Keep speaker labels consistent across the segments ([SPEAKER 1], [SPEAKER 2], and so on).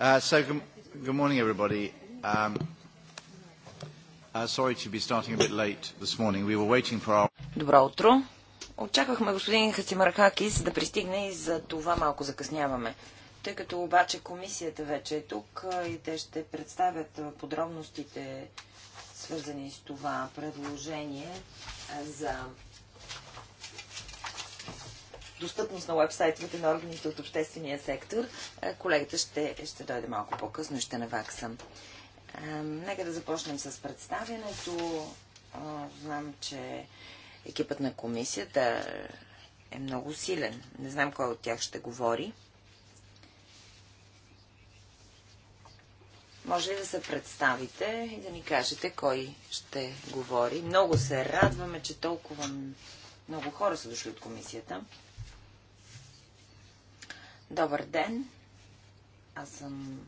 [SPEAKER 1] Uh, so, good, good morning, everybody. Um, uh, sorry to be starting a bit late this morning. We were waiting for our... Добро утро. Очаквахме господин Хацимаркакис да пристигне и за това малко
[SPEAKER 2] закъсняваме. Тъй като обаче комисията вече е тук и те ще представят подробностите, свързани с това предложение за достъпност на вебсайтовете на органите от обществения сектор. Е, колегата ще, ще дойде малко по-късно и ще наваксам. Е, нека да започнем с представянето. Е, знам, че екипът на комисията е много силен. Не знам кой от тях ще говори. Може ли да се представите и да ни кажете кой ще говори? Много се радваме, че толкова много хора са дошли от комисията. Добър ден! Аз съм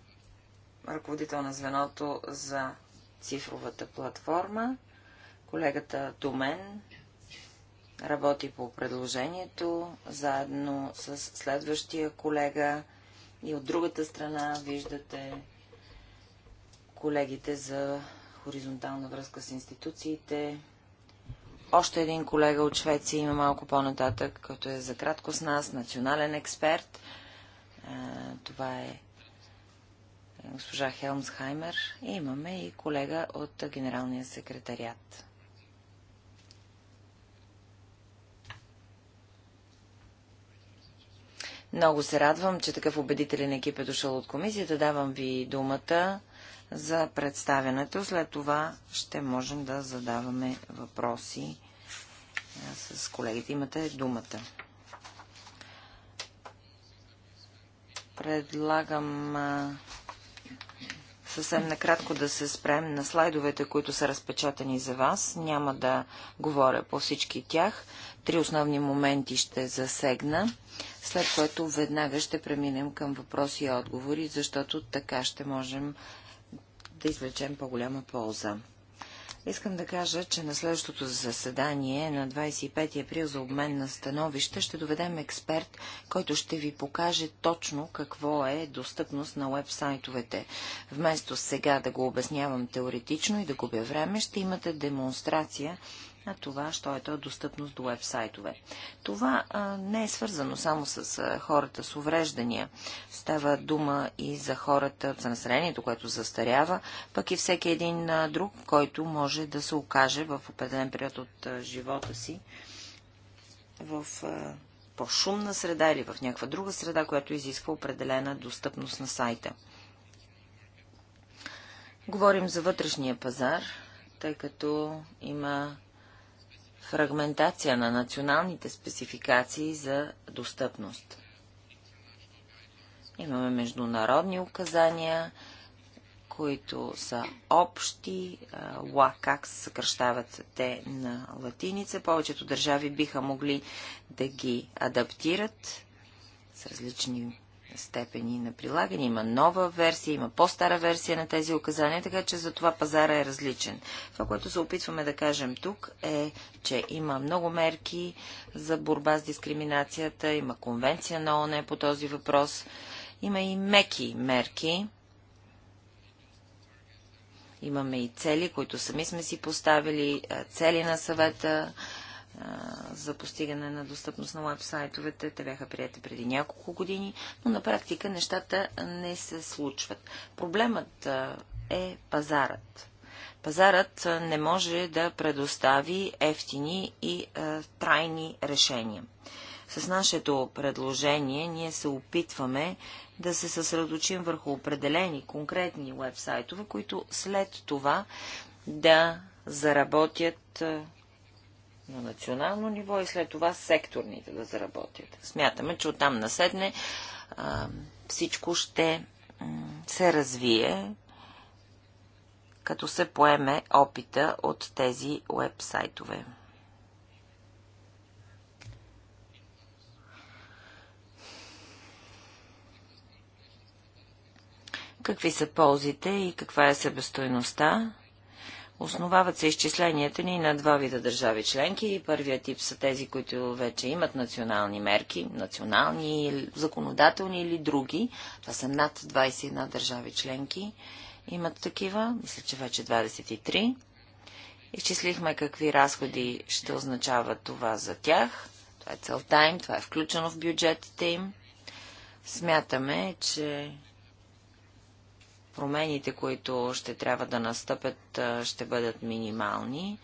[SPEAKER 2] ръководител на звеното за цифровата платформа. Колегата до мен работи по предложението, заедно с следващия колега и от другата страна виждате колегите за хоризонтална връзка с институциите. Още един колега от Швеция има малко по-нататък, който е за кратко с нас, национален експерт – това е, е госпожа Хелмсхаймер. И имаме и колега от Генералния секретариат. Много се радвам, че такъв убедителен екип е дошъл от комисията. Давам ви думата за представянето. След това ще можем да задаваме въпроси с колегите. Имате думата. Предлагам съвсем накратко да се спрем на слайдовете, които са разпечатани за вас. Няма да говоря по всички тях. Три основни моменти ще засегна, след което веднага ще преминем към въпроси и отговори, защото така ще можем да извлечем по-голяма полза. Искам да кажа, че на следващото заседание на 25 април за обмен на становища ще доведем експерт, който ще ви покаже точно какво е достъпност на уебсайтовете. Вместо сега да го обяснявам теоретично и да губя време, ще имате демонстрация на това, що е то достъпност до вебсайтове. Това а, не е свързано само с а, хората с увреждания. Става дума и за хората, за населението, което застарява, пък и всеки един а, друг, който може да се окаже в определен период от а, живота си в а, по-шумна среда или в някаква друга среда, която изисква определена достъпност на сайта. Говорим за вътрешния пазар, тъй като има фрагментация на националните спецификации за достъпност. Имаме международни указания, които са общи, ЛАКАК се съкръщават те на латиница. Повечето държави биха могли да ги адаптират с различни степени на прилагане. Има нова версия, има по-стара версия на тези указания, така че за това пазара е различен. Това, което се опитваме да кажем тук е, че има много мерки за борба с дискриминацията, има конвенция на ОНЕ по този въпрос, има и меки мерки. Имаме и цели, които сами сме си поставили, цели на съвета, за постигане на достъпност на уебсайтовете. Те бяха прияти преди няколко години, но на практика нещата не се случват. Проблемът е пазарът. Пазарът не може да предостави ефтини и е, трайни решения. С нашето предложение ние се опитваме да се съсредочим върху определени конкретни вебсайтове, които след това да заработят на национално ниво и след това секторните да заработят. Смятаме, че оттам наседне а, всичко ще се развие, като се поеме опита от тези уебсайтове. Какви са ползите и каква е себестойността? Основават се изчисленията ни на два вида държави членки. Първият тип са тези, които вече имат национални мерки, национални, законодателни или други. Това са над 21 държави членки. Имат такива, мисля, че вече 23. Изчислихме какви разходи ще означава това за тях. Това е целта им, това е включено в бюджетите им. Смятаме, че промените, които ще трябва да настъпят, ще бъдат минимални,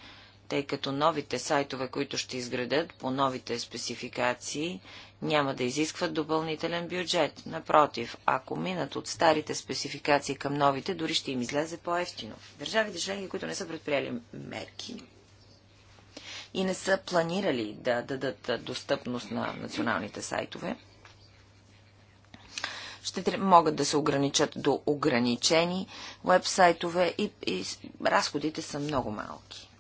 [SPEAKER 2] тъй като новите сайтове, които ще изградят по новите спецификации, няма да изискват допълнителен бюджет. Напротив, ако минат от старите спецификации към новите, дори ще им излезе по-ефтино. Държавите членки, които не са предприели мерки и не са планирали да дадат достъпност на националните сайтове, ще могат да се ограничат до ограничени вебсайтове и, и разходите са много малки.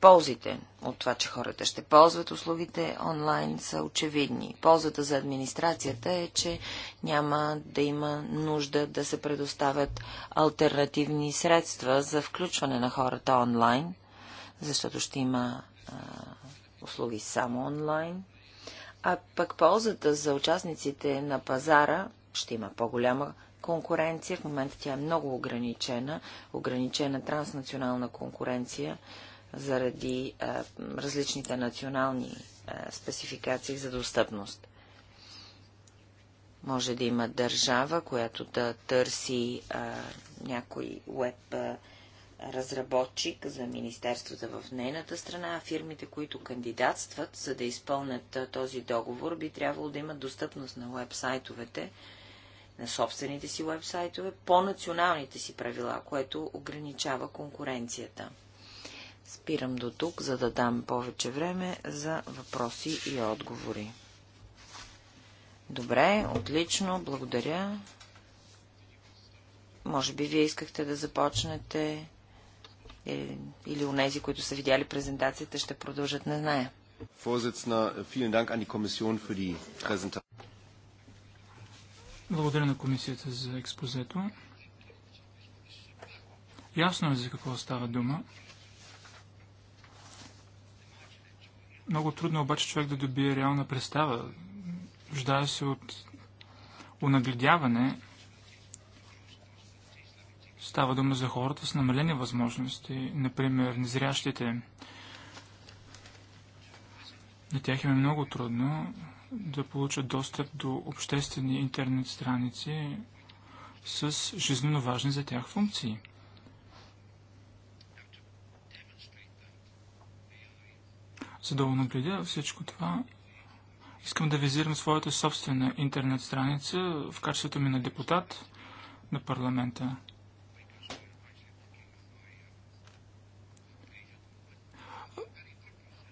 [SPEAKER 2] Ползите от това, че хората ще ползват услугите онлайн са очевидни. Ползата за администрацията е, че няма да има нужда да се предоставят альтернативни средства за включване на хората онлайн, защото ще има а, услуги само онлайн а пък ползата за участниците на пазара ще има по-голяма конкуренция. В момента тя е много ограничена, ограничена транснационална конкуренция заради а, различните национални а, спецификации за достъпност. Може да има държава, която да търси а, някой веб а, разработчик за Министерствата в нейната страна, а фирмите, които кандидатстват, за да изпълнят този договор, би трябвало да имат достъпност на вебсайтовете, на собствените си вебсайтове, по националните си правила, което ограничава конкуренцията. Спирам до тук, за да дам повече време за въпроси и отговори. Добре, отлично, благодаря. Може би вие искахте да започнете е, или унези, които са видяли презентацията, ще продължат,
[SPEAKER 3] не зная. Благодаря на комисията за експозето. Ясно е за какво става дума. Много трудно е обаче човек да добие реална представа. Ждае се от унагледяване Става дума за хората с намалени възможности, например незрящите. На тях им е много трудно да получат достъп до обществени интернет страници с жизненно важни за тях функции. За да наблюдя всичко това, искам да визирам своята собствена интернет страница в качеството ми на депутат на парламента.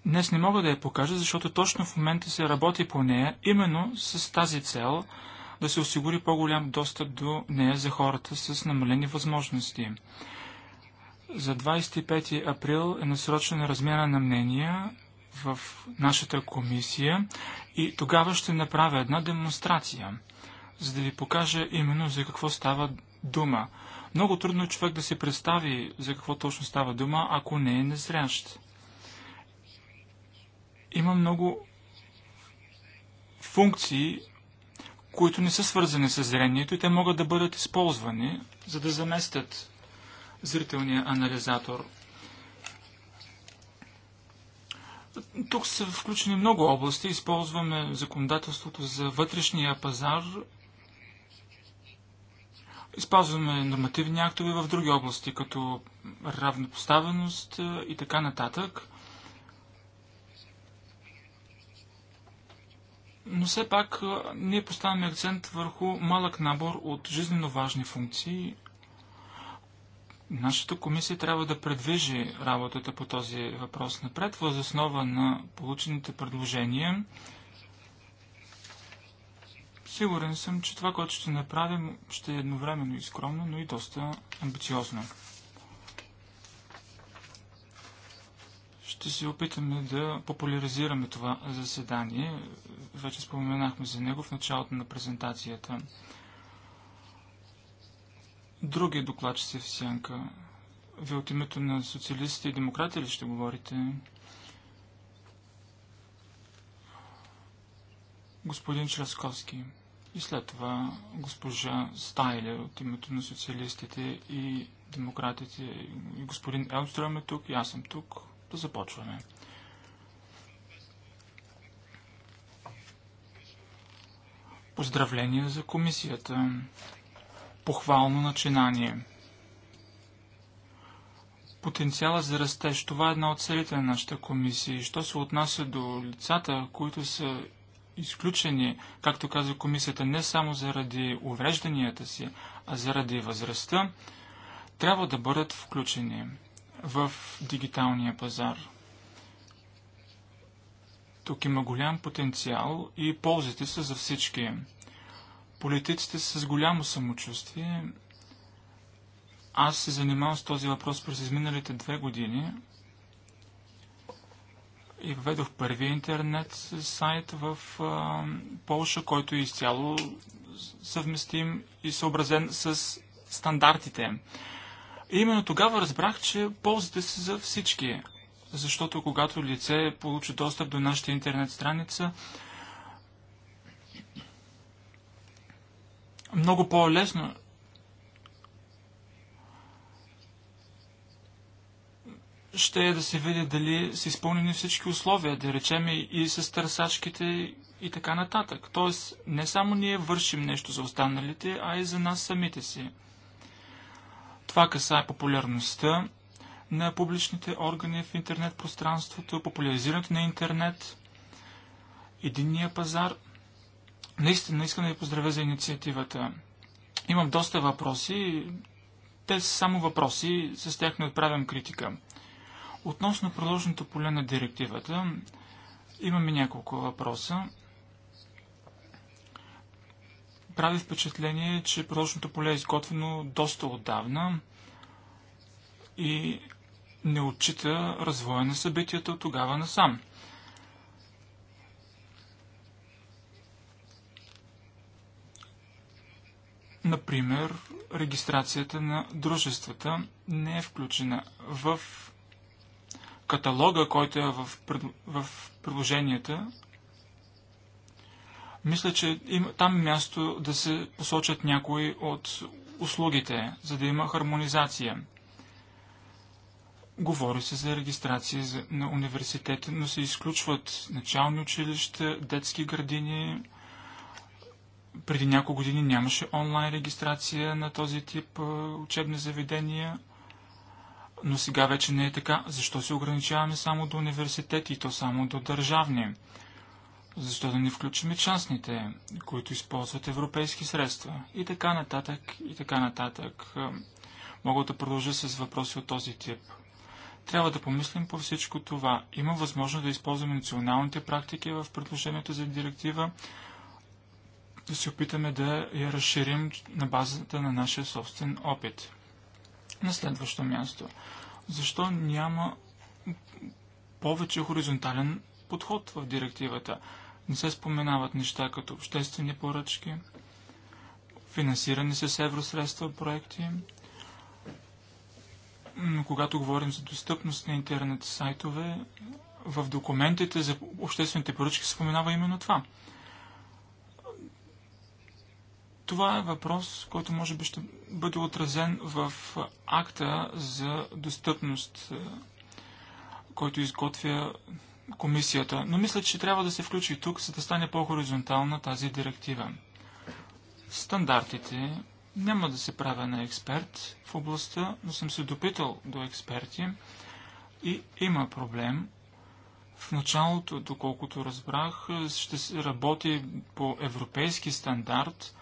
[SPEAKER 3] Днес не мога да я покажа, защото точно в момента се работи по нея, именно с тази цел да се осигури по-голям достъп до нея за хората с намалени възможности. За 25 април е насрочена размяна на мнения в нашата комисия и тогава ще направя една демонстрация, за да ви покажа именно за какво става дума. Много трудно е човек да се представи за какво точно става дума, ако не е незрящ. Има много функции, които не са свързани с зрението и те могат да бъдат използвани, за да заместят зрителния анализатор. Тук са включени много области. Използваме законодателството за вътрешния пазар. Използваме нормативни актове в други области, като равнопоставеност и така нататък. Но все пак ние поставяме акцент върху малък набор от жизненно важни функции. Нашата комисия трябва да предвижи работата по този въпрос напред, въз основа на получените предложения. Сигурен съм, че това, което ще направим, ще е едновременно и скромно, но и доста амбициозно. Ще се опитаме да популяризираме това заседание. Вече споменахме за него в началото на презентацията. Други докладчици е в сянка. Вие от името на социалистите и демократи ли ще говорите? Господин Чрасковски. И след това госпожа Стайле от името на социалистите и демократите. И господин Елстрем е тук, и аз съм тук. Да започваме. Поздравления за комисията. Похвално начинание. Потенциала за растеж. Това е една от целите на нашата комисия. Що се отнася до лицата, които са изключени, както каза комисията, не само заради уврежданията си, а заради възрастта, трябва да бъдат включени в дигиталния пазар. Тук има голям потенциал и ползите са за всички. Политиците са с голямо самочувствие. Аз се занимавам с този въпрос през изминалите две години и введох първия интернет сайт в а, Полша, който е изцяло съвместим и съобразен с стандартите и именно тогава разбрах, че ползите са за всички. Защото когато лице получи достъп до нашата интернет страница, много по-лесно ще е да се види дали са изпълнени всички условия, да речем и с търсачките и така нататък. Тоест, не само ние вършим нещо за останалите, а и за нас самите си. Това касае популярността на публичните органи в интернет пространството, популяризирането на интернет, единния пазар. Наистина искам да ви поздравя за инициативата. Имам доста въпроси. Те са само въпроси, с тях не отправям критика. Относно продължното поле на директивата, имаме няколко въпроса. Прави впечатление, че прозрачното поле е изготвено доста отдавна и не отчита развоя на събитията от тогава насам. Например, регистрацията на дружествата не е включена в каталога, който е в приложенията мисля, че им, там е място да се посочат някои от услугите, за да има хармонизация. Говори се за регистрация на университета, но се изключват начални училища, детски градини. Преди няколко години нямаше онлайн регистрация на този тип учебни заведения, но сега вече не е така. Защо се ограничаваме само до университети и то само до държавни? Защо да не включим частните, които използват европейски средства? И така нататък, и така нататък. Е, мога да продължа с въпроси от този тип. Трябва да помислим по всичко това. Има възможност да използваме националните практики в предложението за директива, да се опитаме да я разширим на базата на нашия собствен опит. На следващо място. Защо няма повече хоризонтален подход в директивата? Не се споменават неща като обществени поръчки, финансирани с евросредства проекти. Но когато говорим за достъпност на интернет сайтове, в документите за обществените поръчки се споменава именно това. Това е въпрос, който може би ще бъде отразен в акта за достъпност, който изготвя комисията, но мисля, че трябва да се включи тук, за да стане по-хоризонтална тази директива. Стандартите няма да се правя на експерт в областта, но съм се допитал до експерти и има проблем. В началото, доколкото разбрах, ще се работи по европейски стандарт,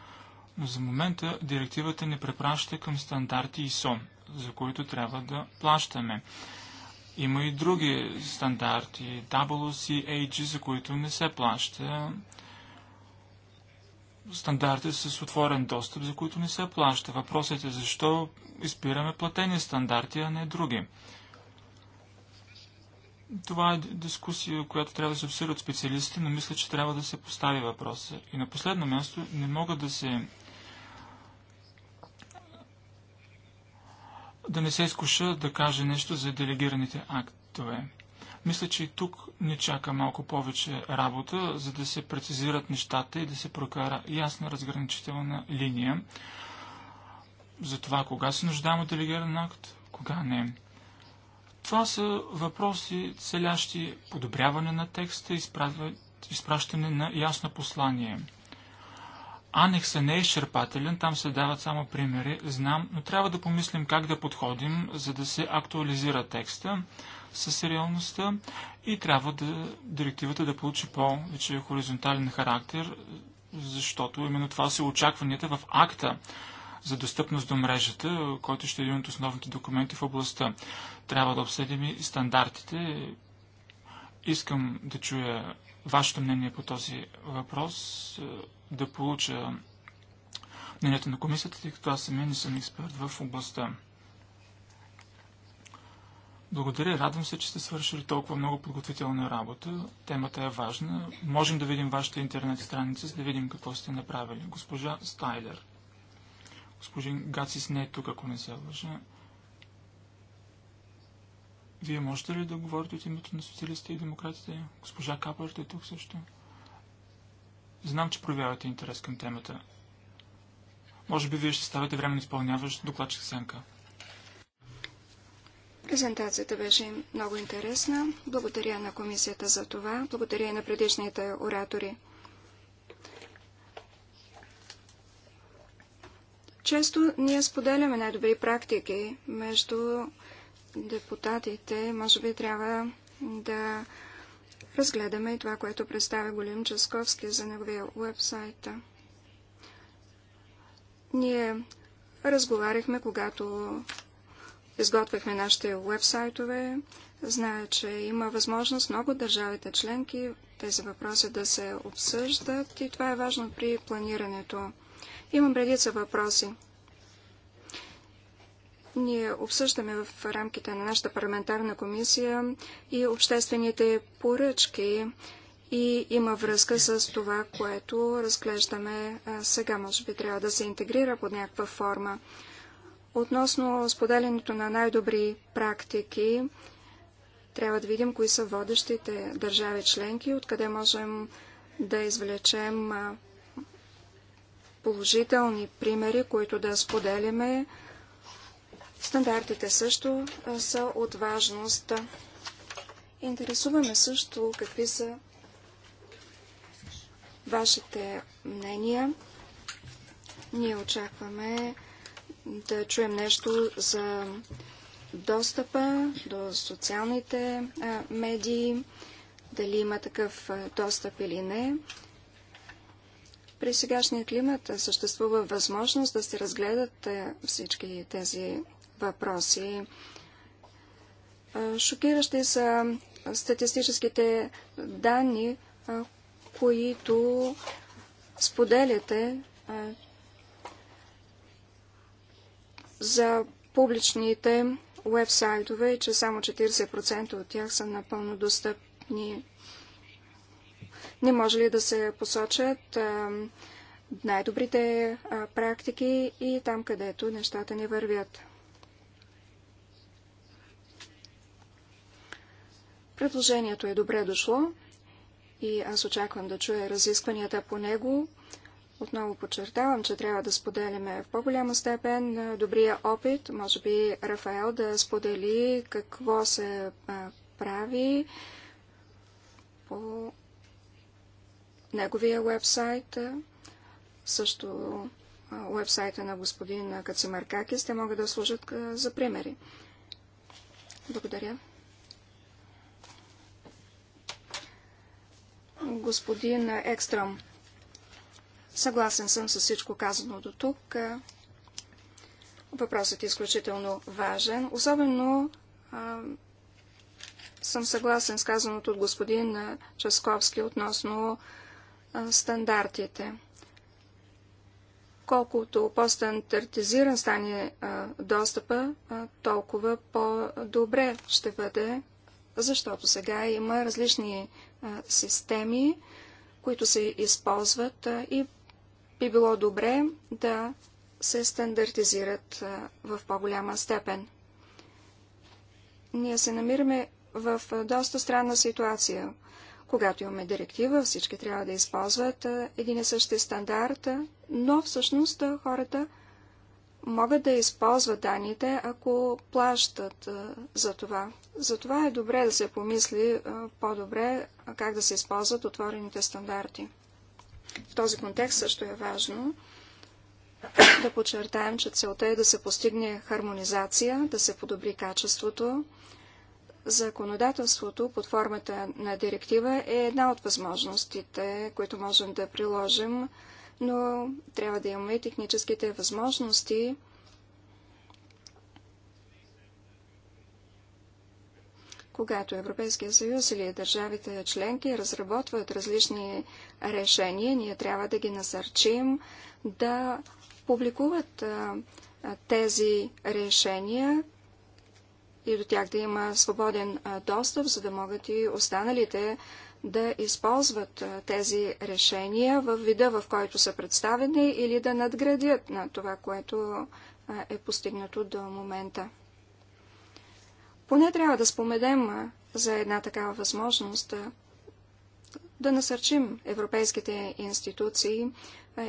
[SPEAKER 3] но за момента директивата не препраща към стандарти и сон, за които трябва да плащаме. Има и други стандарти, WCAG, за които не се плаща, стандарти с отворен достъп, за които не се плаща. Въпросът е защо избираме платени стандарти, а не други. Това е дискусия, която трябва да се обсъди от специалистите, но мисля, че трябва да се постави въпроса. И на последно място не могат да се да не се изкуша да каже нещо за делегираните актове. Мисля, че и тук не чака малко повече работа, за да се прецизират нещата и да се прокара ясна разграничителна линия за това кога се нуждаем от делегиран акт, кога не. Това са въпроси, целящи подобряване на текста и изпращане на ясно послание – Анекса не е изчерпателен, там се дават само примери, знам, но трябва да помислим как да подходим, за да се актуализира текста с реалността и трябва да, директивата да получи по по-вече хоризонтален характер, защото именно това са очакванията в акта за достъпност до мрежата, който ще е един от основните документи в областта. Трябва да обсъдим и стандартите. Искам да чуя вашето мнение по този въпрос, е, да получа мнението на комисията, тъй като аз самия не съм експерт в областта. Благодаря, радвам се, че сте свършили толкова много подготвителна работа. Темата е важна. Можем да видим вашата интернет страница, за да видим какво сте направили. Госпожа Стайлер. Господин Гацис не е тук, ако не се лъжа. Вие можете ли да говорите от името на социалистите и демократите? Госпожа Капърт е тук също. Знам, че проявявате интерес към темата. Може би вие ще ставате време на изпълняващ докладчик Сенка.
[SPEAKER 4] Презентацията беше много интересна. Благодаря на комисията за това. Благодаря и на предишните оратори. Често ние споделяме най-добри практики между депутатите, може би трябва да разгледаме и това, което представя Голим Часковски за неговия вебсайт. Ние разговаряхме, когато изготвяхме нашите вебсайтове. Зная, че има възможност много държавите членки тези въпроси да се обсъждат и това е важно при планирането. Имам редица въпроси. Ние обсъждаме в рамките на нашата парламентарна комисия и обществените поръчки и има връзка с това, което разглеждаме сега. Може би трябва да се интегрира под някаква форма. Относно споделянето на най-добри практики, трябва да видим кои са водещите държави членки, откъде можем да извлечем положителни примери, които да споделяме Стандартите също са от важност. Интересуваме също какви са вашите мнения. Ние очакваме да чуем нещо за достъпа до социалните медии, дали има такъв достъп или не. При сегашния климат съществува възможност да се разгледат всички тези въпроси. Шокиращи са статистическите данни, които споделяте за публичните уебсайтове, че само 40% от тях са напълно достъпни. Не може ли да се посочат най-добрите практики и там, където нещата не вървят? Предложението е добре дошло и аз очаквам да чуя разискванията по него. Отново подчертавам, че трябва да споделиме в по-голяма степен добрия опит. Може би Рафаел да сподели какво се прави по неговия вебсайт, също вебсайта на господин Кацимаркакис. Те могат да служат за примери. Благодаря. господин Екстрам. Съгласен съм с всичко казано до тук. Въпросът е изключително важен. Особено а, съм съгласен с казаното от господин Часковски относно а, стандартите. Колкото по-стандартизиран стане а, достъпа, а, толкова по-добре ще бъде, защото сега има различни системи, които се използват и би било добре да се стандартизират в по-голяма степен. Ние се намираме в доста странна ситуация. Когато имаме директива, всички трябва да използват един и същи стандарт, но всъщност хората могат да използват данните, ако плащат за това. Затова е добре да се помисли по-добре как да се използват отворените стандарти. В този контекст също е важно да подчертаем, че целта е да се постигне хармонизация, да се подобри качеството. Законодателството под формата на директива е една от възможностите, които можем да приложим, но трябва да имаме и техническите възможности когато Европейския съюз или държавите членки разработват различни решения, ние трябва да ги насърчим да публикуват а, тези решения и до тях да има свободен а, достъп, за да могат и останалите да използват а, тези решения в вида, в който са представени или да надградят на това, което е постигнато до момента. Поне трябва да спомедем за една такава възможност да насърчим европейските институции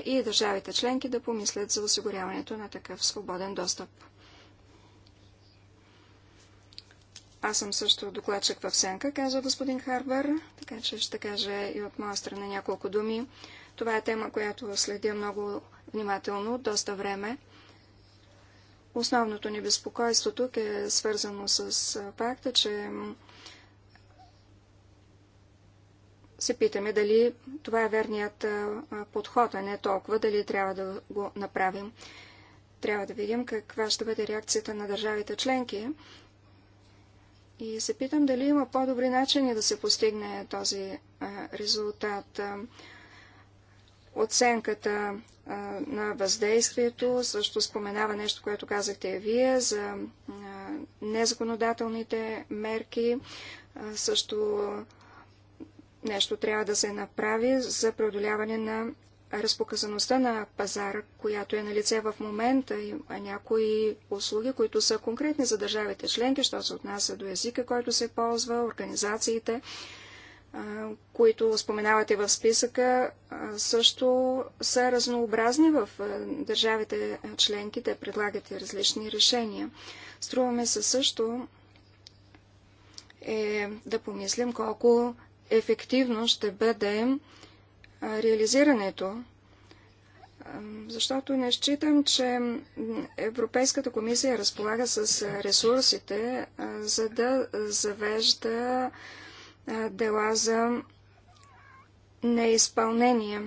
[SPEAKER 4] и държавите членки да помислят за осигуряването на такъв свободен достъп. Аз съм също докладчик в Сенка, каза господин Харбър, така че ще кажа и от моя страна няколко думи. Това е тема, която следя много внимателно, доста време. Основното ни безпокойство тук е свързано с факта, че се питаме дали това е верният подход, а не толкова дали трябва да го направим. Трябва да видим каква ще бъде реакцията на държавите членки. И се питам дали има по-добри начини да се постигне този резултат оценката а, на въздействието. Също споменава нещо, което казахте вие за а, незаконодателните мерки. А, също нещо трябва да се направи за преодоляване на разпоказаността на пазара, която е на лице в момента, има някои услуги, които са конкретни за държавите членки, що се отнася до езика, който се ползва, организациите които споменавате в списъка, също са разнообразни в държавите членки. Те предлагат и различни решения. Струваме се също е да помислим колко ефективно ще бъде реализирането, защото не считам, че Европейската комисия разполага с ресурсите, за да завежда дела за неизпълнение.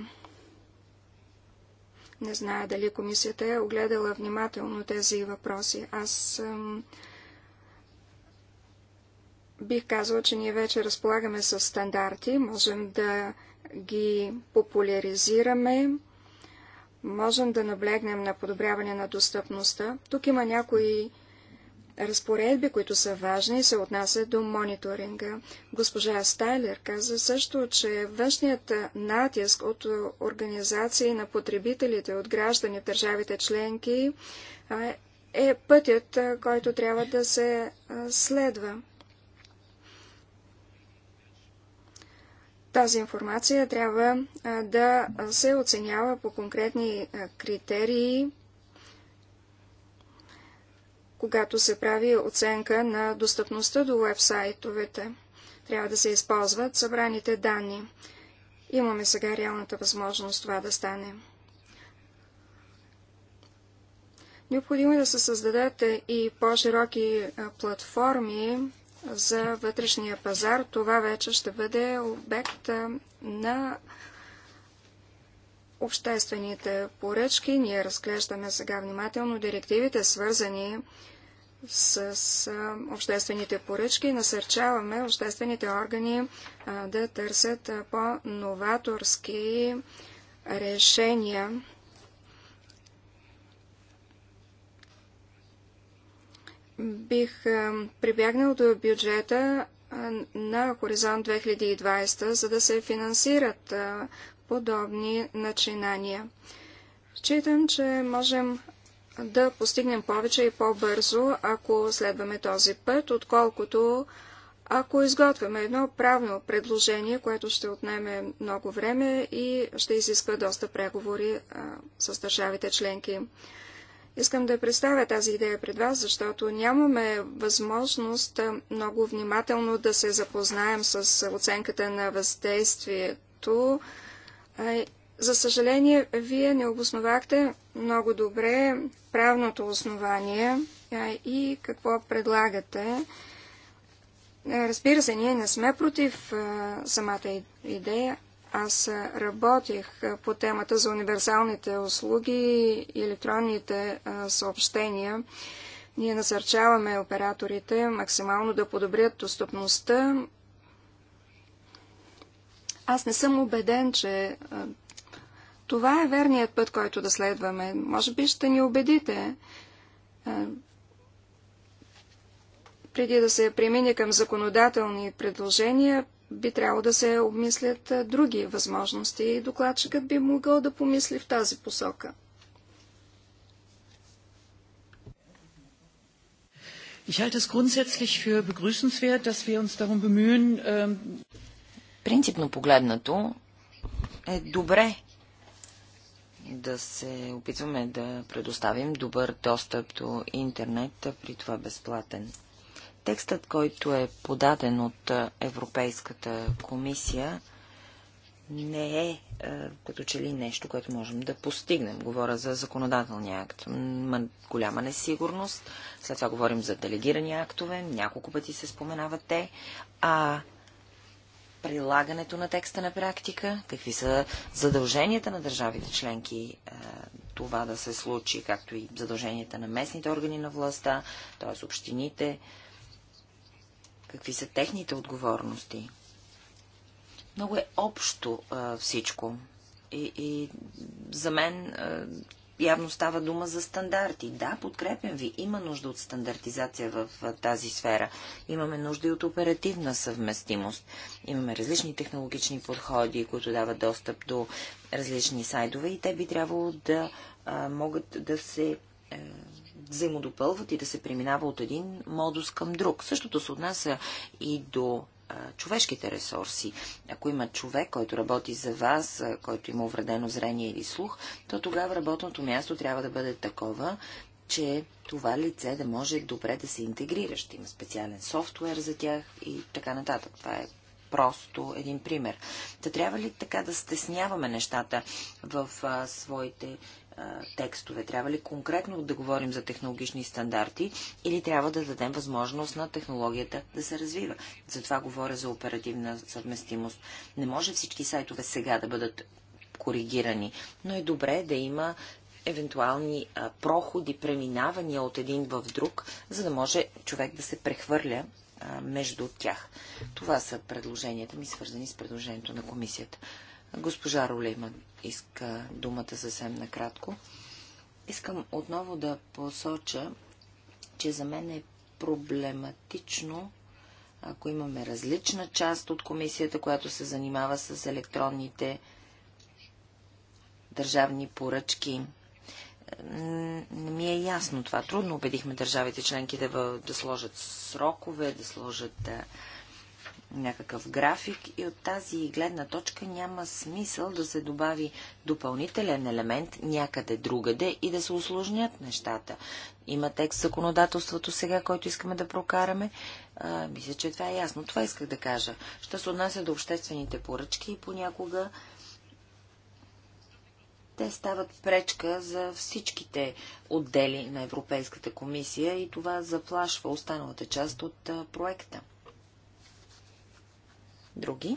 [SPEAKER 4] Не зная дали комисията е огледала внимателно тези въпроси. Аз ам, бих казала, че ние вече разполагаме с стандарти, можем да ги популяризираме, можем да наблегнем на подобряване на достъпността. Тук има някои разпоредби, които са важни, се отнасят до мониторинга. Госпожа Стайлер каза също, че външният натиск от организации на потребителите, от граждани в държавите членки е пътят, който трябва да се следва. Тази информация трябва да се оценява по конкретни критерии, когато се прави оценка на достъпността до вебсайтовете. Трябва да се използват събраните данни. Имаме сега реалната възможност това да стане. Необходимо е да се създадат и по-широки платформи за вътрешния пазар. Това вече ще бъде обект на обществените поръчки. Ние разглеждаме сега внимателно директивите, свързани с обществените поръчки и насърчаваме обществените органи да търсят по-новаторски решения. Бих прибягнал до бюджета на Хоризонт 2020, за да се финансират подобни начинания. Считам, че можем да постигнем повече и по-бързо, ако следваме този път, отколкото ако изготвяме едно правно предложение, което ще отнеме много време и ще изисква доста преговори а, с държавите членки. Искам да представя тази идея пред вас, защото нямаме възможност много внимателно да се запознаем с оценката на въздействието за съжаление, вие не обосновахте много добре правното основание и какво предлагате. Е, разбира се, ние не сме против е, самата идея. Аз работих е, по темата за универсалните услуги и електронните съобщения. Ние насърчаваме операторите максимално да подобрят достъпността. Аз не съм убеден, че това е верният път, който да следваме. Може би ще ни убедите, преди да се премине към законодателни предложения, би трябвало да се обмислят други възможности и докладчикът би могъл да помисли в тази посока.
[SPEAKER 3] Ich halte es grundsätzlich für begrüßenswert, dass wir uns darum bemühen. Ähm, Принципно
[SPEAKER 2] погледнато е добре да се опитваме да предоставим добър достъп до интернет, при това безплатен. Текстът, който е подаден от Европейската комисия, не е, като че ли нещо, което можем да постигнем. Говоря за законодателния акт. Има голяма несигурност. След това говорим за делегирани актове. Няколко пъти се споменават те. А прилагането на текста на практика, какви са задълженията на държавите членки е, това да се случи, както и задълженията на местните органи на властта, т.е. общините, какви са техните отговорности. Много е общо е, всичко. И, и за мен е, Явно става дума за стандарти. Да, подкрепям ви. Има нужда от стандартизация в тази сфера. Имаме нужда и от оперативна съвместимост. Имаме различни технологични подходи, които дават достъп до различни сайдове и те би трябвало да а, могат да се а, е, взаимодопълват и да се преминава от един модус към друг. Същото се отнася и до човешките ресурси. Ако има човек, който работи за вас, който има увредено зрение или слух, то тогава работното място трябва да бъде такова, че това лице да може добре да се интегрира. Ще има специален софтуер за тях и така нататък. Това е просто един пример. Та трябва ли така да стесняваме нещата в а, своите текстове? Трябва ли конкретно да говорим за технологични стандарти или трябва да дадем възможност на технологията да се развива? Затова говоря за оперативна съвместимост. Не може всички сайтове сега да бъдат коригирани, но е добре да има евентуални а, проходи, преминавания от един в друг, за да може човек да се прехвърля а, между тях. Това са предложенията ми, свързани с предложението на комисията. Госпожа Ролейма иска думата съвсем накратко. Искам отново да посоча, че за мен е проблематично, ако имаме различна част от комисията, която се занимава с електронните държавни поръчки. Не ми е ясно това. Трудно убедихме държавите членки да, да сложат срокове, да сложат някакъв график и от тази гледна точка няма смисъл да се добави допълнителен елемент някъде другаде и да се усложнят нещата. Има текст в законодателството сега, който искаме да прокараме. А, мисля, че това е ясно. Това исках да кажа. Ще се отнася до обществените поръчки, и понякога те стават пречка за всичките отдели на Европейската комисия и това заплашва останалата част от проекта. Други?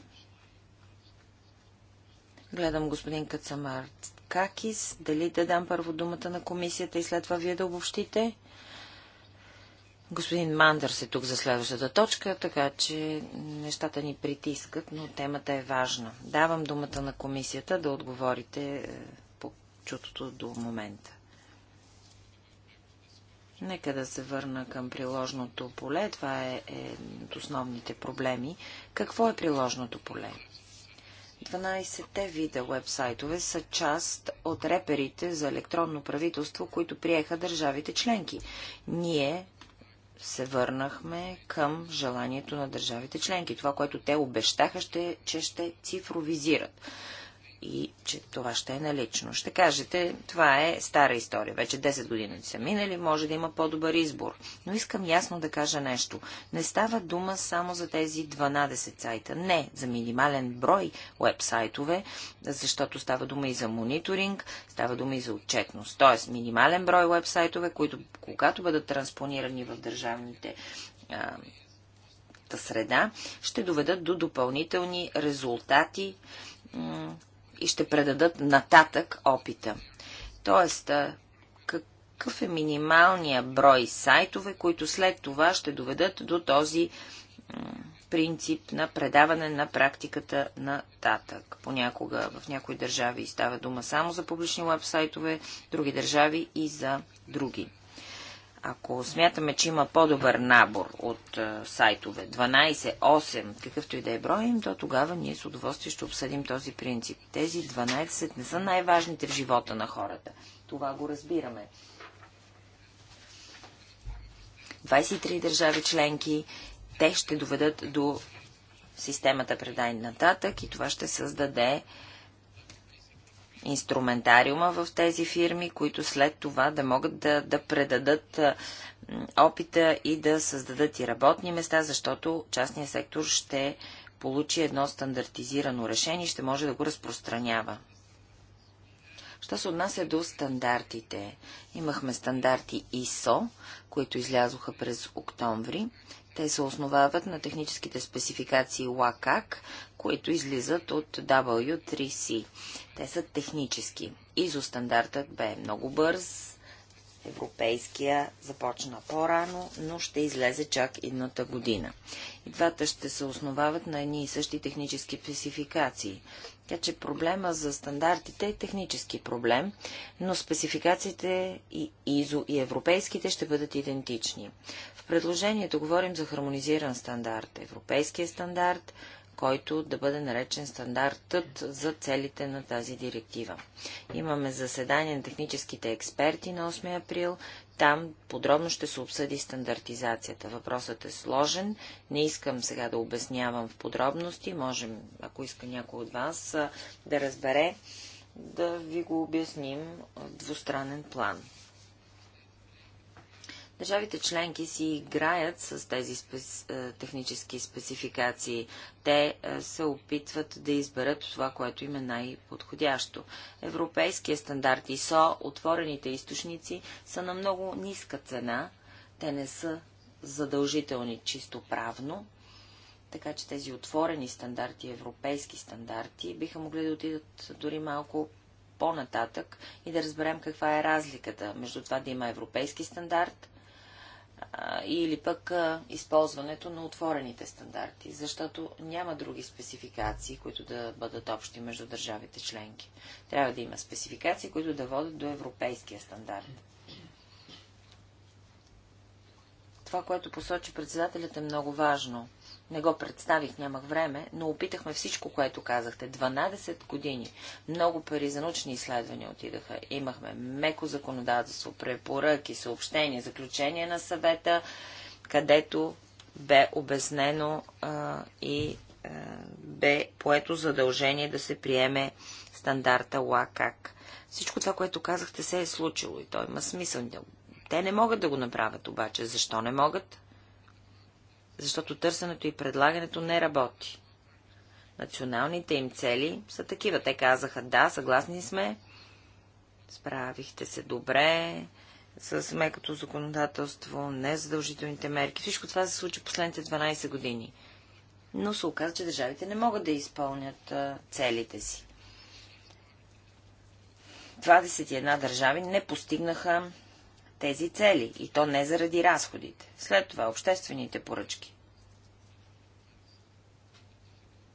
[SPEAKER 2] Гледам господин Кацамар Какис. Дали да дам първо думата на комисията и след това вие да обобщите? Господин Мандърс е тук за следващата точка, така че нещата ни притискат, но темата е важна. Давам думата на комисията да отговорите е, по чутото до момента. Нека да се върна към приложното поле. Това е, е от основните проблеми. Какво е приложното поле? 12-те вида вебсайтове са част от реперите за електронно правителство, които приеха държавите членки. Ние се върнахме към желанието на държавите членки. Това, което те обещаха, ще, че ще цифровизират и че това ще е налично. Ще кажете, това е стара история. Вече 10 години са минали, може да има по-добър избор. Но искам ясно да кажа нещо. Не става дума само за тези 12 сайта. Не, за минимален брой вебсайтове, защото става дума и за мониторинг, става дума и за отчетност. Тоест, минимален брой вебсайтове, които когато бъдат транспонирани в държавните среда, ще доведат до допълнителни резултати и ще предадат нататък опита. Тоест, какъв е минималния брой сайтове, които след това ще доведат до този принцип на предаване на практиката нататък. Понякога в някои държави става дума само за публични веб-сайтове, други държави и за други. Ако смятаме, че има по-добър набор от е, сайтове, 12, 8, какъвто и да е брой им, то тогава ние с удоволствие ще обсъдим този принцип. Тези 12 не са най-важните в живота на хората. Това го разбираме. 23 държави членки, те ще доведат до системата предай нататък и това ще създаде инструментариума в тези фирми, които след това да могат да, да предадат опита и да създадат и работни места, защото частният сектор ще получи едно стандартизирано решение и ще може да го разпространява. Що се отнася до стандартите? Имахме стандарти ISO, които излязоха през октомври. Те се основават на техническите спецификации ЛАКАК, които излизат от W3C. Те са технически. ISO стандартът бе много бърз, европейския започна по-рано, но ще излезе чак едната година. И двата ще се основават на едни и същи технически спецификации. Така че проблема за стандартите е технически проблем, но спецификациите и ИЗО и европейските ще бъдат идентични. В предложението говорим за хармонизиран стандарт, европейския стандарт, който да бъде наречен стандартът за целите на тази директива. Имаме заседание на техническите експерти на 8 април. Там подробно ще се обсъди стандартизацията. Въпросът е сложен. Не искам сега да обяснявам в подробности. Можем, ако иска някой от вас, да разбере, да ви го обясним в двустранен план. Държавите членки си играят с тези е, технически спецификации. Те е, се опитват да изберат това, което им е най-подходящо. Европейския стандарт ISO, отворените източници, са на много ниска цена. Те не са задължителни чисто правно, така че тези отворени стандарти, европейски стандарти, биха могли да отидат дори малко по-нататък и да разберем каква е разликата между това да има европейски стандарт или пък използването на отворените стандарти, защото няма други спецификации, които да бъдат общи между държавите членки. Трябва да има спецификации, които да водят до европейския стандарт. Това, което посочи председателят е много важно – не го представих, нямах време, но опитахме всичко, което казахте. 12 години. Много пари за научни изследвания отидаха. Имахме меко законодателство, препоръки, съобщения, заключения на съвета, където бе обяснено а, и а, бе поето задължение да се приеме стандарта ЛАКАК. Всичко това, което казахте, се е случило и то има смисъл. Те не могат да го направят обаче. Защо не могат? защото търсенето и предлагането не работи. Националните им цели са такива. Те казаха, да, съгласни сме, справихте се добре с мекото законодателство, незадължителните мерки. Всичко това се случи последните 12 години. Но се оказа, че държавите не могат да изпълнят целите си. 21 държави не постигнаха тези цели, и то не заради разходите. След това обществените поръчки.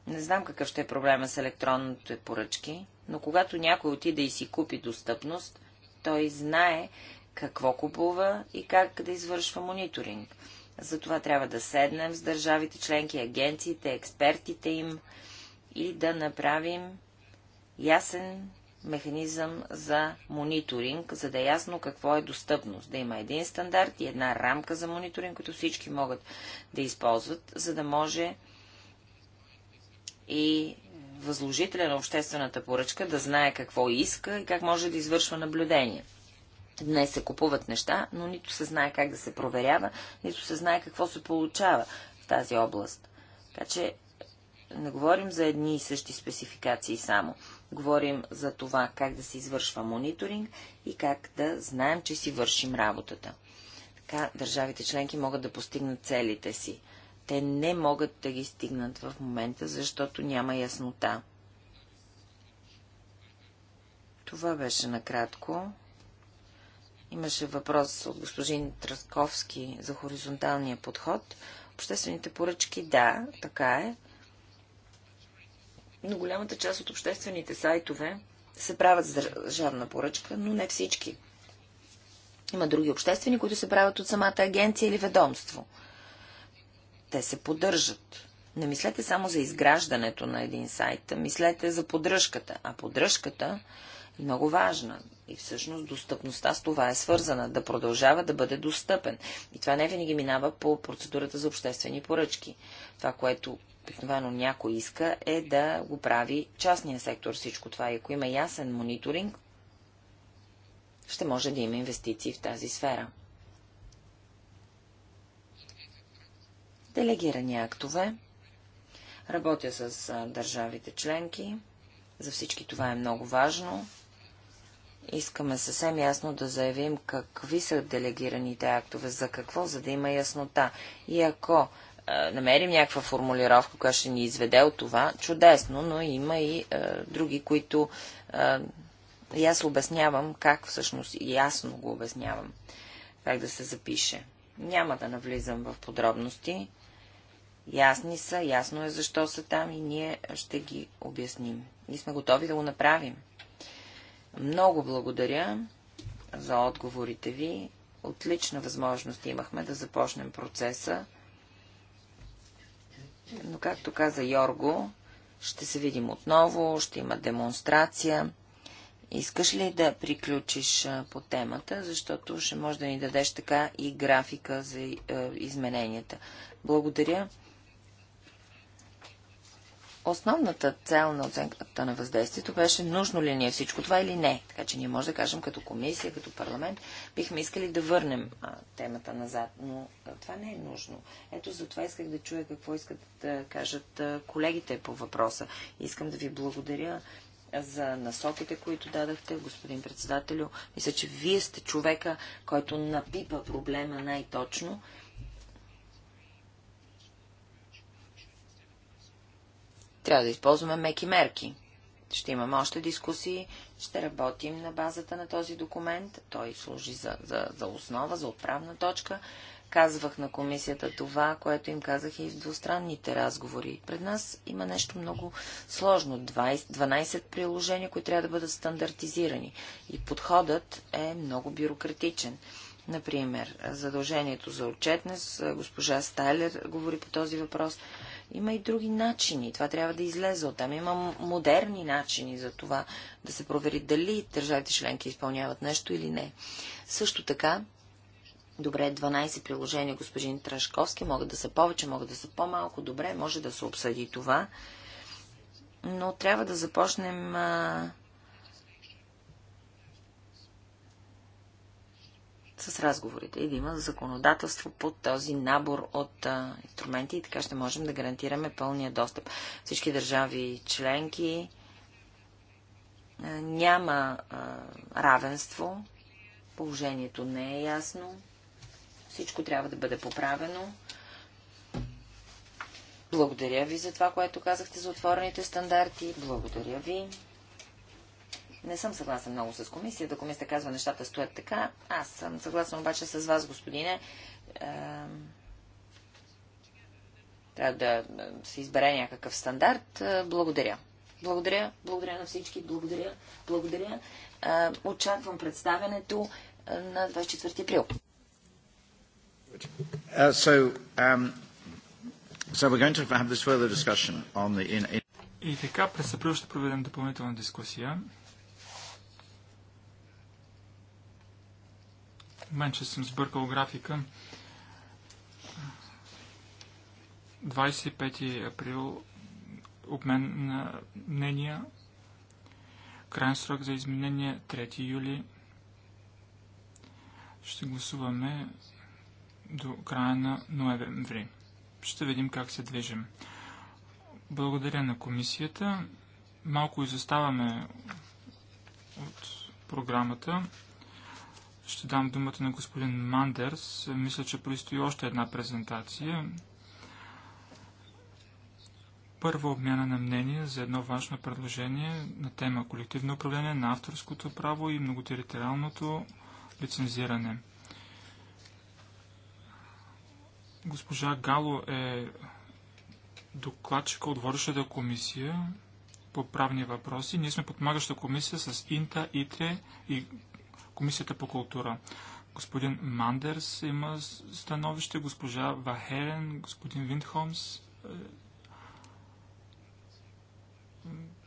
[SPEAKER 2] Не знам какъв ще е проблема с електронните поръчки, но когато някой отиде и си купи достъпност, той знае какво купува и как да извършва мониторинг. Затова трябва да седнем с държавите членки, агенциите, експертите им и да направим ясен механизъм за мониторинг, за да е ясно какво е достъпност. Да има един стандарт и една рамка за мониторинг, които всички могат да използват, за да може и възложителя на обществената поръчка да знае какво иска и как може да извършва наблюдение. Днес се купуват неща, но нито се знае как да се проверява, нито се знае какво се получава в тази област. Така че не говорим за едни и същи спецификации само. Говорим за това как да се извършва мониторинг и как да знаем, че си вършим работата. Така държавите членки могат да постигнат целите си. Те не могат да ги стигнат в момента, защото няма яснота. Това беше накратко. Имаше въпрос от господин Трасковски за хоризонталния подход. Обществените поръчки, да, така е но голямата част от обществените сайтове се правят с държавна поръчка, но не всички. Има други обществени, които се правят от самата агенция или ведомство. Те се поддържат. Не мислете само за изграждането на един сайт, а мислете за поддръжката. А поддръжката е много важна. И всъщност достъпността с това е свързана. Да продължава да бъде достъпен. И това не винаги минава по процедурата за обществени поръчки. Това, което обикновено някой иска, е да го прави частния сектор всичко това. И ако има ясен мониторинг, ще може да има инвестиции в тази сфера. Делегирани актове. Работя с държавите членки. За всички това е много важно. Искаме съвсем ясно да заявим какви са делегираните актове, за какво, за да има яснота. И ако намерим някаква формулировка, която ще ни изведе от това, чудесно, но има и а, други, които а, и аз обяснявам как всъщност ясно го обяснявам, как да се запише. Няма да навлизам в подробности. Ясни са, ясно е защо са там и ние ще ги обясним. И сме готови да го направим. Много благодаря за отговорите ви. Отлична възможност имахме да започнем процеса. Но, както каза Йорго, ще се видим отново, ще има демонстрация. Искаш ли да приключиш по темата, защото ще може да ни дадеш така и графика за е, измененията. Благодаря. Основната цел на оценката на въздействието беше нужно ли ни е всичко това или не. Така че ние може да кажем като комисия, като парламент, бихме искали да върнем а, темата назад, но а, това не е нужно. Ето за това исках да чуя какво искат да кажат а, колегите по въпроса. Искам да ви благодаря за насоките, които дадахте, господин председателю. Мисля, че вие сте човека, който напипа проблема най-точно Трябва да използваме меки мерки. Ще имаме още дискусии, ще работим на базата на този документ. Той служи за, за, за основа, за отправна точка. Казвах на комисията това, което им казах и в двустранните разговори. Пред нас има нещо много сложно. 20, 12 приложения, които трябва да бъдат стандартизирани. И подходът е много бюрократичен. Например, задължението за отчетност, госпожа Стайлер говори по този въпрос, има и други начини. Това трябва да излезе от там. Има модерни начини за това да се провери дали държавите членки изпълняват нещо или не. Също така, добре, 12 приложения, господин Трашковски, могат да са повече, могат да са по-малко. Добре, може да се обсъди това. Но трябва да започнем а, с разговорите и да има законодателство под този набор от а, инструменти и така ще можем да гарантираме пълния достъп. Всички държави членки а, няма а, равенство, положението не е ясно, всичко трябва да бъде поправено. Благодаря ви за това, което казахте за отворените стандарти. Благодаря ви. Не съм съгласен много с комисията. Комисията казва, нещата стоят така. Аз съм съгласен обаче с вас, господине. Трябва да се избере някакъв стандарт. Благодаря. Благодаря. Благодаря на всички. Благодаря. Благодаря. Очаквам представянето на 24 април.
[SPEAKER 1] Uh, um,
[SPEAKER 3] и така, през април ще проведем допълнителна дискусия Мен, че съм сбъркал графика. 25 април обмен на мнения. Крайен срок за изменение 3 юли. Ще гласуваме до края на ноември. Ще видим как се движим. Благодаря на комисията. Малко изоставаме от програмата. Ще дам думата на господин Мандерс. Мисля, че предстои още една презентация. Първа обмяна на мнение за едно важно предложение на тема колективно управление на авторското право и многотериториалното лицензиране. Госпожа Гало е докладчика от водещата комисия по правни въпроси. Ние сме подмагаща комисия с Инта, Итре и Комисията по култура. Господин Мандерс има становище, госпожа Вахерен, господин Виндхолмс. Е,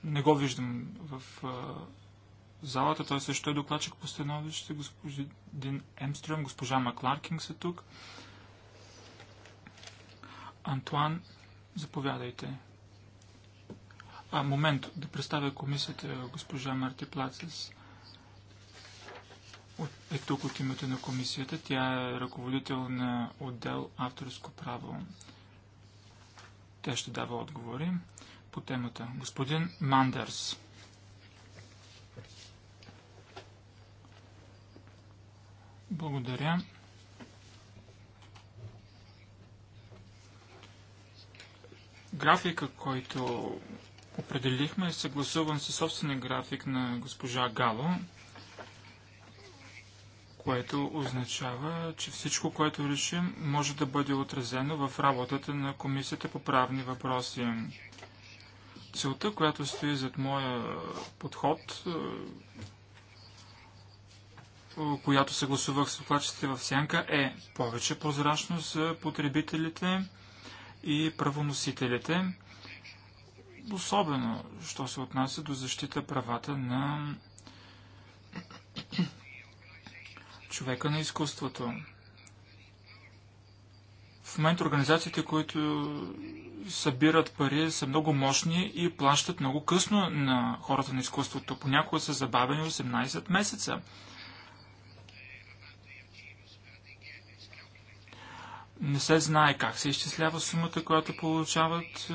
[SPEAKER 3] не го виждам в е, залата. Той също е докладчик по становище. Господин Емстрюм, госпожа Макларкинг са тук. Антуан, заповядайте. А, момент, да представя комисията госпожа Марти Плацес е тук от името на комисията. Тя е ръководител на отдел авторско право. Тя ще дава отговори по темата. Господин Мандърс. Благодаря. Графика, който определихме, е съгласуван със собствения график на госпожа Гало което означава, че всичко, което решим, може да бъде отразено в работата на Комисията по правни въпроси. Целта, която стои зад моя подход, е, която съгласувах с оплачите в Сянка, е повече прозрачност за потребителите и правоносителите, особено, що се отнася до защита правата на човека на изкуството. В момента организациите, които събират пари, са много мощни и плащат много късно на хората на изкуството. Понякога са забавени 18 месеца. Не се знае как се изчислява сумата, която получават е,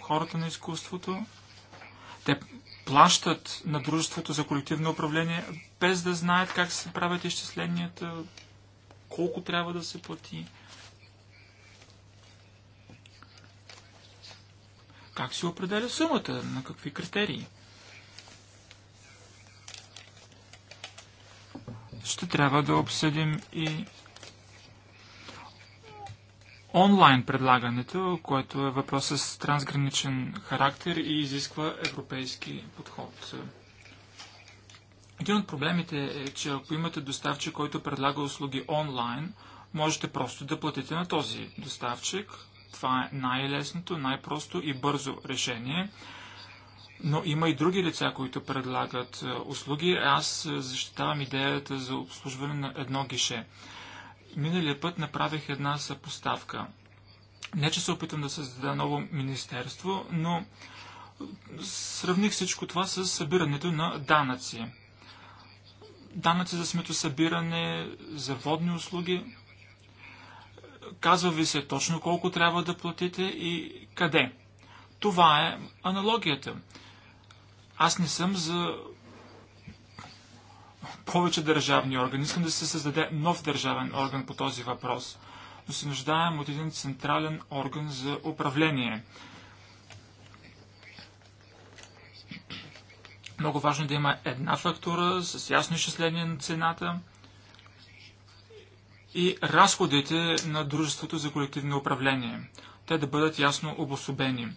[SPEAKER 3] хората на изкуството. Те плащат на дружеството за колективно управление, без да знаят как се правят изчисленията, колко трябва да се плати. Как се определя сумата? На какви критерии? Ще трябва да обсъдим и онлайн предлагането, което е въпрос с трансграничен характер и изисква европейски подход. Един от проблемите е, че ако имате доставчик, който предлага услуги онлайн, можете просто да платите на този доставчик. Това е най-лесното, най-просто и бързо решение. Но има и други лица, които предлагат е, услуги. Аз е, защитавам идеята за обслужване на едно гише. Миналия път направих една съпоставка. Не, че се опитам да създада ново министерство, но сравних всичко това с събирането на данъци. Данъци за сметосъбиране, за водни услуги. Казва ви се точно колко трябва да платите и къде. Това е аналогията. Аз не съм за повече държавни органи. Искам да се създаде нов държавен орган по този въпрос. Но се нуждаем от един централен орган за управление. Много важно е да има една фактура с ясно изчисление на цената и разходите на дружеството за колективно управление. Те да бъдат ясно обособени.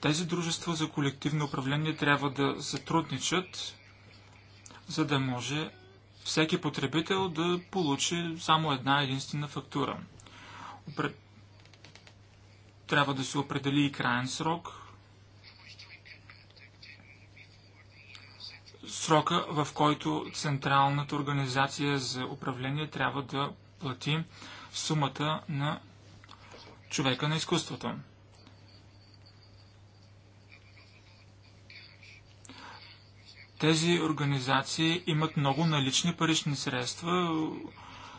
[SPEAKER 3] Тези дружества за колективно управление трябва да сътрудничат за да може всеки потребител да получи само една единствена фактура. Трябва да се определи и крайен срок. Срока, в който Централната организация за управление трябва да плати сумата на човека на изкуството. Тези организации имат много налични парични средства,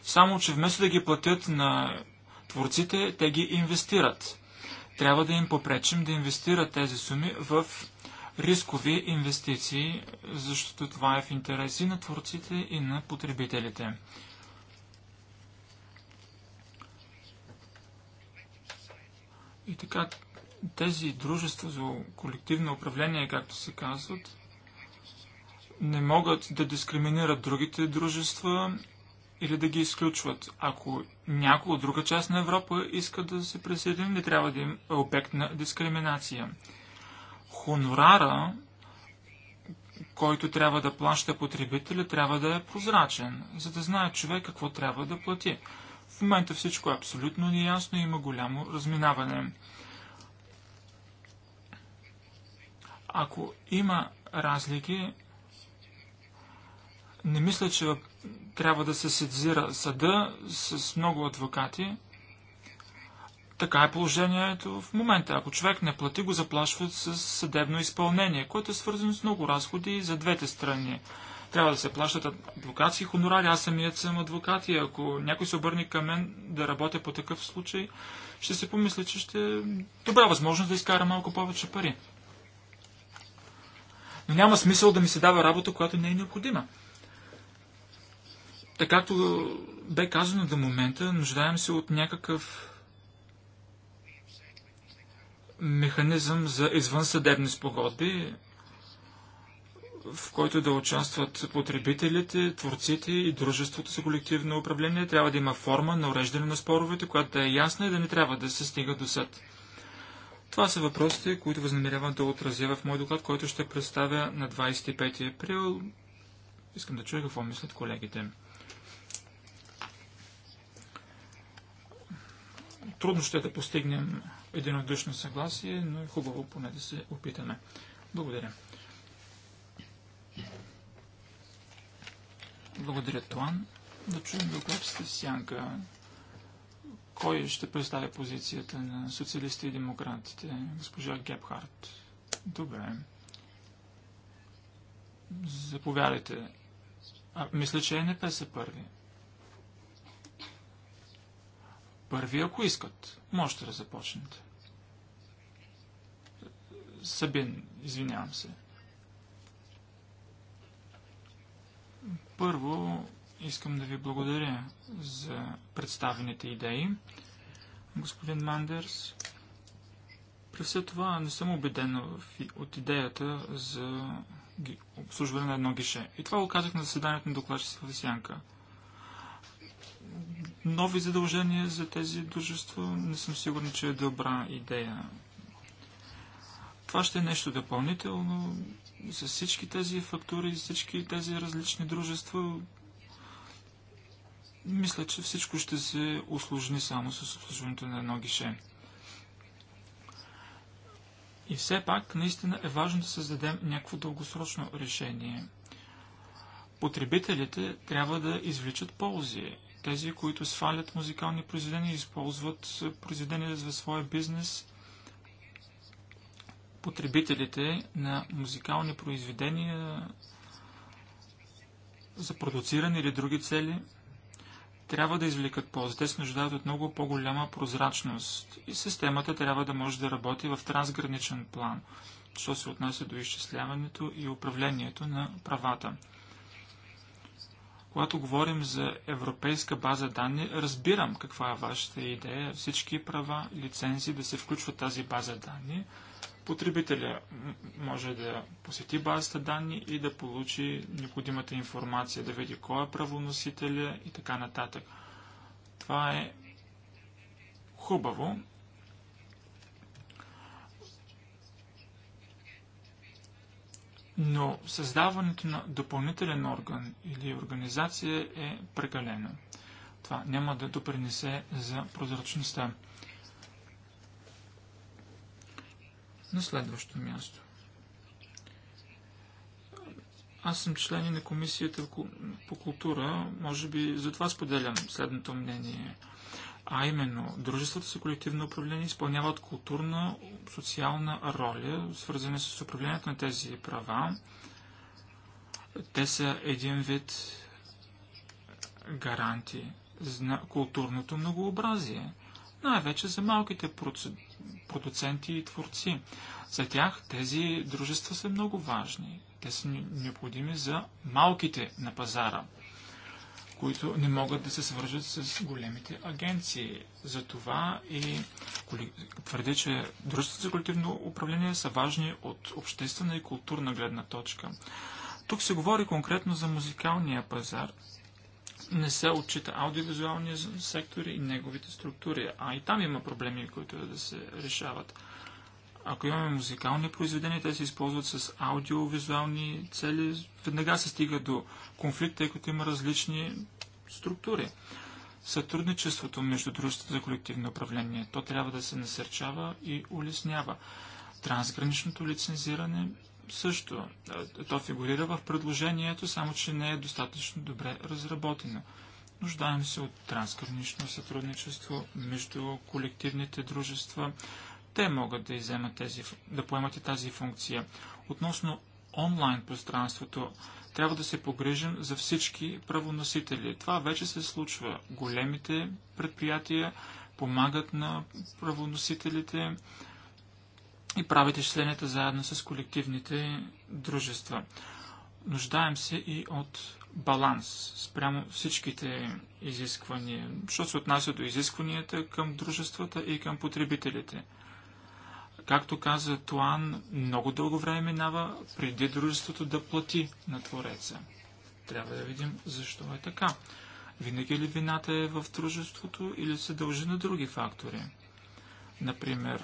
[SPEAKER 3] само че вместо да ги платят на творците, те ги инвестират. Трябва да им попречим да инвестират тези суми в рискови инвестиции, защото това е в интереси на творците и на потребителите. И така, тези дружества за колективно управление, както се казват, не могат да дискриминират другите дружества или да ги изключват. Ако някой от друга част на Европа иска да се присъедини, не трябва да им е обект на дискриминация. Хонорара, който трябва да плаща потребителя, трябва да е прозрачен, за да знае човек какво трябва да плати. В момента всичко е абсолютно неясно и има голямо разминаване. Ако има разлики, не мисля, че трябва да се сезира съда с много адвокати. Така е положението в момента. Ако човек не плати, го заплашват с съдебно изпълнение, което е свързано с много разходи за двете страни. Трябва да се плащат адвокати и хонорари. Аз самият съм адвокат и ако някой се обърне към мен да работя по такъв случай, ще се помисля, че ще добра възможност да изкара малко повече пари. Но няма смисъл да ми се дава работа, която не е необходима. Така както бе казано до момента, нуждаем се от някакъв механизъм за извънсъдебни спогодби, в който да участват потребителите, творците и дружеството за колективно управление. Трябва да има форма на уреждане на споровете, която да е ясна и да не трябва да се стига до съд. Това са въпросите, които възнамерявам да отразя в мой доклад, който ще представя на 25 април. Искам да чуя какво мислят колегите. Трудно ще да постигнем единодушно съгласие, но е хубаво поне да се опитаме. Благодаря. Благодаря, Туан. Да чуем доклад с сянка. Кой ще представя позицията на социалисти и демократите? Госпожа Гебхарт. Добре. Заповядайте. А, мисля, че ЕНП са първи. Първи, ако искат, можете да започнете. Сабин, извинявам се. Първо, искам да ви благодаря за представените идеи, господин Мандерс. При все това не съм убеден от идеята за обслужване на едно гише. И това го казах на заседанието на докладчиците в Сянка – нови задължения за тези дружества, не съм сигурен, че е добра идея. Това ще е нещо допълнително за всички тези фактури, всички тези различни дружества. Мисля, че всичко ще се осложни само с обслужването на едно гише. И все пак, наистина е важно да създадем някакво дългосрочно решение. Потребителите трябва да извличат ползи тези, които свалят музикални произведения и използват е, произведения за своя бизнес. Потребителите на музикални произведения за продуциране или други цели трябва да извлекат полза. Те се нуждаят от много по-голяма прозрачност и системата трябва да може да работи в трансграничен план, що се отнася до изчисляването и управлението на правата. Когато говорим за европейска база данни, разбирам каква е вашата идея, всички права, лицензи да се включват тази база данни. Потребителя може да посети базата данни и да получи необходимата информация, да види кой е правоносителя и така нататък. Това е хубаво, но създаването на допълнителен орган или организация е прекалено. Това няма да допринесе за прозрачността. На следващо място. Аз съм член на комисията по култура, може би затова споделям следното мнение – а именно, дружеството за колективно управление изпълняват културна, социална роля, свързана с управлението на тези права. Те са един вид гаранти за културното многообразие, най-вече за малките продуценти и творци. За тях тези дружества са много важни. Те са необходими за малките на пазара – които не могат да се свържат с големите агенции. Затова и твърде, че дружеството за колективно управление са важни от обществена и културна гледна точка. Тук се говори конкретно за музикалния пазар. Не се отчита аудиовизуалния сектор и неговите структури, а и там има проблеми, които да се решават. Ако имаме музикални произведения, те се използват с аудиовизуални цели. Веднага се стига до конфликт, тъй като има различни структури. Сътрудничеството между дружеството за колективно управление, то трябва да се насърчава и улеснява. Трансграничното лицензиране също. То фигурира в предложението, само че не е достатъчно добре разработено. Нуждаем се от трансгранично сътрудничество между колективните дружества, те могат да, иземат тези, да поемат и тази функция. Относно онлайн пространството, трябва да се погрежим за всички правоносители. Това вече се случва. Големите предприятия помагат на правоносителите и правят изчисленията заедно с колективните дружества. Нуждаем се и от баланс спрямо всичките изисквания, що се отнася до изискванията към дружествата и към потребителите – Както каза Туан, много дълго време минава преди дружеството да плати на Твореца. Трябва да видим защо е така. Винаги ли вината е в дружеството или се дължи на други фактори? Например,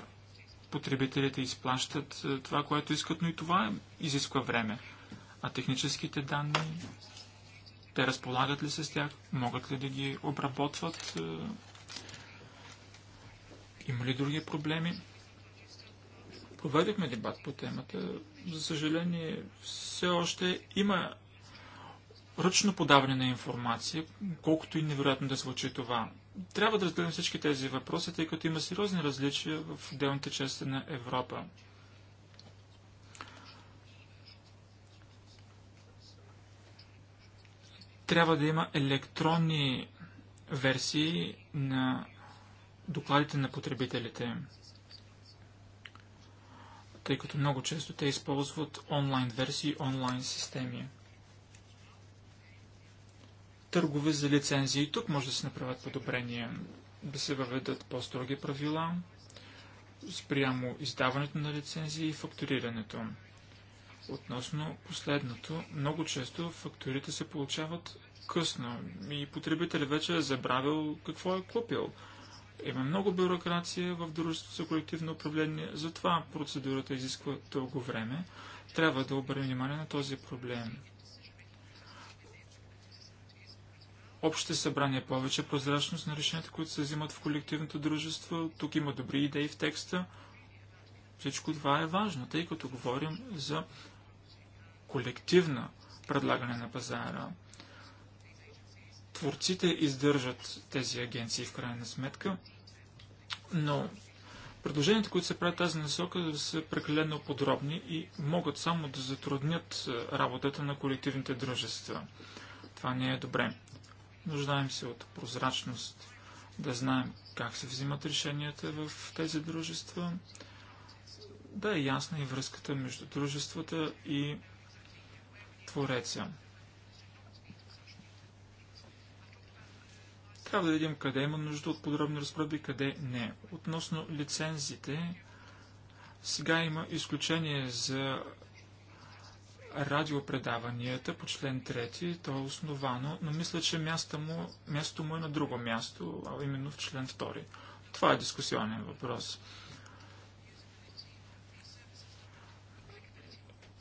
[SPEAKER 3] потребителите изплащат е, това, което искат, но и това изисква време. А техническите данни, те разполагат ли с тях, могат ли да ги обработват, е, има ли други проблеми? Проведохме дебат по темата. За съжаление, все още има ръчно подаване на информация, колкото и невероятно да звучи това. Трябва да разгледам всички тези въпроси, тъй като има сериозни различия в отделните части на Европа. Трябва да има електронни версии на докладите на потребителите тъй като много често те използват онлайн версии, онлайн системи. Търгове за лицензии. Тук може да се направят подобрения, да се въведат по-строги правила спрямо издаването на лицензии и фактурирането. Относно последното, много често фактурите се получават късно и потребителят вече е забравил какво е купил – има много бюрокрация в дружеството за колективно управление, затова процедурата изисква дълго време. Трябва да обърнем внимание на този проблем. Общите събрания, повече прозрачност на решенията, които се взимат в колективното дружество. Тук има добри идеи в текста. Всичко това е важно, тъй като говорим за колективна предлагане на пазара творците издържат тези агенции в крайна сметка, но предложенията, които се правят тази насока, са прекалено подробни и могат само да затруднят е, работата на колективните дружества. Това не е добре. Нуждаем се от прозрачност, да знаем как се взимат решенията в тези дружества, да е ясна и връзката между дружествата и твореца. Трябва да видим къде има нужда от подробни разпроби, къде не. Относно лицензите, сега има изключение за радиопредаванията по член 3, то е основано, но мисля, че място му, място му е на друго място, а именно в член 2. Това е дискусионен въпрос.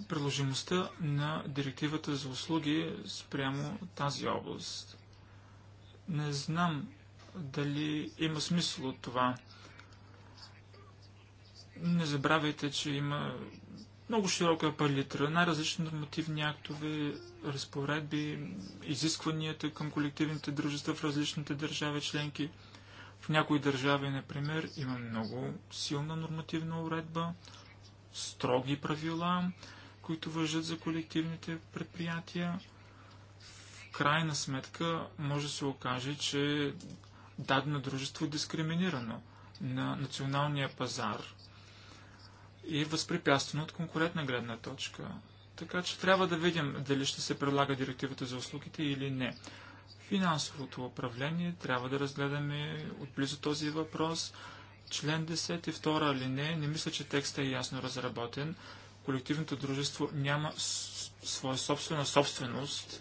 [SPEAKER 3] Приложимостта на директивата за услуги спрямо тази област. Не знам дали има смисъл от това. Не забравяйте, че има много широка палитра, най-различни нормативни актове, разпоредби, изискванията към колективните дружества в различните държави членки. В някои държави, например, има много силна нормативна уредба, строги правила, които въжат за колективните предприятия крайна сметка може да се окаже, че дадено дружество е дискриминирано на националния пазар и е възпрепятствано от конкурентна гледна точка. Така че трябва да видим дали ще се прилага директивата за услугите или не. Финансовото управление трябва да разгледаме отблизо този въпрос. Член 10 ли не, не мисля, че текстът е ясно разработен. Колективното дружество няма своя собствена собственост,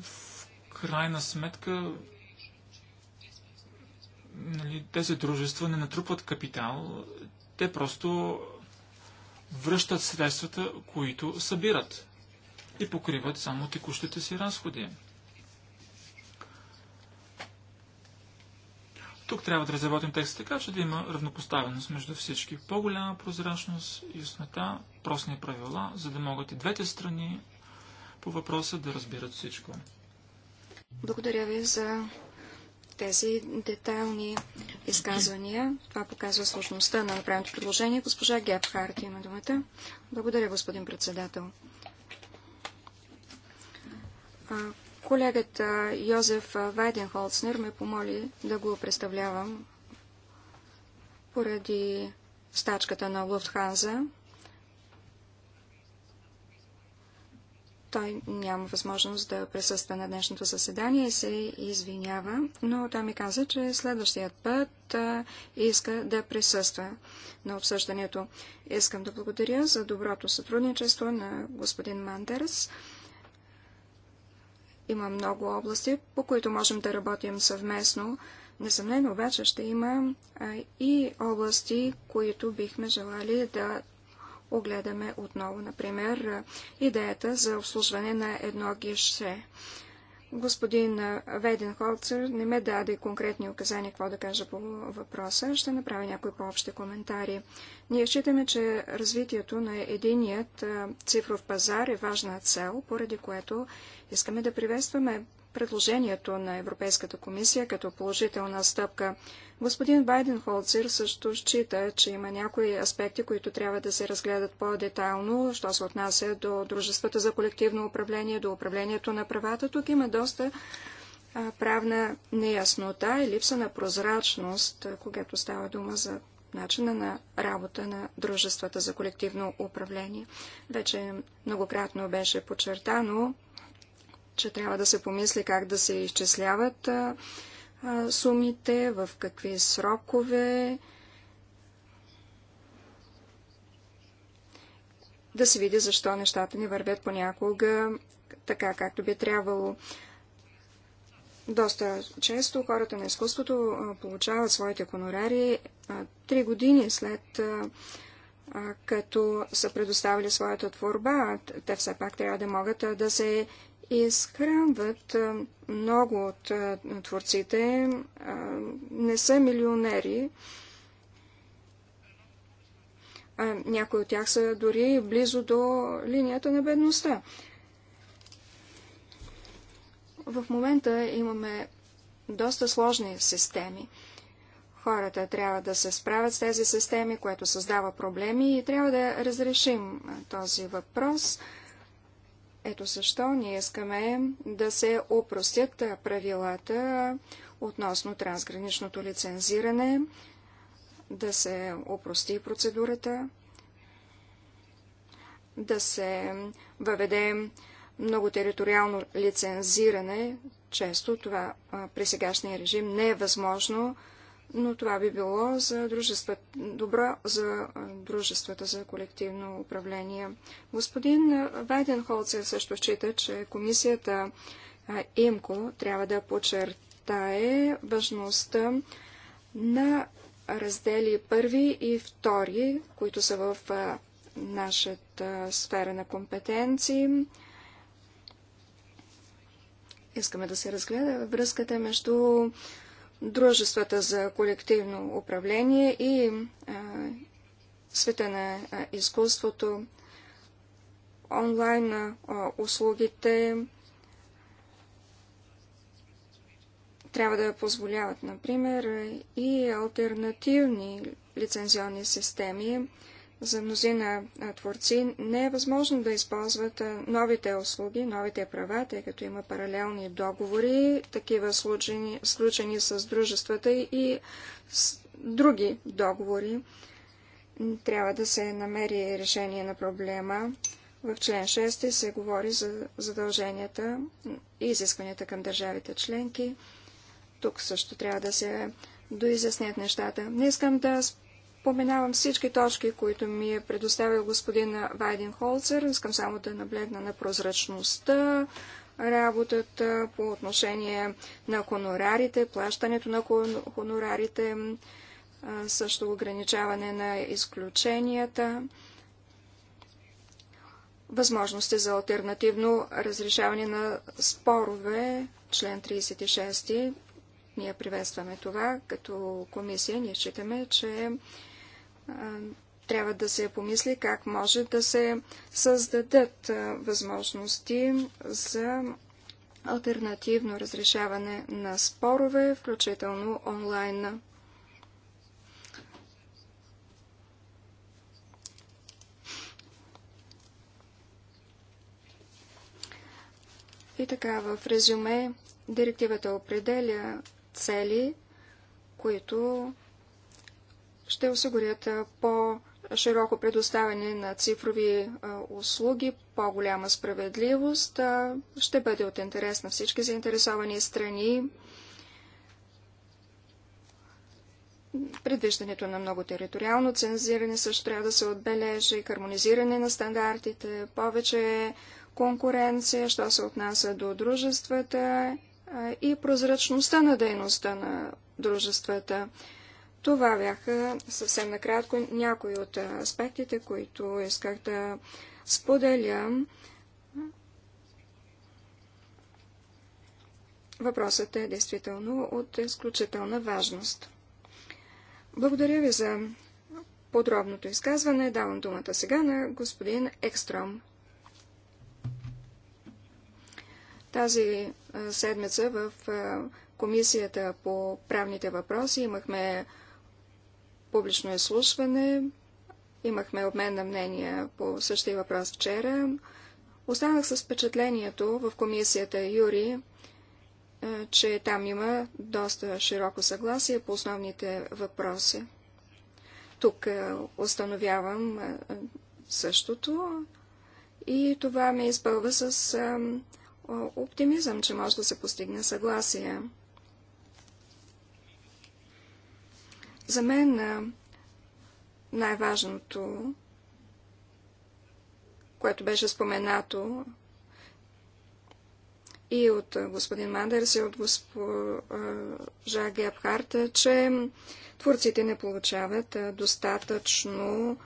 [SPEAKER 3] В крайна сметка, нали, тези дружества не натрупват капитал, те просто връщат средствата, които събират и покриват само текущите си разходи. Тук трябва да разработим текста, така, че да има равнопоставеност между всички. По-голяма прозрачност, яснота, простни правила, за да могат и двете страни по въпроса да разбират всичко.
[SPEAKER 4] Благодаря ви за тези детайлни изказвания. Това показва сложността на направеното предложение. Госпожа Гебхарт има думата. Благодаря, господин председател. Колегата Йозеф Вайденхолцнер ме помоли да го представлявам поради стачката на Луфтханза. Той няма възможност да присъства на днешното заседание и се извинява, но той ми каза, че следващият път а, иска да присъства на обсъждането. Искам да благодаря за доброто сътрудничество на господин Мандерс. Има много области, по които можем да работим съвместно. Несъмнено обаче ще има а, и области, които бихме желали да огледаме отново, например, идеята за обслужване на едно гише. Господин Веденхолцер не ме даде конкретни указания какво да кажа по въпроса. Ще направя някои по-общи коментари. Ние считаме, че развитието на единият цифров пазар е важна цел, поради което искаме да приветстваме предложението на Европейската комисия като положителна стъпка. Господин Байден Холцер също счита, че има някои аспекти, които трябва да се разгледат по-детайлно, що се отнася до дружествата за колективно управление, до управлението на правата. Тук има доста правна неяснота и липса на прозрачност, когато става дума за начина на работа на дружествата за колективно управление. Вече многократно беше подчертано, че трябва да се помисли как да се изчисляват сумите, в какви срокове, да се види защо нещата не вървят понякога така, както би трябвало. Доста често хората на изкуството получават своите хонорари три години след като са предоставили своята творба. Те все пак трябва да могат да се изхранват много от творците, не са милионери. Някои от тях са дори близо до линията на бедността. В момента имаме доста сложни системи. Хората трябва да се справят с тези системи, което създава проблеми и трябва да разрешим този въпрос – ето защо ние искаме да се опростят правилата относно трансграничното лицензиране, да се опрости процедурата, да се въведе много териториално лицензиране. Често това при сегашния режим не е възможно, но това би било за дружества, добро за дружествата за колективно управление. Господин Вайденхолцер също счита, че комисията ИМКО трябва да подчертае важността на раздели първи и втори, които са в нашата сфера на компетенции. Искаме да се разгледа връзката между дружествата за колективно управление и а, света на а, изкуството, онлайн а, услугите трябва да позволяват, например, и альтернативни лицензионни системи, за мнозина творци не е възможно да използват новите услуги, новите права, тъй като има паралелни договори, такива случени, случени с дружествата и с други договори. Трябва да се намери решение на проблема. В член 6 се говори за задълженията и изискванията към държавите членки. Тук също трябва да се доизяснят нещата. Не искам да Поменавам всички точки, които ми е предоставил господин Вайден Холцер. Искам само да наблегна на прозрачността, работата по отношение на хонорарите, плащането на хонорарите, също ограничаване на изключенията, възможности за альтернативно разрешаване на спорове, член 36. Ние приветстваме това. Като комисия ние считаме, че трябва да се помисли как може да се създадат възможности за альтернативно разрешаване на спорове, включително онлайн. И така, в резюме, директивата определя цели, които ще осигурят по-широко предоставяне на цифрови услуги, по-голяма справедливост, ще бъде от интерес на всички заинтересовани страни. Предвиждането на много териториално цензиране също трябва да се отбележи, хармонизиране на стандартите, повече конкуренция, що се отнася до дружествата и прозрачността на дейността на дружествата. Това бяха съвсем накратко някои от аспектите, които исках да споделя. Въпросът е действително от изключителна важност. Благодаря ви за подробното изказване. Давам думата сега на господин Екстром. Тази седмица в Комисията по правните въпроси имахме публично изслушване. Имахме обмен на мнения по същия въпрос вчера. Останах с впечатлението в комисията Юри, е, че там има доста широко съгласие по основните въпроси. Тук е, установявам е, същото и това ме изпълва с оптимизъм, че може да се постигне съгласие. За мен най-важното, което беше споменато и от господин Мандерс и от госпожа Гебхарта, е, че творците не получават достатъчно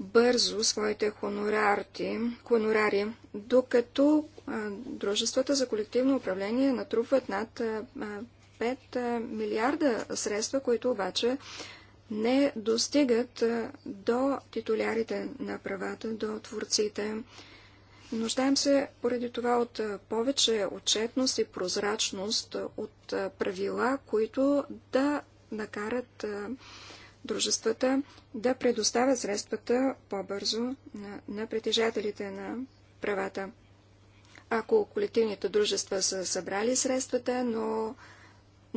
[SPEAKER 4] бързо своите хонорарти, хонорари, докато дружествата за колективно управление натрупват над 5 е, милиарда средства, които обаче не достигат е, до титулярите на правата, до творците. Нуждаем се поради това от е, повече отчетност и прозрачност, от правила, които да накарат дружествата да предоставят средствата по-бързо на, на притежателите на правата. Ако колективните дружества са събрали средствата, но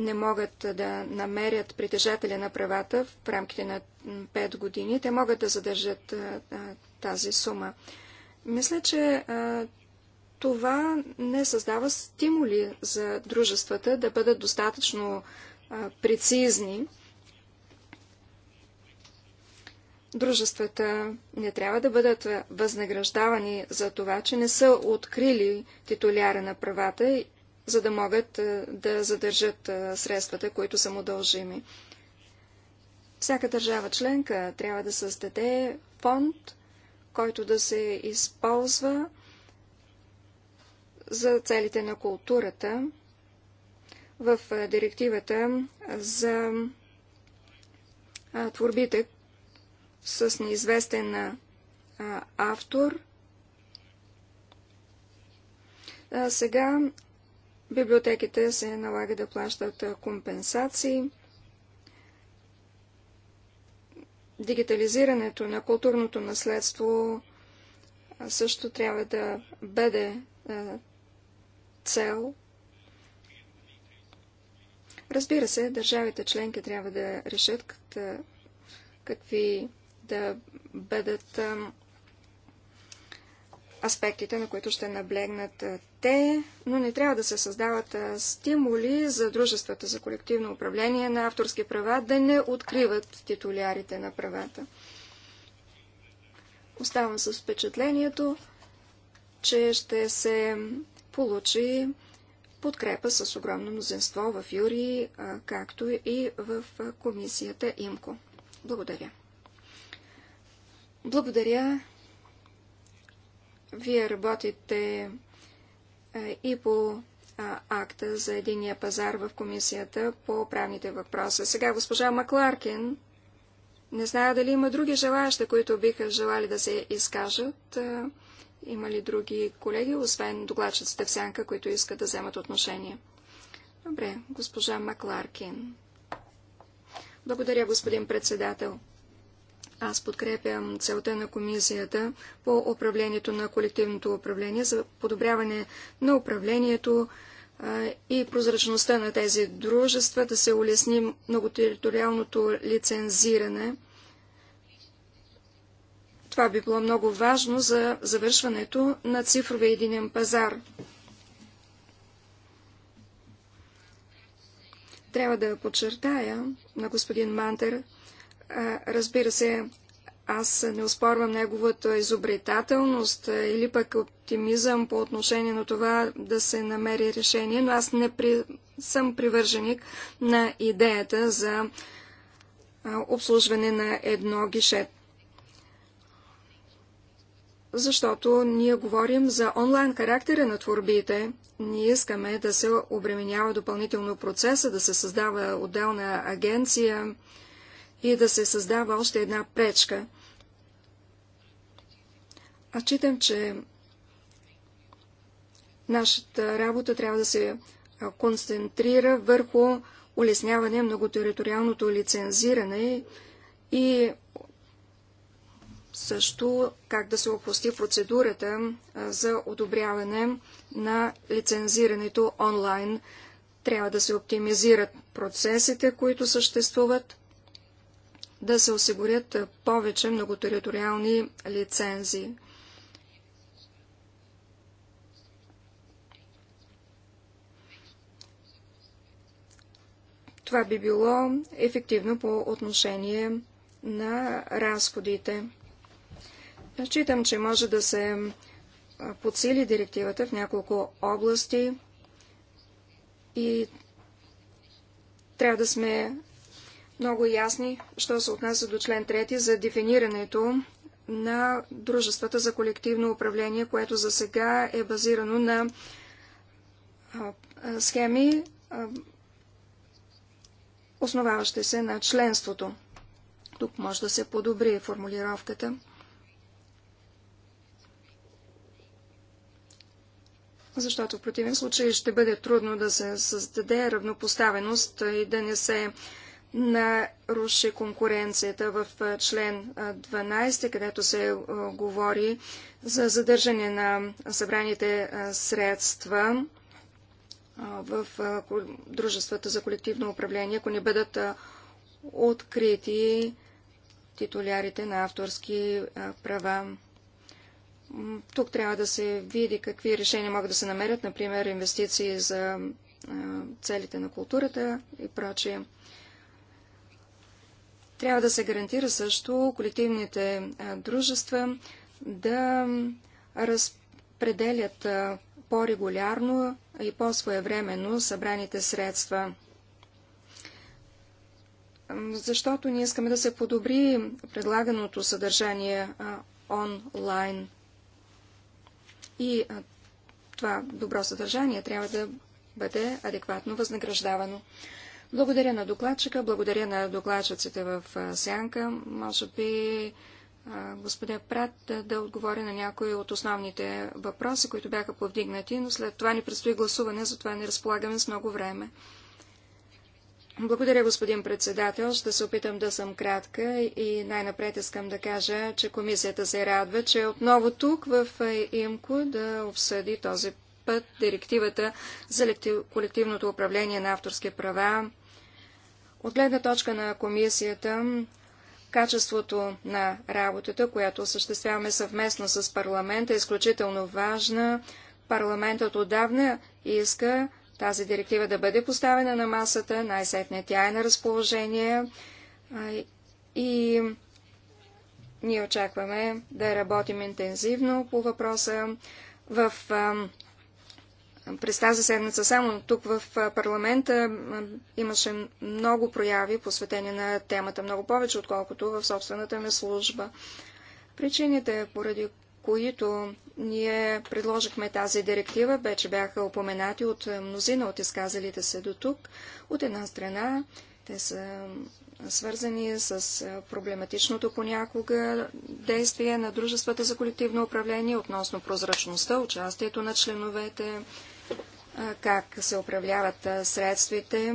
[SPEAKER 4] не могат да намерят притежателя на правата в рамките на 5 години, те могат да задържат а, тази сума. Мисля, че а, това не създава стимули за дружествата да бъдат достатъчно а, прецизни. Дружествата не трябва да бъдат възнаграждавани за това, че не са открили титуляра на правата за да могат е, да задържат е, средствата, които са му дължими. Всяка държава членка трябва да създаде фонд, който да се използва за целите на културата в е, директивата за творбите с неизвестен автор. Сега Библиотеките се налага да плащат компенсации. Дигитализирането на културното наследство също трябва да бъде цел. Разбира се, държавите членки трябва да решат какви да бъдат аспектите, на които ще наблегнат те, но не трябва да се създават стимули за дружествата за колективно управление на авторски права да не откриват титулярите на правата. Оставам с впечатлението, че ще се получи подкрепа с огромно мнозинство в Юри, както и в комисията ИМКО. Благодаря. Благодаря. Вие работите е, и по акта за единия пазар в комисията по правните въпроси. Сега госпожа Макларкин, не зная дали има други желаящи, които биха желали да се изкажат. Е, има ли други колеги, освен докладчиците в сянка, които искат да вземат отношение? Добре, госпожа Макларкин. Благодаря, господин председател. Аз подкрепям целта на комисията по управлението на колективното управление за подобряване на управлението и прозрачността на тези дружества, да се улесни многотериториалното лицензиране. Това би било много важно за завършването на цифровия единен пазар. Трябва да подчертая на господин Мантер, разбира се, аз не оспорвам неговата изобретателност или пък оптимизъм по отношение на това да се намери решение, но аз не при... съм привърженик на идеята за обслужване на едно гишет. Защото ние говорим за онлайн характера на творбите. Ние искаме да се обременява допълнително процеса, да се създава отделна агенция и да се създава още една пречка – аз читам, че нашата работа трябва да се концентрира върху улесняване на многотериториалното лицензиране и също как да се опрости процедурата за одобряване на лицензирането онлайн. Трябва да се оптимизират процесите, които съществуват, да се осигурят повече многотериториални лицензии. Това би било ефективно по отношение на разходите. Считам, че може да се подсили директивата в няколко области и трябва да сме много ясни, що се отнася до член 3 за дефинирането на дружествата за колективно управление, което за сега е базирано на схеми, основаващи се на членството. Тук може да се подобри формулировката. Защото в противен случай ще бъде трудно да се създаде равнопоставеност и да не се наруши конкуренцията в член 12, където се говори за задържане на събраните средства в дружествата за колективно управление, ако не бъдат открити титулярите на авторски права. Тук трябва да се види какви решения могат да се намерят, например инвестиции за целите на културата и прочее. Трябва да се гарантира също колективните дружества да разпределят по-регулярно и по-своевременно събраните средства. Защото ние искаме да се подобри предлаганото съдържание а, онлайн. И а, това добро съдържание трябва да бъде адекватно възнаграждавано. Благодаря на докладчика, благодаря на докладчиците в Сянка. Може би господа Прат да, отговори на някои от основните въпроси, които бяха повдигнати, но след това ни предстои гласуване, затова не разполагаме с много време. Благодаря, господин председател. Ще се опитам да съм кратка и най-напред искам да кажа, че комисията се радва, че е отново тук в ИМКО да обсъди този път директивата за колективното управление на авторски права. От гледна точка на комисията, Качеството на работата, която осъществяваме съвместно с парламента, е изключително важна. Парламентът отдавна иска тази директива да бъде поставена на масата, най-сетне тя е на разположение и ние очакваме да работим интензивно по въпроса в през тази седмица само тук в парламента имаше много прояви, посветени на темата, много повече, отколкото в собствената ми служба. Причините, поради които ние предложихме тази директива, вече бяха упоменати от мнозина от изказалите се до тук. От една страна, те са свързани с проблематичното понякога действие на дружествата за колективно управление относно прозрачността, участието на членовете, как се управляват средствите,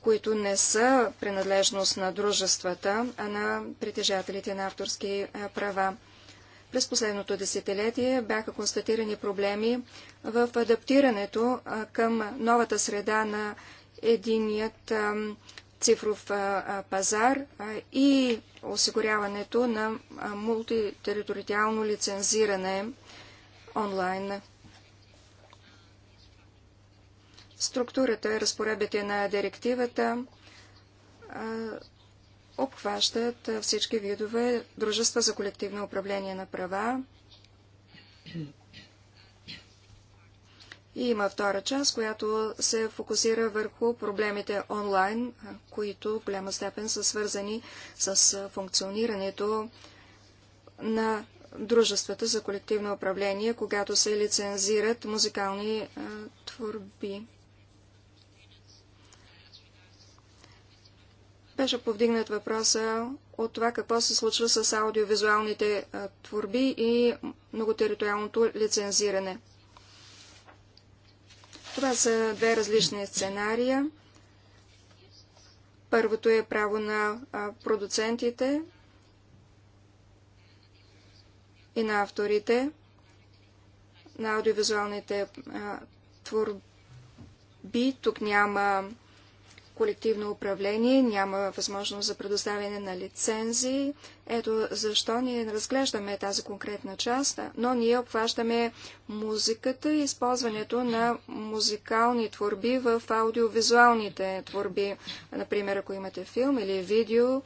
[SPEAKER 4] които не са принадлежност на дружествата, а на притежателите на авторски права. През последното десетилетие бяха констатирани проблеми в адаптирането към новата среда на единият цифров пазар и осигуряването на мултитериториално лицензиране онлайн Структурата и разпоредбите на директивата обхващат всички видове дружества за колективно управление на права. И има втора част, която се фокусира върху проблемите онлайн, които в голяма степен са свързани с функционирането на дружествата за колективно управление, когато се лицензират музикални а, творби. Беше повдигнат въпроса от това какво се случва с аудиовизуалните творби и многотериториалното лицензиране. Това са две различни сценария. Първото е право на продуцентите и на авторите на аудиовизуалните творби. Тук няма колективно управление, няма възможност за предоставяне на лицензии. Ето защо ние разглеждаме тази конкретна част, но ние обхващаме музиката и използването на музикални творби в аудиовизуалните творби. Например, ако имате филм или видео,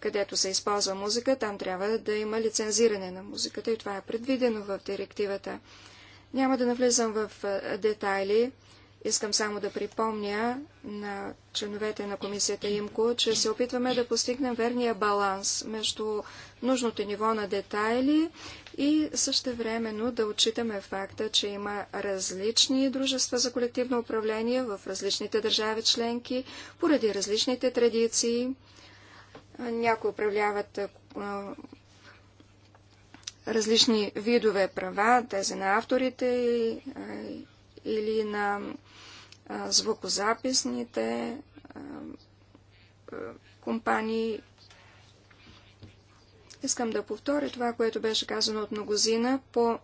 [SPEAKER 4] където се използва музика, там трябва да има лицензиране на музиката и това е предвидено в директивата. Няма да навлизам в детайли. Искам само да припомня на членовете на комисията ИМКО, че се опитваме да постигнем верния баланс между нужното ниво на детайли и същевременно да отчитаме факта, че има различни дружества за колективно управление в различните държави членки, поради различните традиции. Някои управляват различни видове права, тези на авторите или на звукозаписните компании. Искам да повторя това, което беше казано от многозина по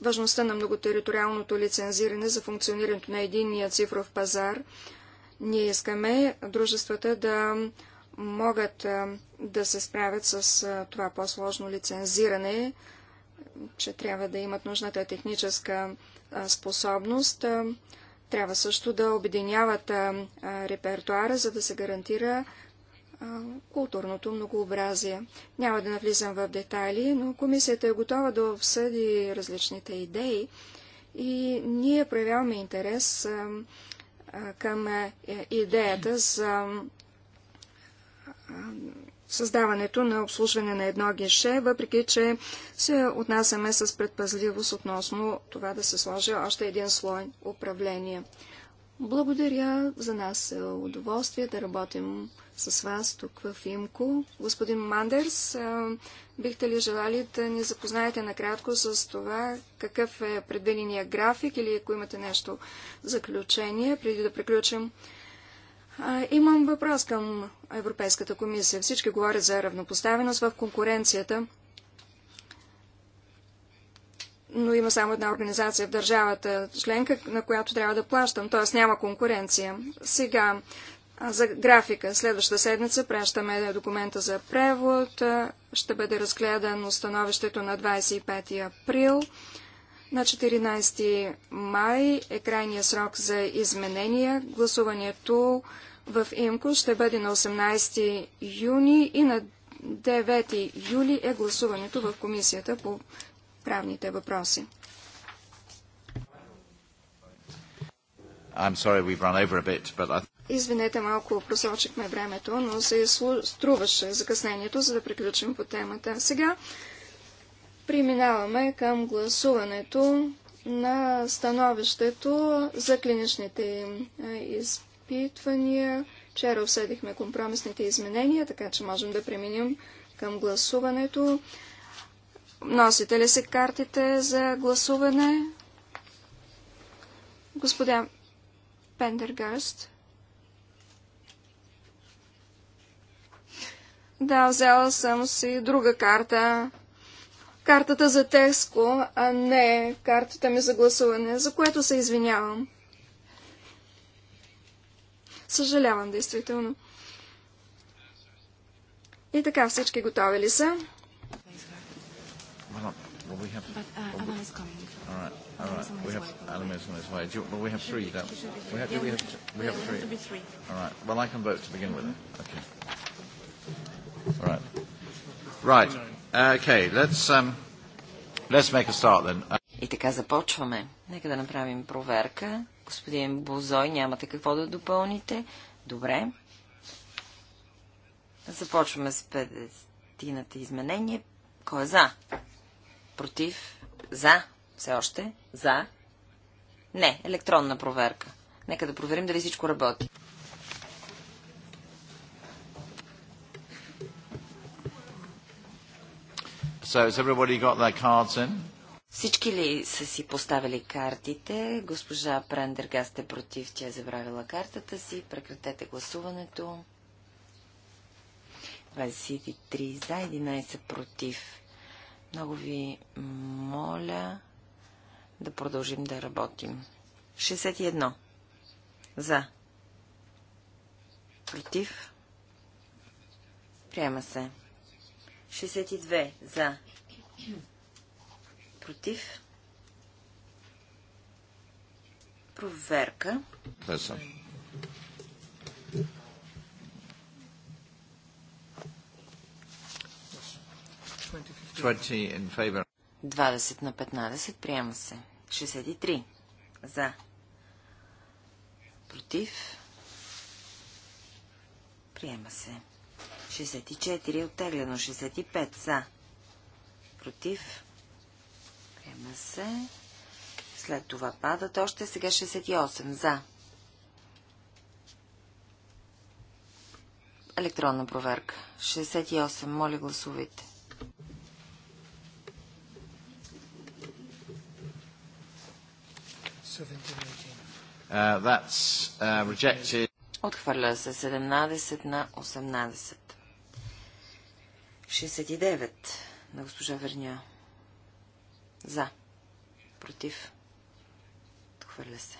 [SPEAKER 4] важността на многотериториалното лицензиране за функционирането на единния цифров пазар. Ние искаме дружествата да могат да се справят с това по-сложно лицензиране, че трябва да имат нужната техническа способност. Трябва също да обединяват репертуара, за да се гарантира културното многообразие. Няма да навлизам в детайли, но комисията е готова да обсъди различните идеи и ние проявяваме интерес към е, идеята за създаването на обслужване на едно гише, въпреки че се отнасяме с предпазливост относно това да се сложи още един слой управление. Благодаря. За нас е удоволствие да работим с вас тук в ИМКО. Господин Мандерс, бихте ли желали да ни запознаете накратко с това, какъв е предвидения график или ако имате нещо заключение, преди да приключим Имам въпрос към Европейската комисия. Всички говорят за равнопоставеност в конкуренцията, но има само една организация в държавата членка, на която трябва да плащам, т.е. няма конкуренция. Сега за графика. Следващата седмица пращаме документа за превод. Ще бъде разгледано становището на 25 април. На 14 май е крайния срок за изменения. Гласуването в ИМКО ще бъде на 18 юни и на 9 юли е гласуването в Комисията по правните въпроси.
[SPEAKER 1] Sorry, bit, I...
[SPEAKER 4] Извинете, малко просочихме времето, но се струваше закъснението, за да приключим по темата. Сега преминаваме към гласуването на становището за клиничните е, изпитания изпитвания. Вчера обсъдихме компромисните изменения, така че можем да преминем към гласуването. Носите ли се картите за гласуване? Господа Пендергаст. Да, взела съм си друга карта. Картата за Теско, а не картата ми за гласуване, за което се извинявам. Съжалявам, действително. И така, всички готови ли са?
[SPEAKER 1] Well, we have. But uh, Alan is coming. All right, all right. We have Alan is on his way. Do you, well, we have three. Don't we? Have, do we have, we have three. To be three. All right. Well, I can vote to begin with. Okay. All right. Right. Okay. Let's um, let's make a start then. И така започваме.
[SPEAKER 2] Нека да направим проверка. Господин Бозой, нямате какво да допълните? Добре. Започваме с 50-тината изменение. Кой е за? Против? За? Все още? За? Не, електронна проверка. Нека да проверим дали всичко работи.
[SPEAKER 1] So has everybody got their cards in?
[SPEAKER 2] Всички ли са си поставили картите? Госпожа Прендергаст е против, тя е забравила картата си. Прекратете гласуването. 23 за, 11 против. Много ви моля да продължим да работим. 61 за. Против. Приема се. 62 за. Против. Проверка.
[SPEAKER 1] Да in
[SPEAKER 2] 20 на 15 приема се. 63 за. Против. Приема се. 64 оттеглено. 65 за. Против. Приема се. След това падат още. Сега 68. За. Електронна проверка. 68. Моля гласувайте.
[SPEAKER 1] Uh, uh,
[SPEAKER 2] Отхвърля се 17 на 18. 69 на госпожа Верня. За. Против. Отхвърля се.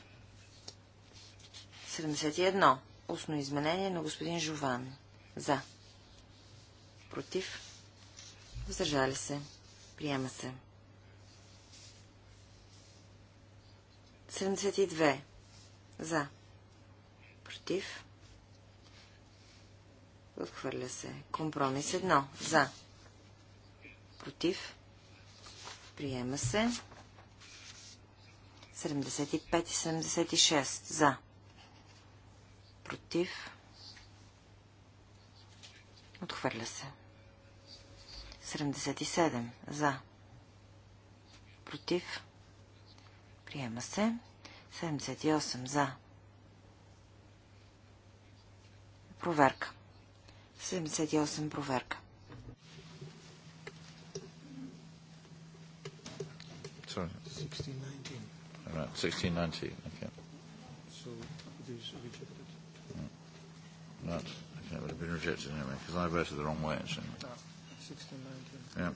[SPEAKER 2] 71. Устно изменение на господин Жован. За. Против. Въздържали се. Приема се. 72. За. Против. Отхвърля се. Компромис 1. За. Против. Приема се. 75 и 76. За. Против. Отхвърля се. 77. За. Против. Приема се. 78. За. Проверка. 78. Проверка.
[SPEAKER 3] 1619.
[SPEAKER 1] All right, 1619, okay.
[SPEAKER 3] So it is rejected.
[SPEAKER 1] Right, okay, it would have been rejected anyway, because I voted the wrong way, actually.
[SPEAKER 3] Ah,
[SPEAKER 1] 1619.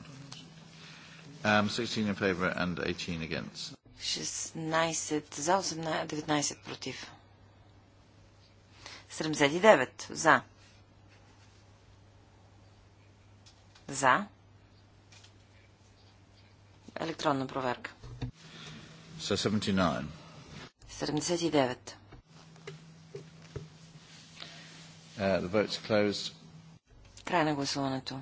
[SPEAKER 1] Yeah. Um, 16 in favour and 18 against.
[SPEAKER 2] 16 за, 19 против. 79 за. За. Електронна проверка.
[SPEAKER 1] 79.
[SPEAKER 2] 79.
[SPEAKER 1] Uh, the vote's closed.
[SPEAKER 2] Край на гласуването.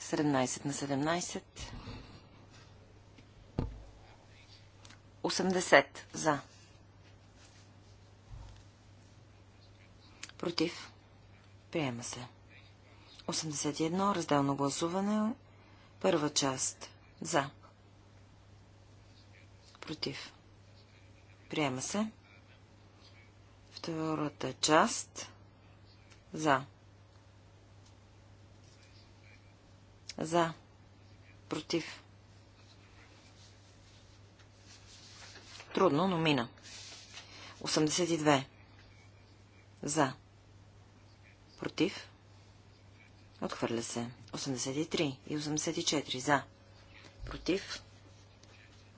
[SPEAKER 2] 17 на 17. 80 за. Против. Приема се. 81. Разделно гласуване. Първа част. За. Против. Приема се. Втората част. За. За. Против. Трудно, но мина. 82. За. Против. Отхвърля се. 83 и 84. За. Против.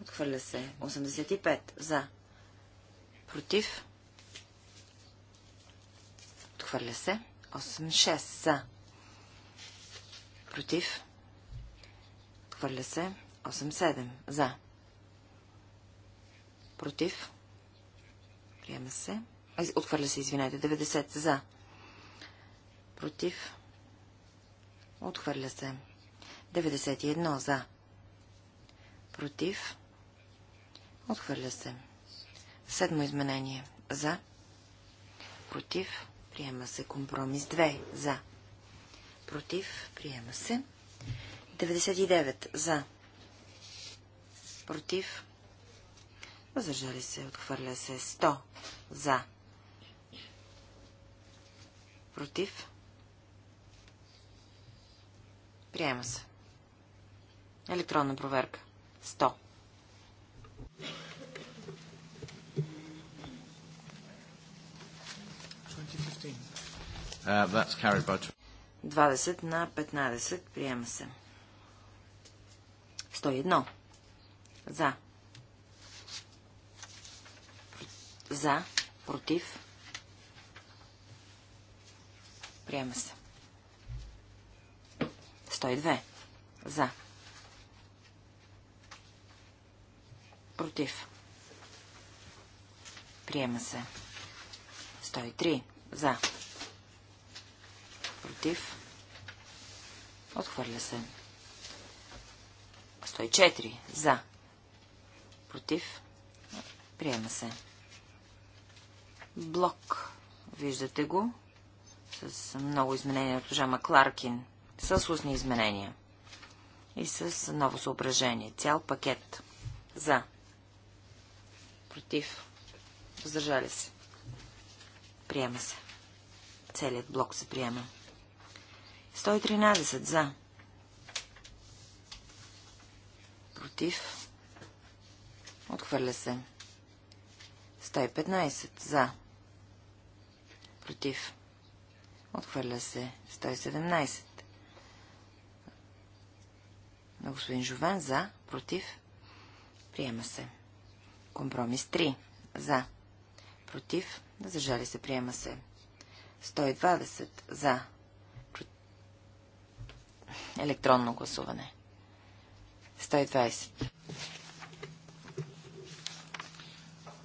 [SPEAKER 2] Отхвърля се. 85. За. Против. Отхвърля се. 86. За. Против. Отхвърля се. 87. За. Против. Приема се. Отхвърля се, извинете. 90. За. Против. Отхвърля се. 91. За. Против. Отхвърля се. Седмо изменение. За. Против. Приема се. Компромис 2. За. Против. Приема се. 99. За. Против. Въздържали се. Отхвърля се. 100. За. Против. Приема се. Електронна проверка. 20 uh, на 15. Приема се. 101. За. За. Против. Приема се. 102. За. Против. Приема се. 103. За. Против. Отхвърля се. 104. За. Против. Приема се. Блок. Виждате го. С много изменения от Жама Кларкин. С устни изменения. И с ново съображение. Цял пакет. За против, въздържали се. Приема се. Целият блок се приема. 113 за. Против. Отхвърля се. 115 за. Против. Отхвърля се. 117. На господин Жован за. Против. Приема се. Компромис 3. За. Против. Въздържали се. Приема се. 120. За. Електронно гласуване. 120.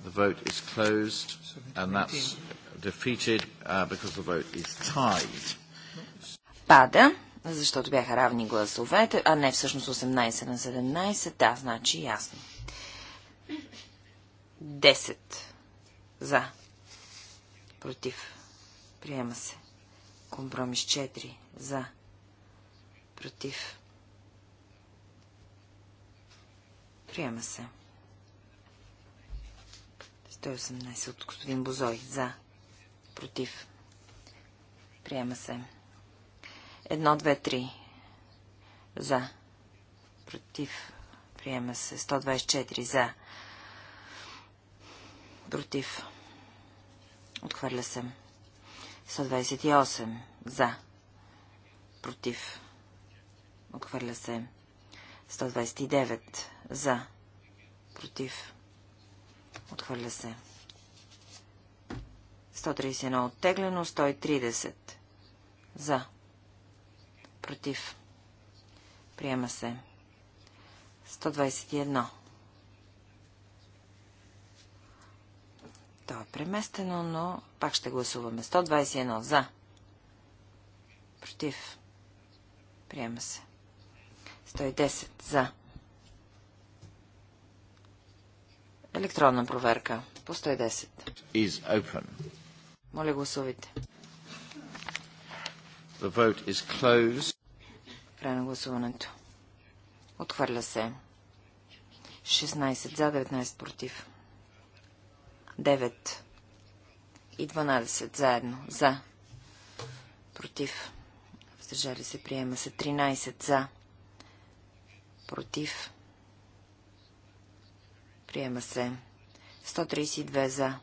[SPEAKER 1] The vote is closed, and that's defeated uh, because the vote is tied.
[SPEAKER 2] Пада, защото бяха равни гласовете, а не всъщност 18 на 17. Да, значи ясно. 10 за. Против. Приема се. Компромис 4 за. Против. Приема се. 118 от господин Бозой. За. Против. Приема се. 1, 2, 3. За. Против. Приема се. 124. За. Против. Отхвърля се. 128. За. Против. Отхвърля се. 129. За. Против. Отхвърля се. 131 оттеглено, 130. За. Против. Приема се. 121. То е преместено, но пак ще гласуваме. 121 за. Против. Приема се. 110 за. Електронна проверка по 110.
[SPEAKER 1] Is open.
[SPEAKER 2] Моля гласувайте.
[SPEAKER 1] The vote is closed.
[SPEAKER 2] Край на гласуването. Отхвърля се. 16 за, 19 против. 9 и 12 заедно. За. Против. Въздържали се. Приема се. 13 за. Против. Приема се. 132 за.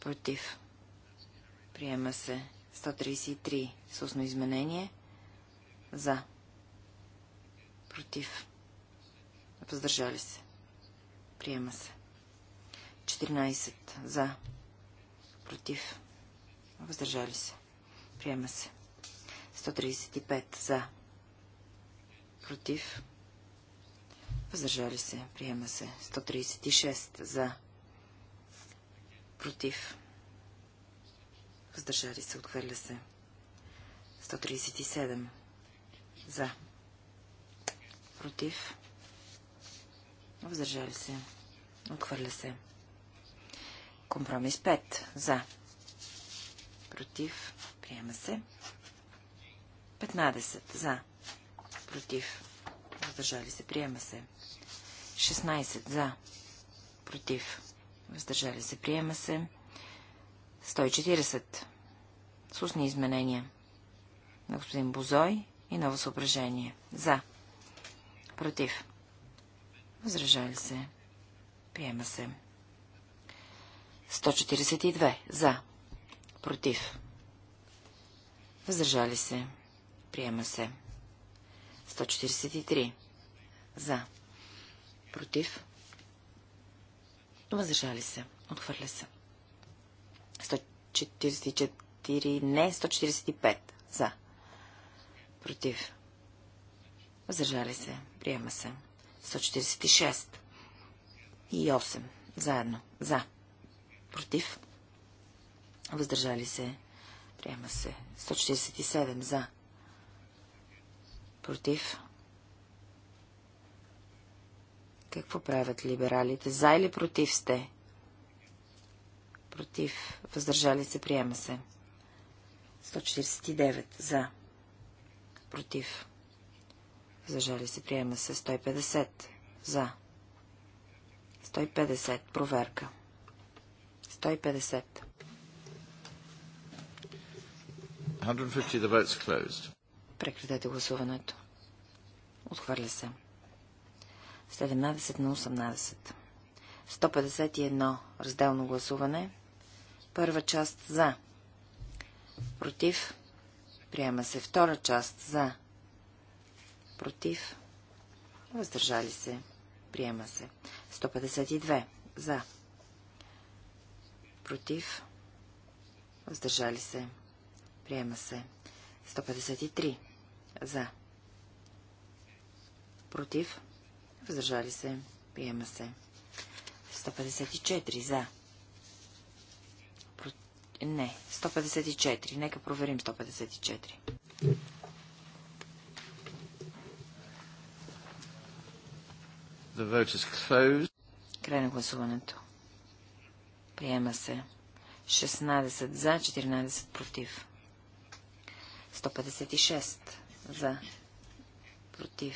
[SPEAKER 2] Против. Приема се. 133 с устно изменение. За. Против. Въздържали се. Приема се. 14 за. Против. Въздържали се. Приема се. 135 за. Против. Въздържали се. Приема се. 136 за. Против. Въздържали се. Отхвърля се. 137 за. Против. Въздържали се. Отхвърля се. Компромис 5. За. Против. Приема се. 15. За. Против. Въздържали се. Приема се. 16. За. Против. Въздържали се. Приема се. 140. С устни изменения. На господин Бозой и ново съображение. За. Против. Възражали се. Приема се. 142. За. Против. Въздържали се. Приема се. 143. За. Против. Въздържали се. Отхвърля се. 144. Не. 145. За. Против. Въздържали се. Приема се. 146. И 8. Заедно. За. Против. Въздържали се. Приема се. 147 за. Против. Какво правят либералите? За или против сте? Против. Въздържали се. Приема се. 149 за. Против. Въздържали се. Приема се. 150 за. 150. Проверка. 150. Прекратете гласуването. Отхвърля се. 17 на 18. 151. Разделно гласуване. Първа част за. Против. Приема се втора част за. Против. Въздържали се. Приема се. 152. За против, въздържали се, приема се. 153 за, против, въздържали се, приема се. 154 за. Про... Не, 154. Нека проверим 154.
[SPEAKER 1] The vote is closed. Край
[SPEAKER 2] на гласуването. Приема се. 16 за, 14 против. 156 за, против.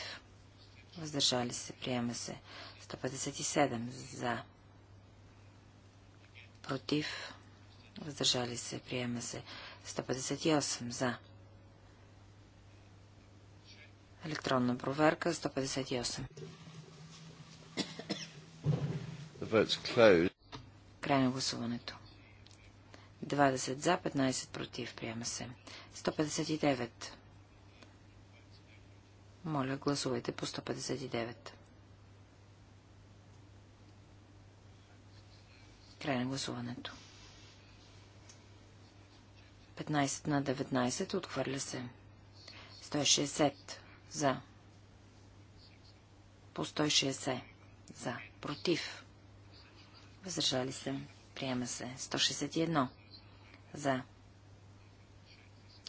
[SPEAKER 2] Въздържали се. Приема се. 157 за, против. Въздържали се. Приема се. 158 за. Електронна проверка 158. Край на гласуването. 20 за, 15 против. Приема се. 159. Моля, гласувайте по 159. Край на гласуването. 15 на 19. Отхвърля се. 160. За. По 160. За. Против. Въздържали се. Приема се. 161. За.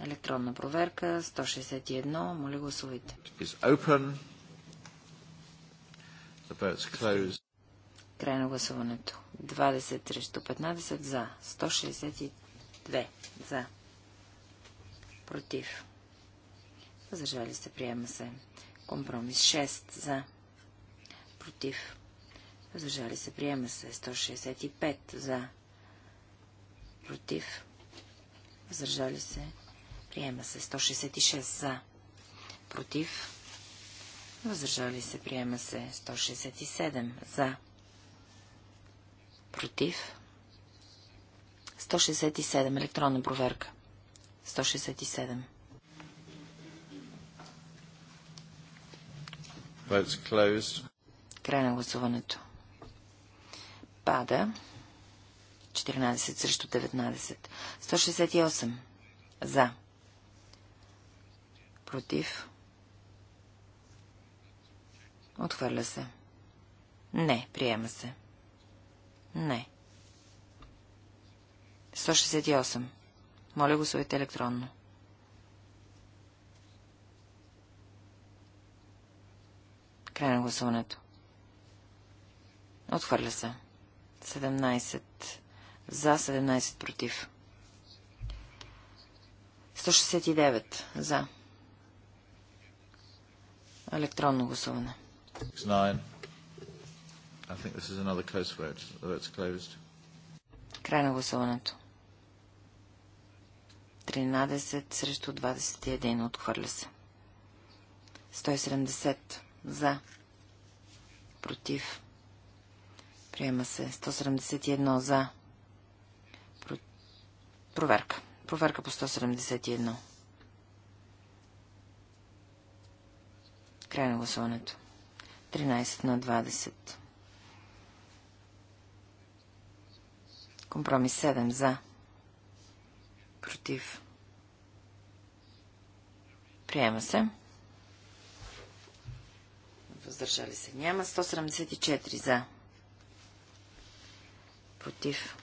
[SPEAKER 2] Електронна проверка. 161. Моля гласувайте. Край на гласуването. 20 срещу 15 за. 162 за. Против. Въздържали се. Приема се. Компромис 6 за. Против. Въздържали се. Приема се. 165 за. Против. Въздържали се. Приема се. 166 за. Против. Въздържали се. Приема се. 167 за. Против. 167. Електронна проверка. 167. Край на гласуването. Пада. 14 срещу 19. 168. За. Против. Отхвърля се. Не, приема се. Не. 168. Моля го гласувайте електронно. Край на гласуването. Отхвърля се. 17 за, 17 против. 169 за. Електронно гласуване. Край на гласуването. 13 срещу 21 отхвърля се. 170 за. Против. Приема се 171 за. Про... Проверка. Проверка по 171. Край на гласуването. 13 на 20. Компромис 7 за. Против. Приема се. Въздържали се няма. 174 за. Против.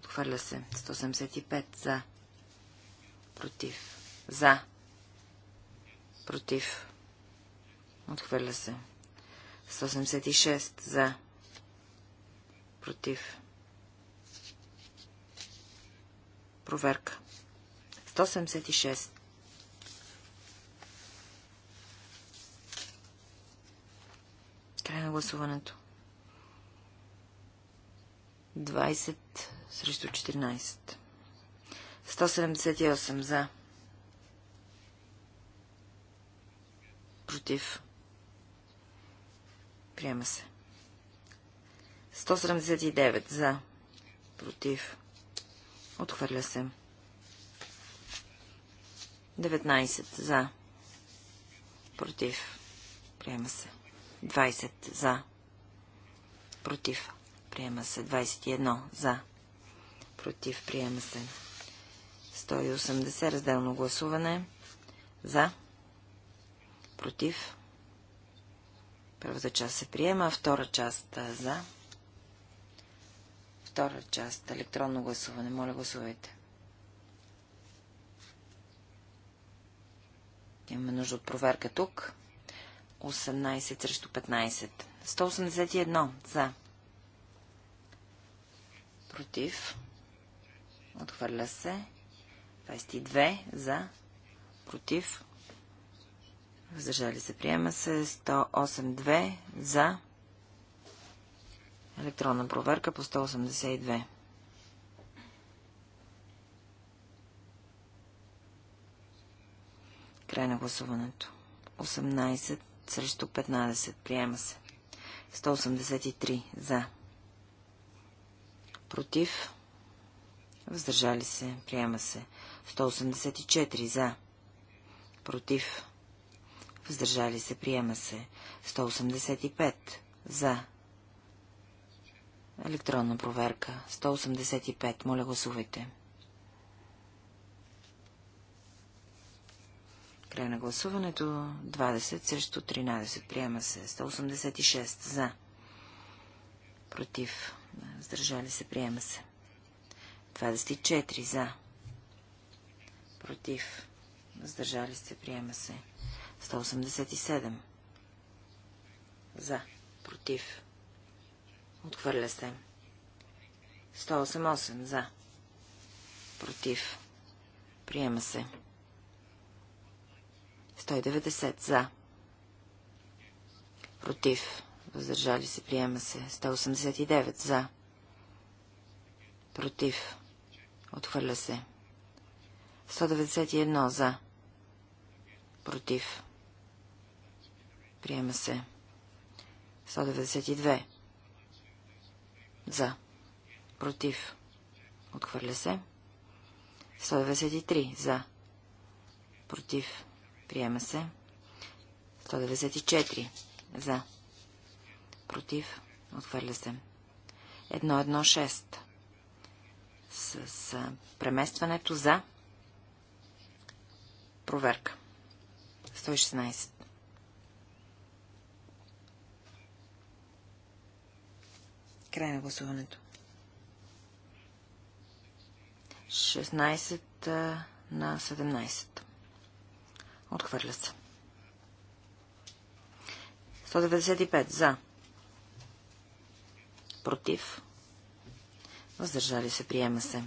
[SPEAKER 2] Отхвърля се. 175. За. Против. За. Против. Отхвърля се. 176. За. Против. Проверка. 176. Край на гласуването. 20 срещу 14. 178 за. Против. Приема се. 179 за. Против. Отхвърля се. 19 за. Против. Приема се. 20 за. Против. Приема се. 21. За. Против. Приема се. 180. Разделно гласуване. За. Против. Първата част се приема, втора част за. Втора част електронно гласуване. Моля, гласувайте. Имаме нужда от проверка тук. 18 срещу 15. 181 за против, отхвърля се. 22 за, против, въздържали се, приема се. 108 за, електронна проверка по 182. Край на гласуването. 18 срещу 15. Приема се. 183 за против, въздържали се, приема се. 184 за, против, въздържали се, приема се. 185 за, електронна проверка. 185, моля гласувайте. Край на гласуването 20 срещу 13. Приема се 186 за. Против. Въздържали се. Приема се. 24 за. Против. Въздържали се. Приема се. 187. За. Против. Отхвърля се. 188. За. Против. Приема се. 190. За. Против въздържали се, приема се. 189 за, против, отхвърля се. 191 за, против, приема се. 192 за, против, отхвърля се. 193 за, против, приема се. 194 за, против, отхвърля се. Едно едно 6 с преместването за проверка. 116. Край на гласуването. 16 на 17. Отхвърля се. 195 за против, въздържали се, приема се.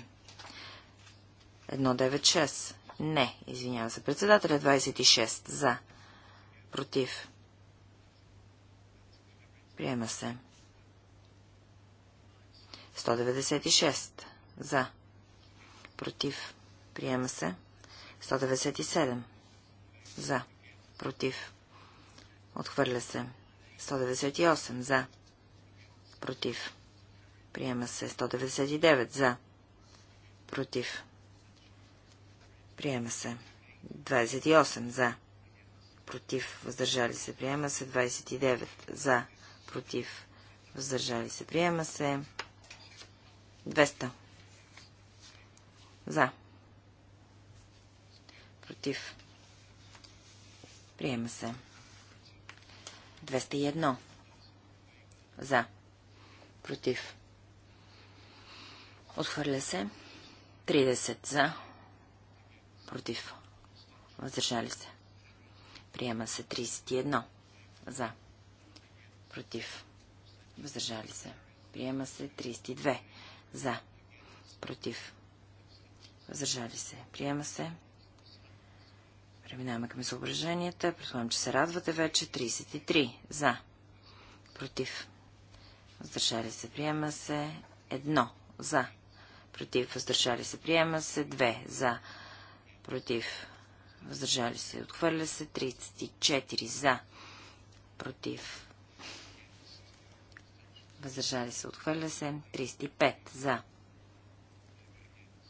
[SPEAKER 2] 196. Не, извинява се. Председателя 26. За. Против. Приема се. 196. За. Против. Приема се. 197. За. Против. Отхвърля се. 198. За. Против. Приема се 199 за. Против. Приема се 28 за. Против. Въздържали се. Приема се 29 за. Против. Въздържали се. Приема се 200 за. Против. Приема се. 201 за. Против. Отхвърля се. 30 за. Против. Въздържали се. Приема се 31 за. Против. Въздържали се. Приема се 32 за. Против. Въздържали се. Приема се. Преминаваме към съображенията. Предполагам, че се радвате вече. 33 за. Против въздържали се, приема се. Едно за, против, въздържали се, приема се. Две за, против, въздържали се, отхвърля се. 34 за, против, въздържали се, отхвърля се. 35 за,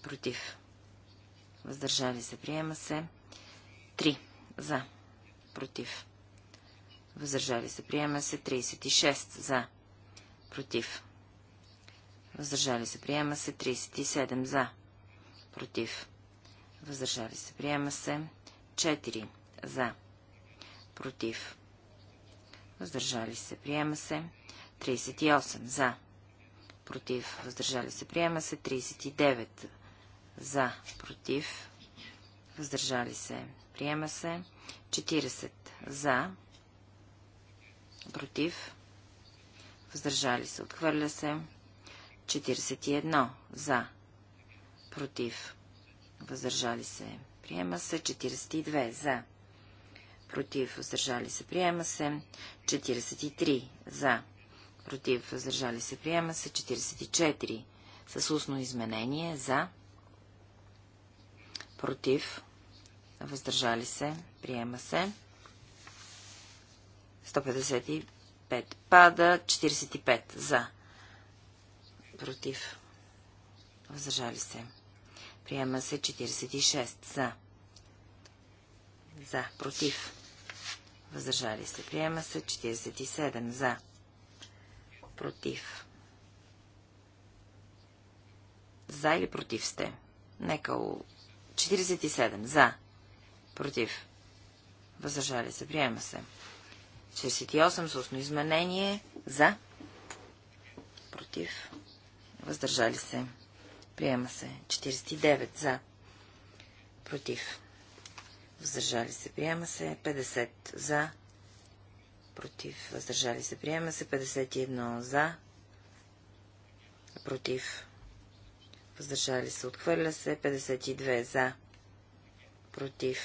[SPEAKER 2] против, въздържали се, приема се. 3 за, против, въздържали се, приема се. 36 за, против, Против. Въздържали се. Приема се. 37 за. Против. Въздържали се. Приема се. 4 за. Против. Въздържали се. Приема се. 38 за. Против. Въздържали се. Приема се. 39 за. Против. Въздържали се. Приема се. 40 за. Против въздържали се, отхвърля се. 41 за, против, въздържали се, приема се. 42 за, против, въздържали се, приема се. 43 за, против, въздържали се, приема се. 44 с устно изменение за, против, въздържали се, приема се. 155 5 пада, 45 за, против, въздържали се. Приема се 46 за, за, против, въздържали се. Приема се 47 за, против. За или против сте? Нека 47 за, против, въздържали се. Приема се. 68 с устно изменение. За. Против. Въздържали се. Приема се. 49. За. Против. Въздържали се. Приема се. 50. За. Против. Въздържали се. Приема се. 51. За. Против. Въздържали се. Отхвърля се. 52. За. Против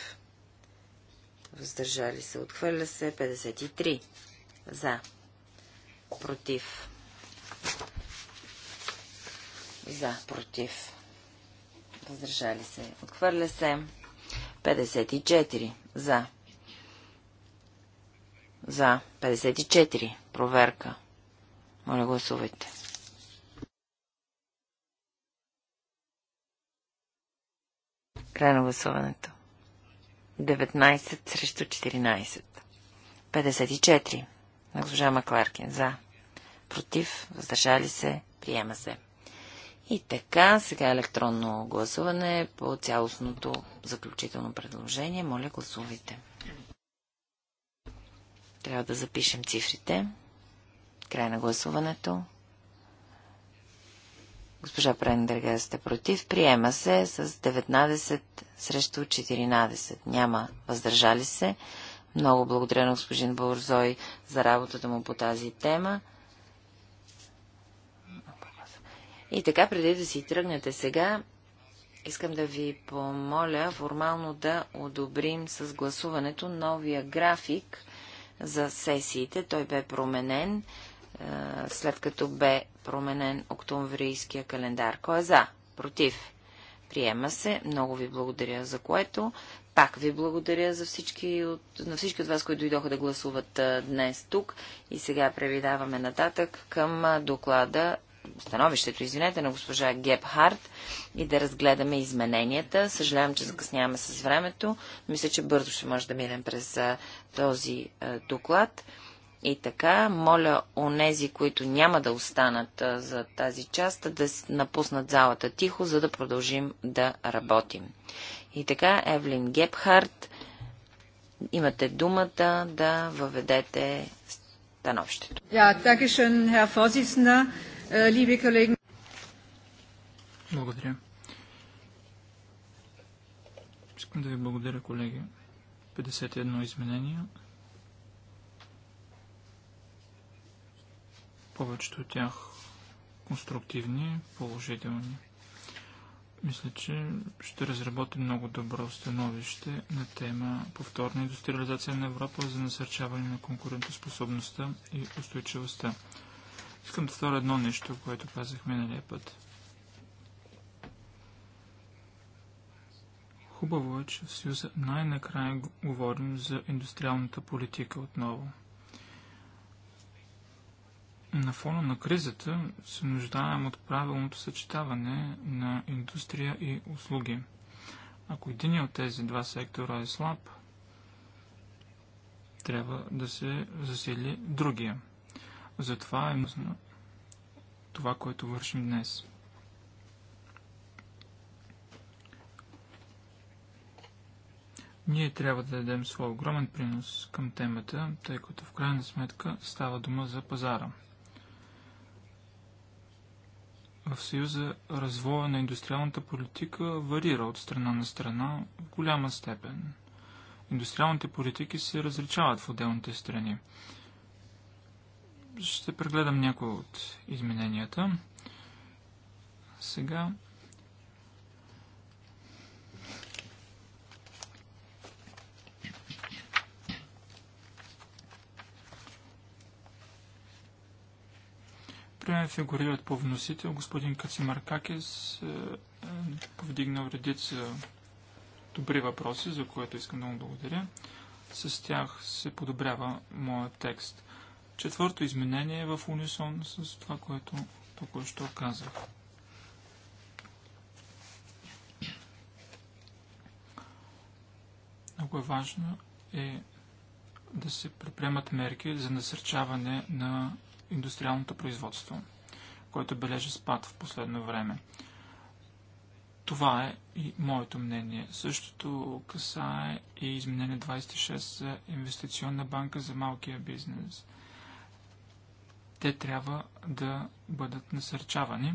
[SPEAKER 2] въздържали се, отхвърля се, 53 за, против, за, против, въздържали се, отхвърля се, 54 за, за, 54, проверка, моля гласувайте. Край на гласуването. 19 срещу 14. 54. На госпожа Макларкин. За. Против. Въздържали се. Приема се. И така, сега електронно гласуване по цялостното заключително предложение. Моля, гласувайте. Трябва да запишем цифрите. Край на гласуването. Госпожа Прендергаст е против. Приема се с 19 срещу 14. Няма въздържали се. Много благодаря на господин Борзой за работата му по тази тема. И така, преди да си тръгнете сега, искам да ви помоля формално да одобрим с гласуването новия график за сесиите. Той бе променен след като бе променен октомврийския календар. Кой е за? Против? Приема се. Много ви благодаря за което. Пак ви благодаря за всички от, на всички от вас, които дойдоха да гласуват днес тук. И сега превидаваме нататък към доклада, становището, извинете, на госпожа Гебхарт и да разгледаме измененията. Съжалявам, че закъсняваме с времето. Мисля, че бързо ще може да минем през този доклад. И така, моля онези, които няма да останат за тази част, да напуснат залата тихо, за да продължим да работим. И така, Евлин Гепхарт, имате думата да въведете становището.
[SPEAKER 4] Äh,
[SPEAKER 3] благодаря. Искам да ви благодаря, колеги. 51 изменения. Повечето от тях конструктивни, положителни. Мисля, че ще разработим много добро становище на тема повторна индустриализация на Европа за насърчаване на конкурентоспособността и устойчивостта. Искам да вторя едно нещо, което казах миналия път. Хубаво е, че в Съюза най-накрая говорим за индустриалната политика отново – на фона на кризата се нуждаем от правилното съчетаване на индустрия и услуги. Ако един от тези два сектора е слаб, трябва да се засили другия. Затова е нужно това, което вършим днес. Ние трябва да дадем своя огромен принос към темата, тъй като в крайна сметка става дума за пазара – в Съюза развоя на индустриалната политика варира от страна на страна в голяма степен. Индустриалните политики се различават в отделните страни. Ще прегледам някои от измененията. Сега Примерно фигурират по вносител. Господин Кацимар е, е, повдигнал редица добри въпроси, за което искам да му благодаря. С тях се подобрява моят текст. Четвърто изменение е в унисон с това, което току-що казах. Много е важно е да се предприемат мерки за насърчаване на индустриалното производство, който бележи спад в последно време. Това е и моето мнение. Същото касае и изменение 26 за инвестиционна банка за малкия бизнес. Те трябва да бъдат насърчавани.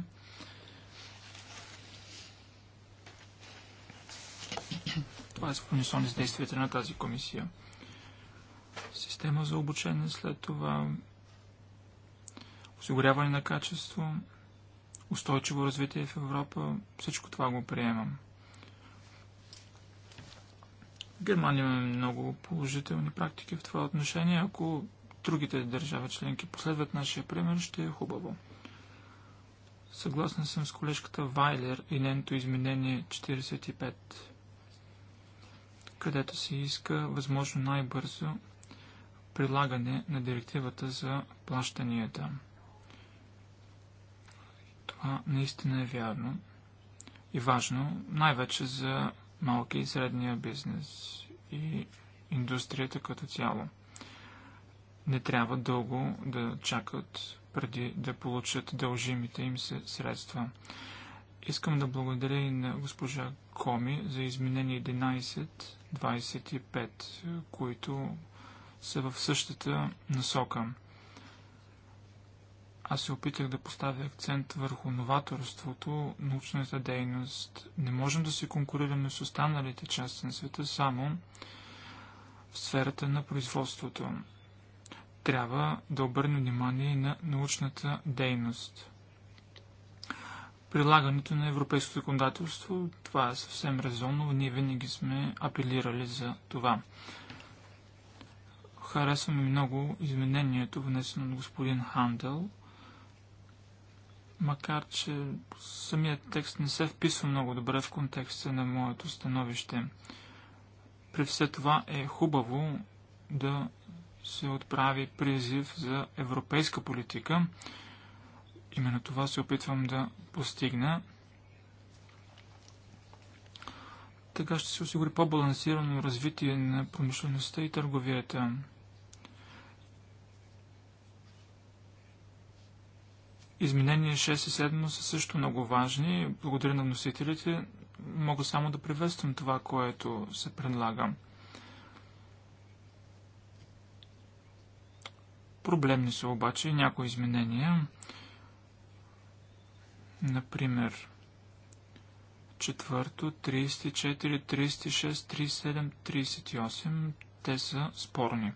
[SPEAKER 3] Това е в издействията с действията на тази комисия. Система за обучение след това осигуряване на качество, устойчиво развитие в Европа, всичко това го приемам. В Германия имаме много положителни практики в това отношение. Ако другите държави членки последват нашия пример, ще е хубаво. Съгласен съм с колежката Вайлер и нейното изменение 45, където се иска възможно най-бързо прилагане на директивата за плащанията. Това наистина е вярно и важно, най-вече за малкия и средния бизнес и индустрията като цяло. Не трябва дълго да чакат преди да получат дължимите им се средства. Искам да благодаря и на госпожа Коми за изменение 1125, които са в същата насока. Аз се опитах да поставя акцент върху новаторството, научната дейност. Не можем да се конкурираме с останалите части на света само в сферата на производството. Трябва да обърнем внимание на научната дейност. Прилагането на европейското законодателство, това е съвсем резонно, ние винаги сме апелирали за това. Харесвам много изменението, внесено от господин Хандел – макар че самият текст не се вписва много добре в контекста на моето становище. При все това е хубаво да се отправи призив за европейска политика. Именно това се опитвам да постигна. Така ще се осигури по-балансирано развитие на промишлеността и търговията. Изменения 6 и 7 са също много важни. Благодаря на вносителите. Мога само да приветствам това, което се предлага. Проблемни са обаче някои изменения. Например, 4, 34, 36, 37, 38. Те са спорни.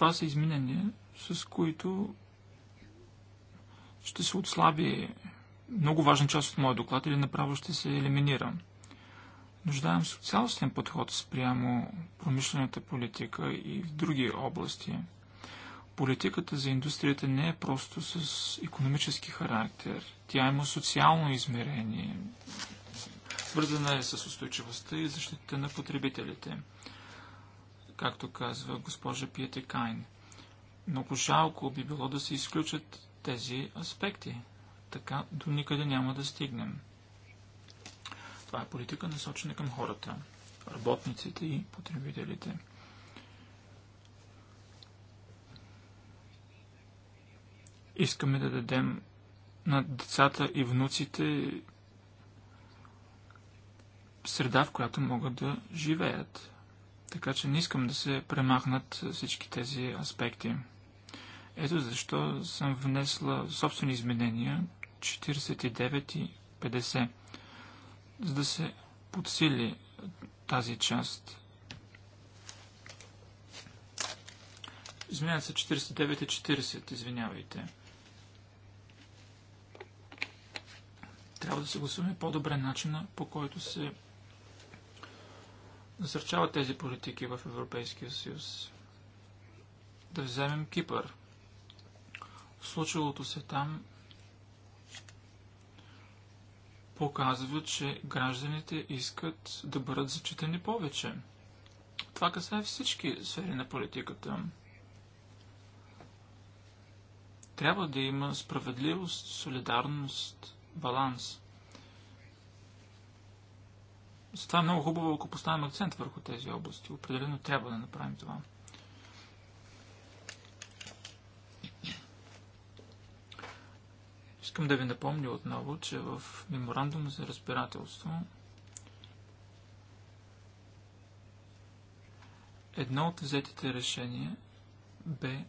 [SPEAKER 3] Това са изменения, с които ще се отслаби много важна част от моя доклад или направо ще се елиминира. Нуждаем се от цялостен подход спрямо промишлената политика и в други области. Политиката за индустрията не е просто с економически характер. Тя има социално измерение. Свързана е с устойчивостта и защитата на потребителите както казва госпожа Пиете Кайн. Много жалко би било да се изключат тези аспекти. Така до никъде няма да стигнем. Това е политика насочена към хората, работниците и потребителите. Искаме да дадем на децата и внуците среда, в която могат да живеят. Така че не искам да се премахнат всички тези аспекти. Ето защо съм внесла собствени изменения 49 и 50, за да се подсили тази част. Изменят се 49 и 40, извинявайте. Трябва да се гласуваме по-добре начина, по който се насърчава тези политики в Европейския съюз. Да вземем Кипър. Случилото се там показва, че гражданите искат да бъдат зачитани повече. Това касае всички сфери на политиката. Трябва да има справедливост, солидарност, баланс. Затова е много хубаво, ако поставим акцент върху тези области. Определено трябва да направим това. Искам да ви напомня отново, че в меморандум за разбирателство едно от взетите решения бе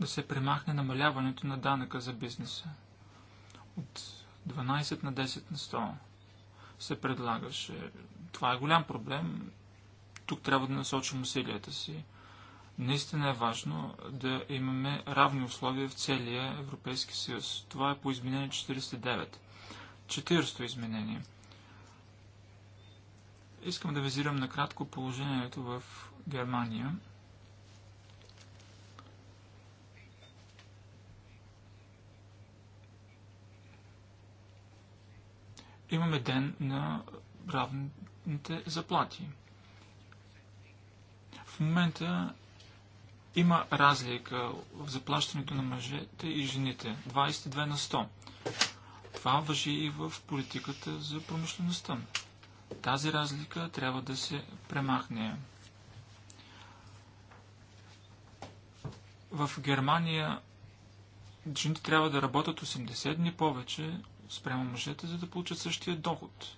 [SPEAKER 3] да се премахне намаляването на данъка за бизнеса от 12 на 10 на 100 се предлагаше. Това е голям проблем. Тук трябва да насочим усилията си. Наистина е важно да имаме равни условия в целия Европейски съюз. Това е по изменение 49. Четирсто изменение. Искам да визирам накратко положението в Германия – имаме ден на равните заплати. В момента има разлика в заплащането на мъжете и жените. 22 на 100. Това въжи и в политиката за промишлеността. Тази разлика трябва да се премахне. В Германия жените трябва да работят 80 дни повече спрямо мъжете, за да получат същия доход.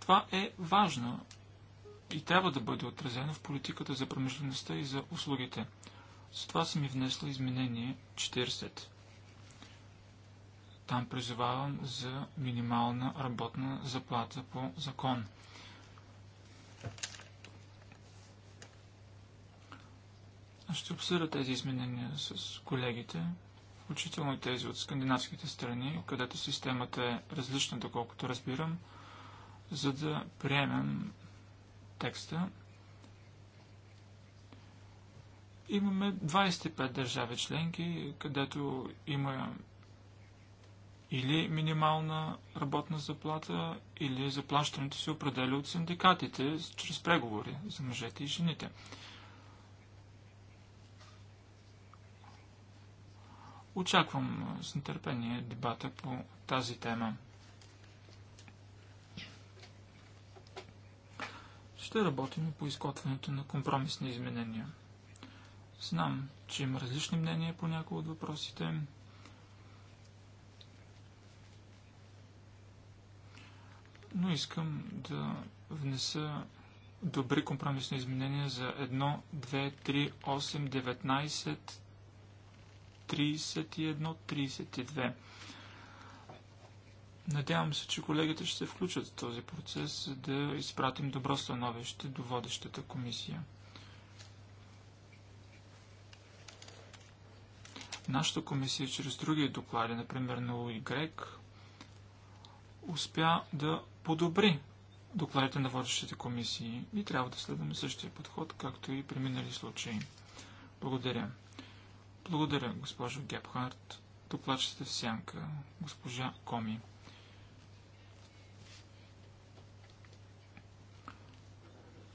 [SPEAKER 3] Това е важно и трябва да бъде отразено в политиката за промишлеността и за услугите. Затова съм и внесла изменение 40. Там призовавам за минимална работна заплата по закон. Ще обсъда тези изменения с колегите, включително и тези от скандинавските страни, където системата е различна, доколкото разбирам, за да приемем текста. Имаме 25 държави членки, където има или минимална работна заплата, или заплащането се определя от синдикатите чрез преговори за мъжете и жените. Очаквам с нетърпение дебата по тази тема. Ще работим по изготвянето на компромисни изменения. Знам, че има различни мнения по някои от въпросите. Но искам да внеса добри компромисни изменения за 1, 2, 3, 8, 19, 31-32. Надявам се, че колегите ще се включат в този процес, да изпратим добро становище до водещата комисия. Нашата комисия чрез други доклади, например на Грек, успя да подобри докладите на водещите комисии и трябва да следваме същия подход, както и при минали случаи. Благодаря. Благодаря, госпожо Гепхарт. Доплачете в сянка, госпожа Коми.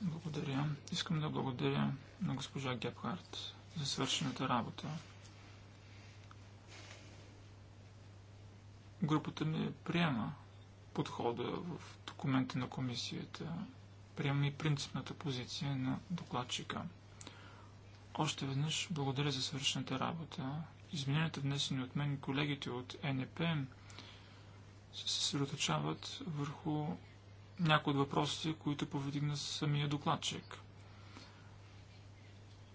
[SPEAKER 3] Благодаря. Искам да благодаря на госпожа Гепхарт за свършената работа. Групата ми приема подхода в документа на комисията, приема и принципната позиция на докладчика – още веднъж благодаря за свършената работа. Измененията, внесени от мен и колегите от НП, се съсредоточават върху някои от въпросите, които повдигна самия докладчик.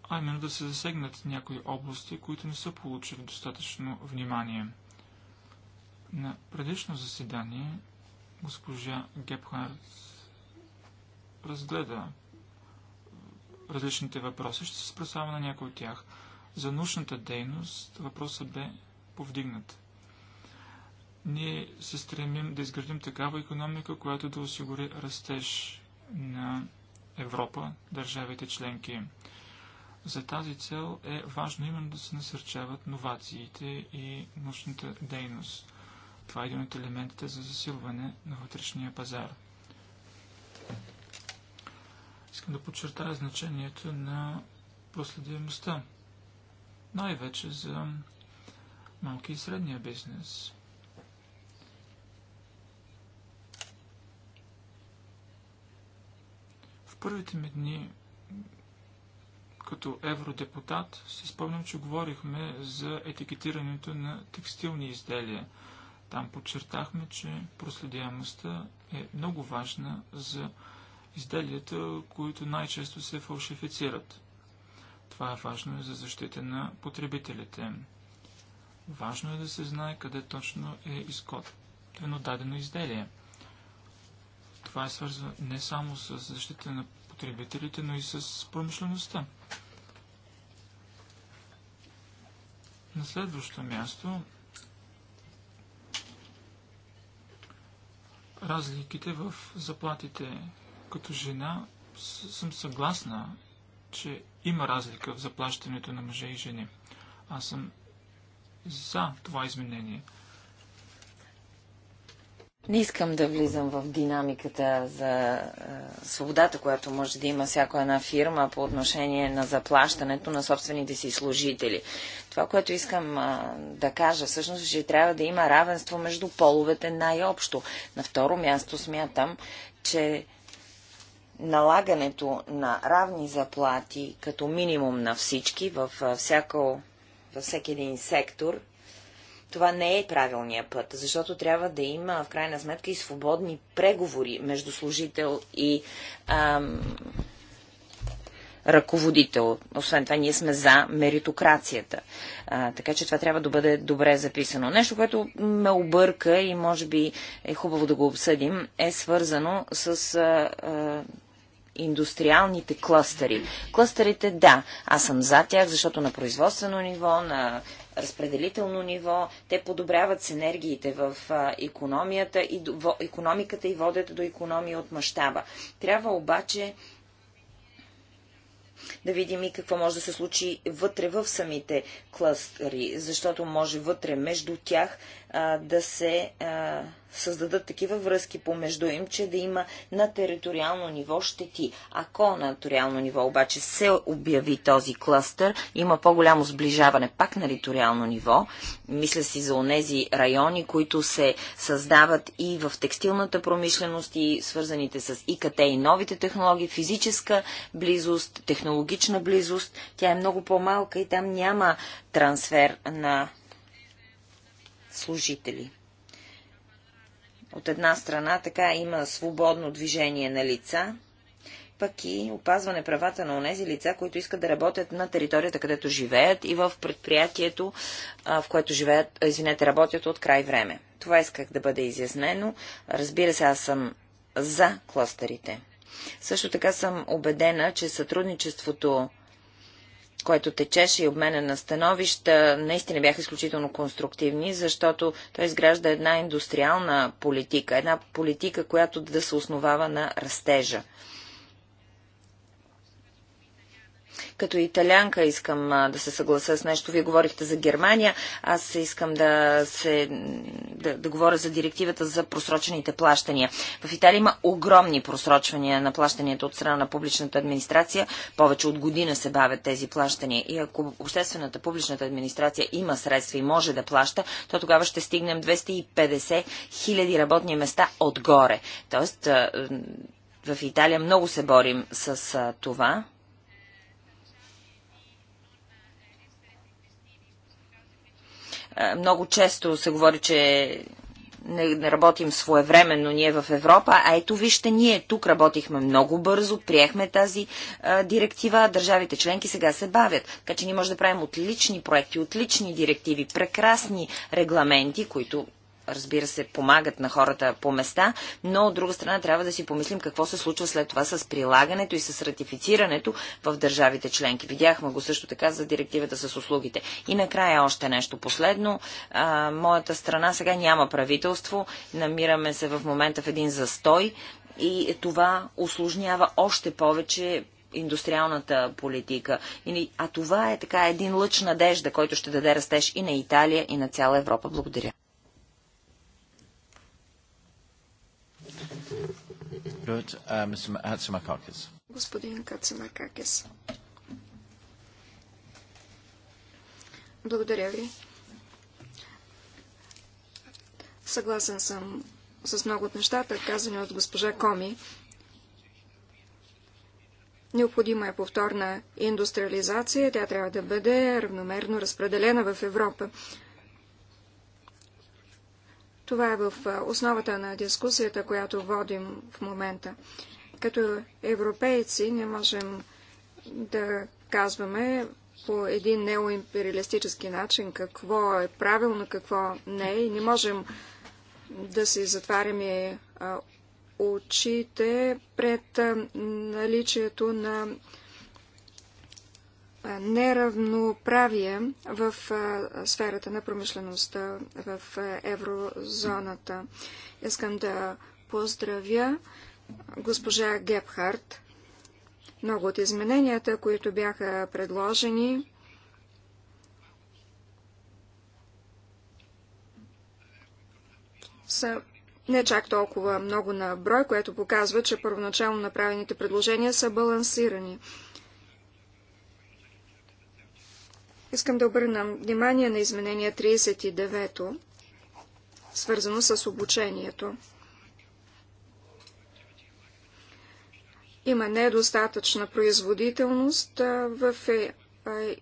[SPEAKER 3] А именно да се засегнат някои области, които не са получили достатъчно внимание. На предишно заседание госпожа Гепхард разгледа различните въпроси. Ще се спра на някои от тях. За научната дейност въпросът бе повдигнат. Ние се стремим да изградим такава економика, която да осигури растеж на Европа, държавите членки. За тази цел е важно именно да се насърчават новациите и научната дейност. Това е един от елементите за засилване на вътрешния пазар. Искам да подчертая значението на проследимостта. Най-вече за малки и средния бизнес. В първите ми дни като евродепутат си спомням, че говорихме за етикетирането на текстилни изделия. Там подчертахме, че проследяемостта е много важна за изделията, които най-често се фалшифицират. Това е важно и за защита на потребителите. Важно е да се знае къде точно е изкотвено дадено изделие. Това е свързано не само с защита на потребителите, но и с промишлеността. На следващо място разликите в заплатите като жена съм съгласна, че има разлика в заплащането на мъже и жени. Аз съм за това изменение.
[SPEAKER 2] Не искам да влизам в динамиката за е, свободата, която може да има всяка една фирма по отношение на заплащането на собствените си служители. Това, което искам е, да кажа, всъщност, е, че трябва да има равенство между половете най-общо. На второ място смятам, че налагането на равни заплати като минимум на всички във, всяко, във всеки един сектор, това не е правилният път, защото трябва да има в крайна сметка и свободни преговори между служител и ам, ръководител. Освен това, ние сме за меритокрацията. А, така че това трябва да бъде добре записано. Нещо, което ме обърка и може би е хубаво да го обсъдим, е свързано с а, а, индустриалните клъстери. Клъстерите, да, аз съм за тях, защото на производствено ниво, на разпределително ниво, те подобряват синергиите в економията и, в економиката и водят до економия от мащаба. Трябва обаче да видим и какво може да се случи вътре в самите клъстери, защото може вътре между тях да се а, създадат такива връзки помежду им, че да има на териториално ниво щети. Ако на териториално ниво обаче се обяви този клъстър, има по-голямо сближаване пак на териториално ниво. Мисля си за онези райони, които се създават и в текстилната промишленост и свързаните с ИКТ и новите технологии, физическа близост, технологична близост. Тя е много по-малка и там няма трансфер на служители. От една страна така има свободно движение на лица, пък и опазване правата на онези лица, които искат да работят на територията, където живеят и в предприятието, в което живеят, извинете, работят от край време. Това исках да бъде изяснено. Разбира се, аз съм за кластерите. Също така съм убедена, че сътрудничеството което течеше и обмена на становища, наистина бяха изключително конструктивни, защото той изгражда една индустриална политика, една политика, която да се основава на растежа. Като италянка искам да се съглася с нещо. Вие говорихте за Германия. Аз искам да, се, да, да говоря за директивата за просрочените плащания. В Италия има огромни просрочвания на плащанията от страна на публичната администрация. Повече от година се бавят тези плащания. И ако обществената публичната администрация има средства и може да плаща, то тогава ще стигнем 250 хиляди работни места отгоре. Тоест, в Италия много се борим с това Е, много често се говори, че не работим своевременно ние в Европа, а ето вижте, ние тук работихме много бързо, приехме тази а, е, директива, държавите членки сега се бавят. Така че ние може да правим отлични проекти, отлични директиви, прекрасни регламенти, които разбира се, помагат на хората по места, но от друга страна трябва да си помислим какво се случва след това с прилагането и с ратифицирането в държавите членки. Видяхме го също така за директивата с услугите. И накрая още нещо последно. А, моята страна сега няма правителство. Намираме се в момента в един застой и това осложнява още повече индустриалната политика. А това е така един лъч надежда, който ще даде растеж и на Италия, и на цяла Европа.
[SPEAKER 1] Благодаря. Good. Uh, Mr. Hatzimakakis.
[SPEAKER 4] Господин Кацимакакис. Благодаря ви. Съгласен съм с много от нещата, казани от госпожа Коми. Необходима е повторна индустриализация. Тя трябва да бъде равномерно разпределена в Европа. Това е в основата на дискусията, която водим в момента. Като европейци не можем да казваме по един неоимпериалистически начин какво е правилно, какво не е и не можем да си затваряме очите пред наличието на неравноправие в сферата на промишлеността в еврозоната. Искам да поздравя госпожа Гепхарт. Много от измененията, които бяха предложени, са не чак толкова много на брой, което показва, че първоначално направените предложения са балансирани. Искам да обърна внимание на изменение 39-то, свързано с обучението. Има недостатъчна производителност в е,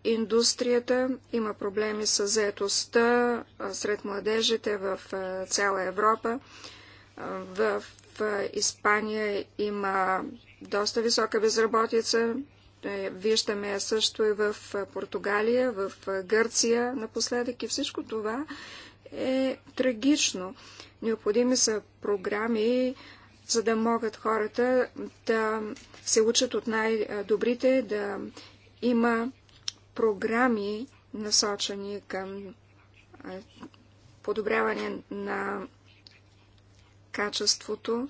[SPEAKER 4] индустрията, има проблеми с заетостта сред младежите в цяла Европа. В Испания има доста висока безработица, Виждаме също и в Португалия, в Гърция напоследък и всичко това е трагично. Необходими са програми, за да могат хората да се учат от най-добрите, да има програми, насочени към подобряване на качеството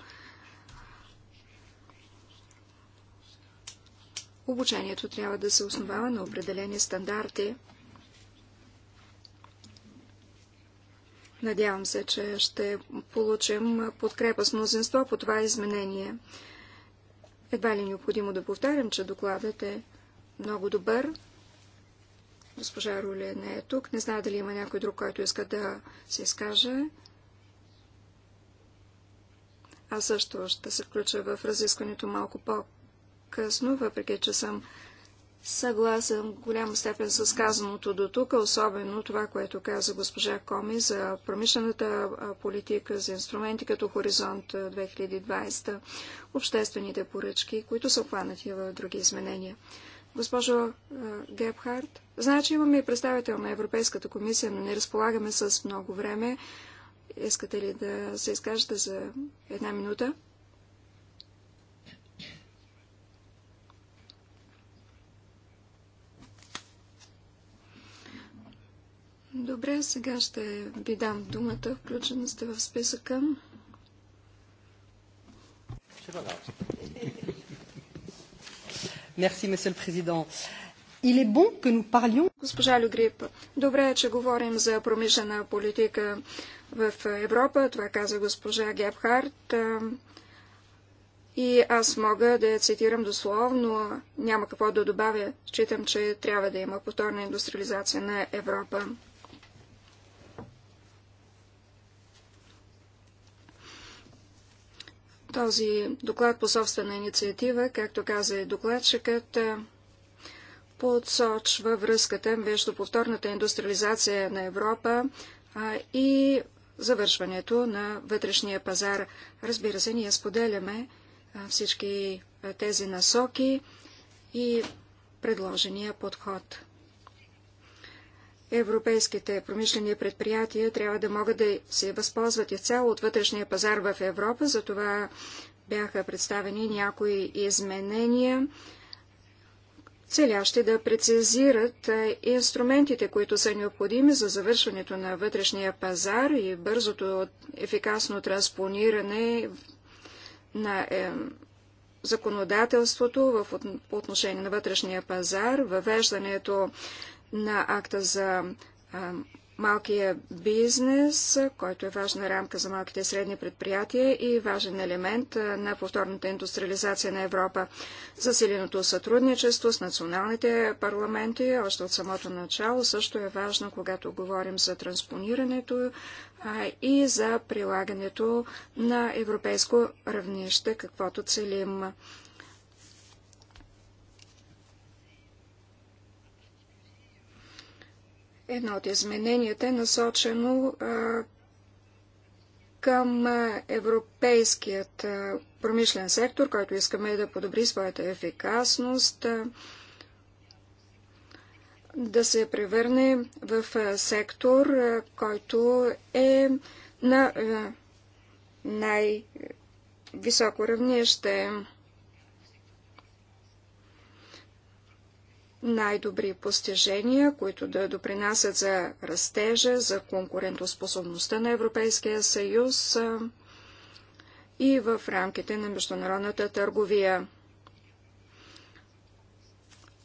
[SPEAKER 4] Обучението трябва да се основава на определени стандарти. Надявам се, че ще получим подкрепа с мнозинство по това изменение. Едва ли е необходимо да повтарям, че докладът е много добър. Госпожа Руле не е тук. Не знае дали има някой друг, който иска да се изкаже. Аз също ще се включа в разискването малко по-късно късно, въпреки че съм съгласен в голяма степен с казаното до тук, особено това, което каза госпожа Коми за промишлената политика, за инструменти като Хоризонт 2020, обществените поръчки, които са обхванати в други изменения. Госпожо Гебхарт, значи имаме и представител на Европейската комисия, но не разполагаме с много време. Искате ли да се изкажете за една минута? Добре, сега ще ви дам думата. Включена сте в списъка.
[SPEAKER 5] Мерси, месел президент. Il est bon que nous parlions...
[SPEAKER 4] Госпожа Люгрип, добре е, че говорим за промишлена политика в Европа. Това каза госпожа Гебхарт. И аз мога да я цитирам дословно, няма какво да добавя. Считам, че трябва да има повторна индустриализация на Европа. Този доклад по собствена инициатива, както каза и докладчикът, е, подсочва връзката между повторната индустриализация на Европа и завършването на вътрешния пазар. Разбира се, ние споделяме всички тези насоки и предложения подход. Европейските промишлени предприятия трябва да могат да се възползват изцяло от вътрешния пазар в Европа, За това бяха представени някои изменения, целящи да прецизират инструментите, които са необходими за завършването на вътрешния пазар и бързото ефикасно транспониране на е, законодателството в, по отношение на вътрешния пазар, въвеждането на акта за малкия бизнес, който е важна рамка за малките и средни предприятия и важен елемент на повторната индустриализация на Европа. Засиленото сътрудничество с националните парламенти още от самото начало също е важно, когато говорим за транспонирането а, и за прилагането на европейско равнище, каквото целим. Едно от измененията е насочено към европейският промишлен сектор, който искаме да подобри своята ефикасност, да се превърне в сектор, който е на най-високо равнище. най-добри постижения, които да допринасят за растежа, за конкурентоспособността на Европейския съюз и в рамките на международната търговия.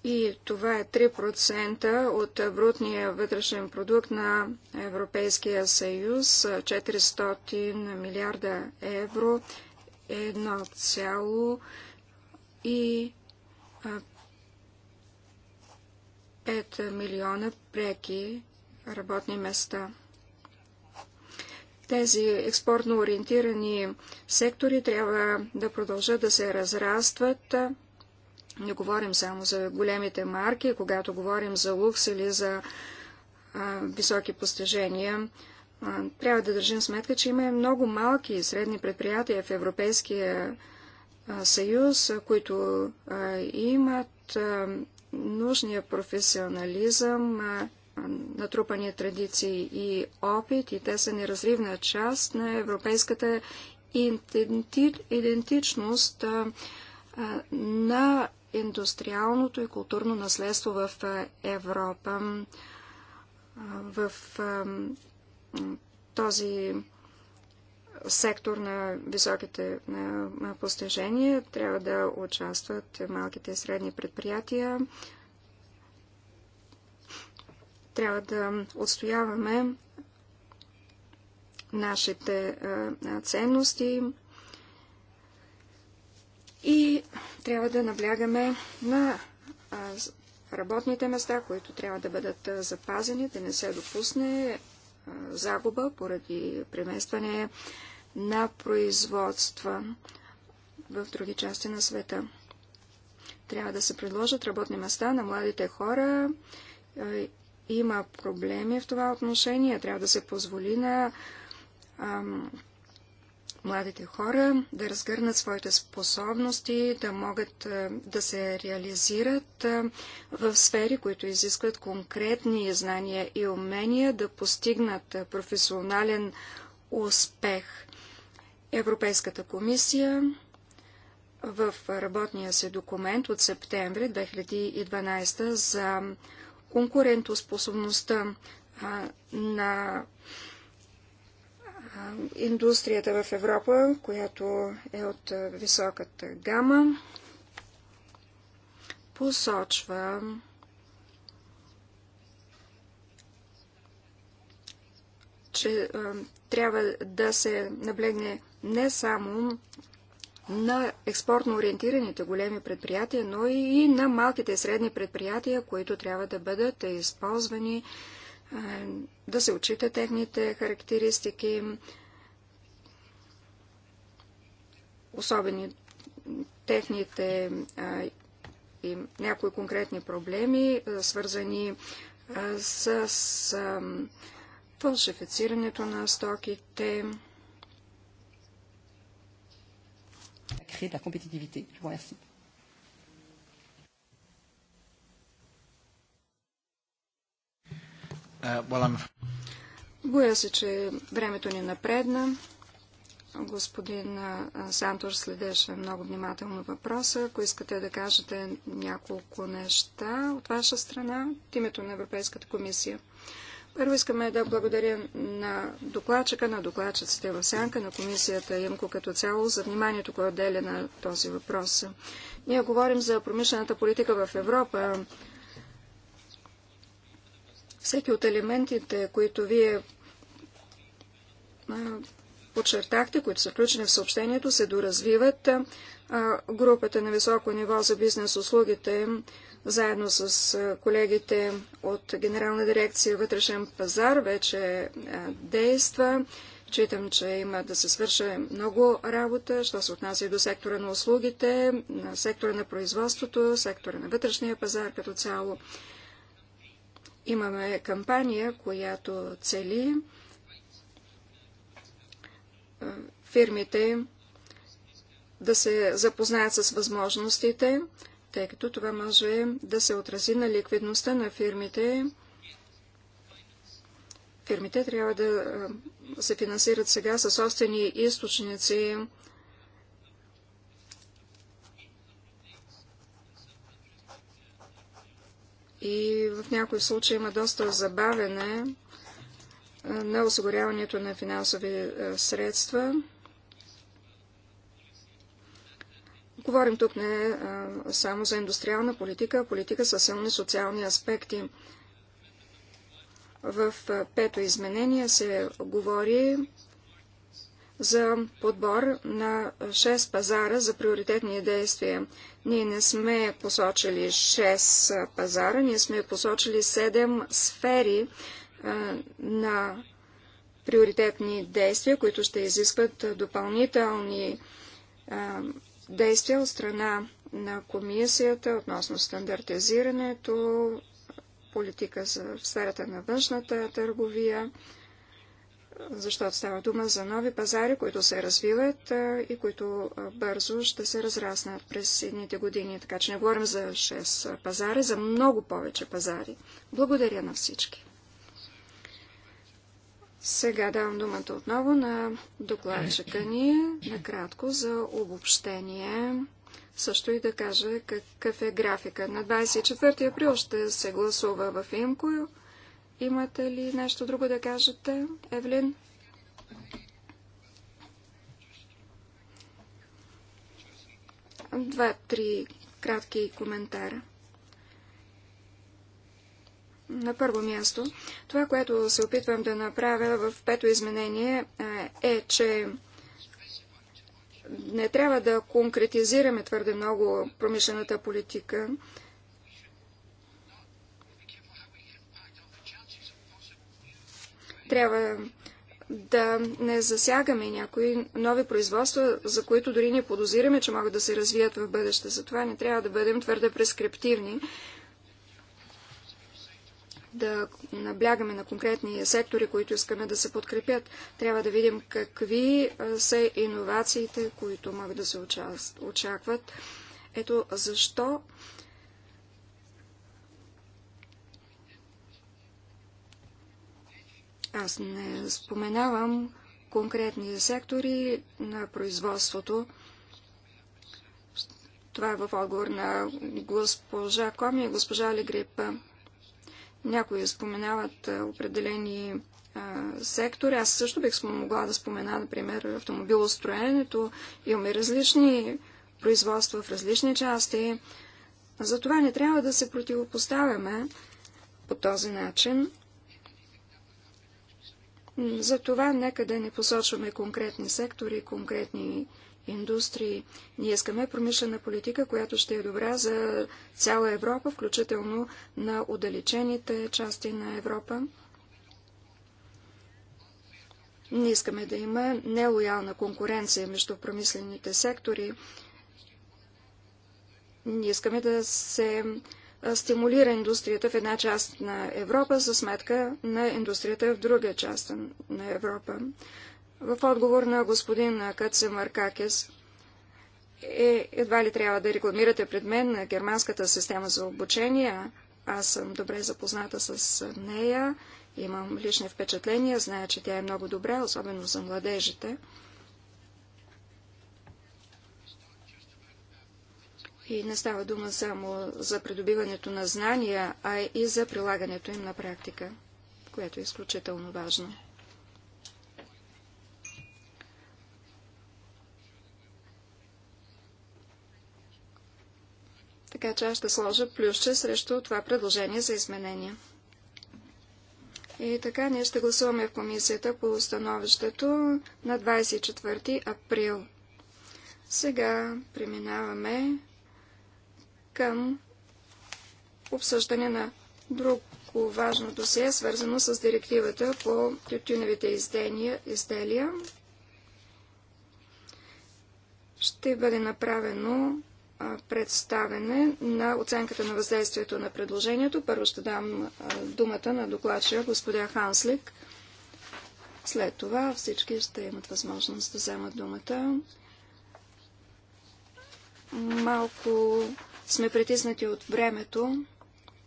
[SPEAKER 4] И това е 3% от брутния вътрешен продукт на Европейския съюз, 400 милиарда евро, 1,5 5 милиона преки работни места. Тези експортно ориентирани сектори трябва да продължат да се разрастват. Не говорим само за големите марки, когато говорим за лукс или за а, високи постижения. А, трябва да държим сметка, че има много малки и средни предприятия в Европейския съюз, които а, имат нужния професионализъм, натрупани традиции и опит, и те са неразривна част на европейската идентичност на индустриалното и културно наследство в Европа. В този сектор на високите постижения трябва да участват малките и средни предприятия. Трябва да отстояваме нашите ценности и трябва да наблягаме на работните места, които трябва да бъдат запазени, да не се допусне загуба поради преместване на производства в други части на света. Трябва да се предложат работни места на младите хора. Е, има проблеми в това отношение. Трябва да се позволи на младите хора да разгърнат своите способности, да могат е, да се реализират е, в сфери, които изискват конкретни знания и умения, да постигнат е, професионален успех. Европейската комисия в работния си документ от септември 2012 за конкурентоспособността на индустрията в Европа, която е от високата гама, посочва че а, трябва да се наблегне не само на експортно ориентираните големи предприятия, но и на малките и средни предприятия, които трябва да бъдат използвани да се отчита техните характеристики, особени техните и някои конкретни проблеми, свързани с, фалшифицирането на стоките. Créer la compétitivité. Je vous remercie. Е, Боя се, че времето ни напредна. Господин Сантор следеше много внимателно въпроса. Ако искате да кажете няколко неща от ваша страна, от името на Европейската комисия. Първо искаме да благодаря на докладчика, на докладчиците в сянка, на комисията ИМКО като цяло за вниманието, което отделя на този въпрос. Ние говорим за промишлената политика в Европа, всеки от елементите, които вие подчертахте, които са включени в съобщението, се доразвиват. Групата на високо ниво за бизнес услугите, заедно с колегите от Генерална дирекция вътрешен пазар, вече действа. Читам, че има да се свърши много работа, що се отнася и до сектора на услугите, на сектора на производството, сектора на вътрешния пазар като цяло. Имаме кампания, която цели фирмите да се запознаят с възможностите, тъй като това може да се отрази на ликвидността на фирмите. Фирмите трябва да се финансират сега с собствени източници, и в някои случаи има доста забавене на осигуряването на финансови средства. Говорим тук не само за индустриална политика, а политика със силни социални аспекти. В пето изменение се говори за подбор на 6 пазара за приоритетни действия. Ние не сме посочили 6 пазара, ние сме посочили 7 сфери на приоритетни действия, които ще изискват допълнителни действия от страна на комисията относно стандартизирането, политика за в сферата на външната търговия, защото става дума за нови пазари, които се развиват и които бързо ще се разраснат през едните години. Така че не говорим за 6 пазари, за много повече пазари. Благодаря на всички. Сега давам думата отново на докладчика ни, накратко за обобщение. Също и да кажа какъв е графика. На 24 април ще се гласува в Имко Имате ли нещо друго да кажете, Евлин? Два-три кратки коментара. На първо място, това, което се опитвам да направя в пето изменение е, е че не трябва да конкретизираме твърде много промишлената политика, Трябва да не засягаме някои нови производства, за които дори не подозираме, че могат да се развият в бъдеще. Затова не трябва да бъдем твърде прескриптивни, да наблягаме на конкретни сектори, които искаме да се подкрепят. Трябва да видим какви са иновациите, които могат да се очакват. Ето защо Аз не споменавам конкретни сектори на производството. Това е в отговор на госпожа Коми и госпожа Легрип. Някои споменават определени сектори. Аз също бих могла да спомена, например, автомобилостроенето. Имаме различни производства в различни части. Затова не трябва да се противопоставяме по този начин. Затова нека да не посочваме конкретни сектори, конкретни индустрии. Ние искаме промишлена политика, която ще е добра за цяла Европа, включително на отдалечените части на Европа. Не искаме да има нелоялна конкуренция между промислените сектори. Не искаме да се стимулира индустрията в една част на Европа за сметка на индустрията в друга част на Европа. В отговор на господин Маркакес е, едва ли трябва да рекламирате пред мен на германската система за обучение. Аз съм добре запозната с нея, имам лични впечатления, зная, че тя е много добра, особено за младежите. И не става дума само за придобиването на знания, а и за прилагането им на практика, което е изключително важно. Така че аз ще сложа плюсче срещу това предложение за изменение. И така ние ще гласуваме в комисията по установището на 24 април. Сега преминаваме към обсъждане на друго важно досие, свързано с директивата по тютюневите издения, изделия. Ще бъде направено представене на оценката на въздействието на предложението. Първо ще дам думата на докладчия господя Ханслик. След това всички ще имат възможност да вземат думата. Малко сме притиснати от времето,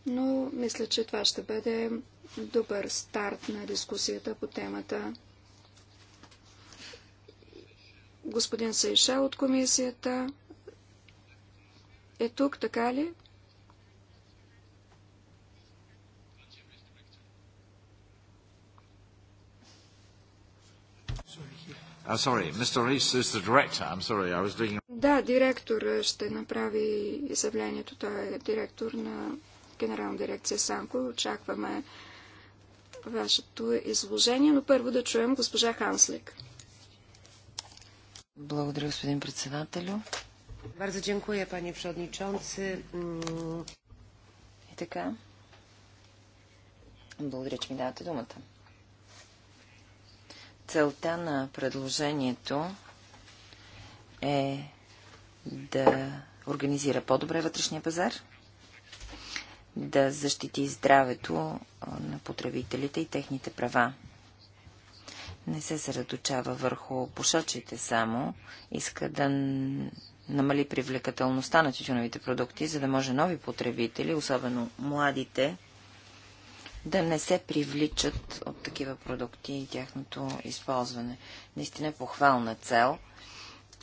[SPEAKER 4] но мисля, че това ще бъде добър старт на дискусията по темата. Господин Сейшел от комисията е тук, така ли? Uh, да, директор е, ще направи изявлението. Той е директор на Генерална дирекция Санко. Очакваме вашето изложение, но първо да чуем госпожа Ханслик.
[SPEAKER 2] Благодаря, господин председателю.
[SPEAKER 4] Бързо дякуя, пани przewodniczący. И така.
[SPEAKER 2] Благодаря, че ми давате думата. Целта на предложението е да организира по-добре вътрешния пазар, да защити здравето на потребителите и техните права. Не се съредочава върху пушачите само, иска да намали привлекателността на тютюновите продукти, за да може нови потребители, особено младите, да не се привличат от такива продукти и тяхното използване. Наистина е похвална цел.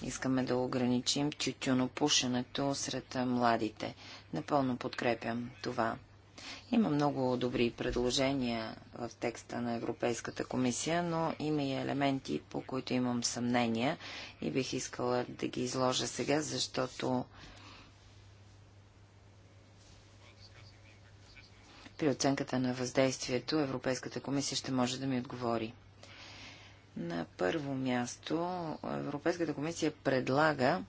[SPEAKER 2] Искаме да ограничим тютюнопушенето сред младите. Напълно подкрепям това. Има много добри предложения в текста на Европейската комисия, но има и елементи, по които имам съмнения и бих искала да ги изложа сега, защото при оценката на въздействието Европейската комисия ще може да ми отговори. На първо място Европейската комисия предлага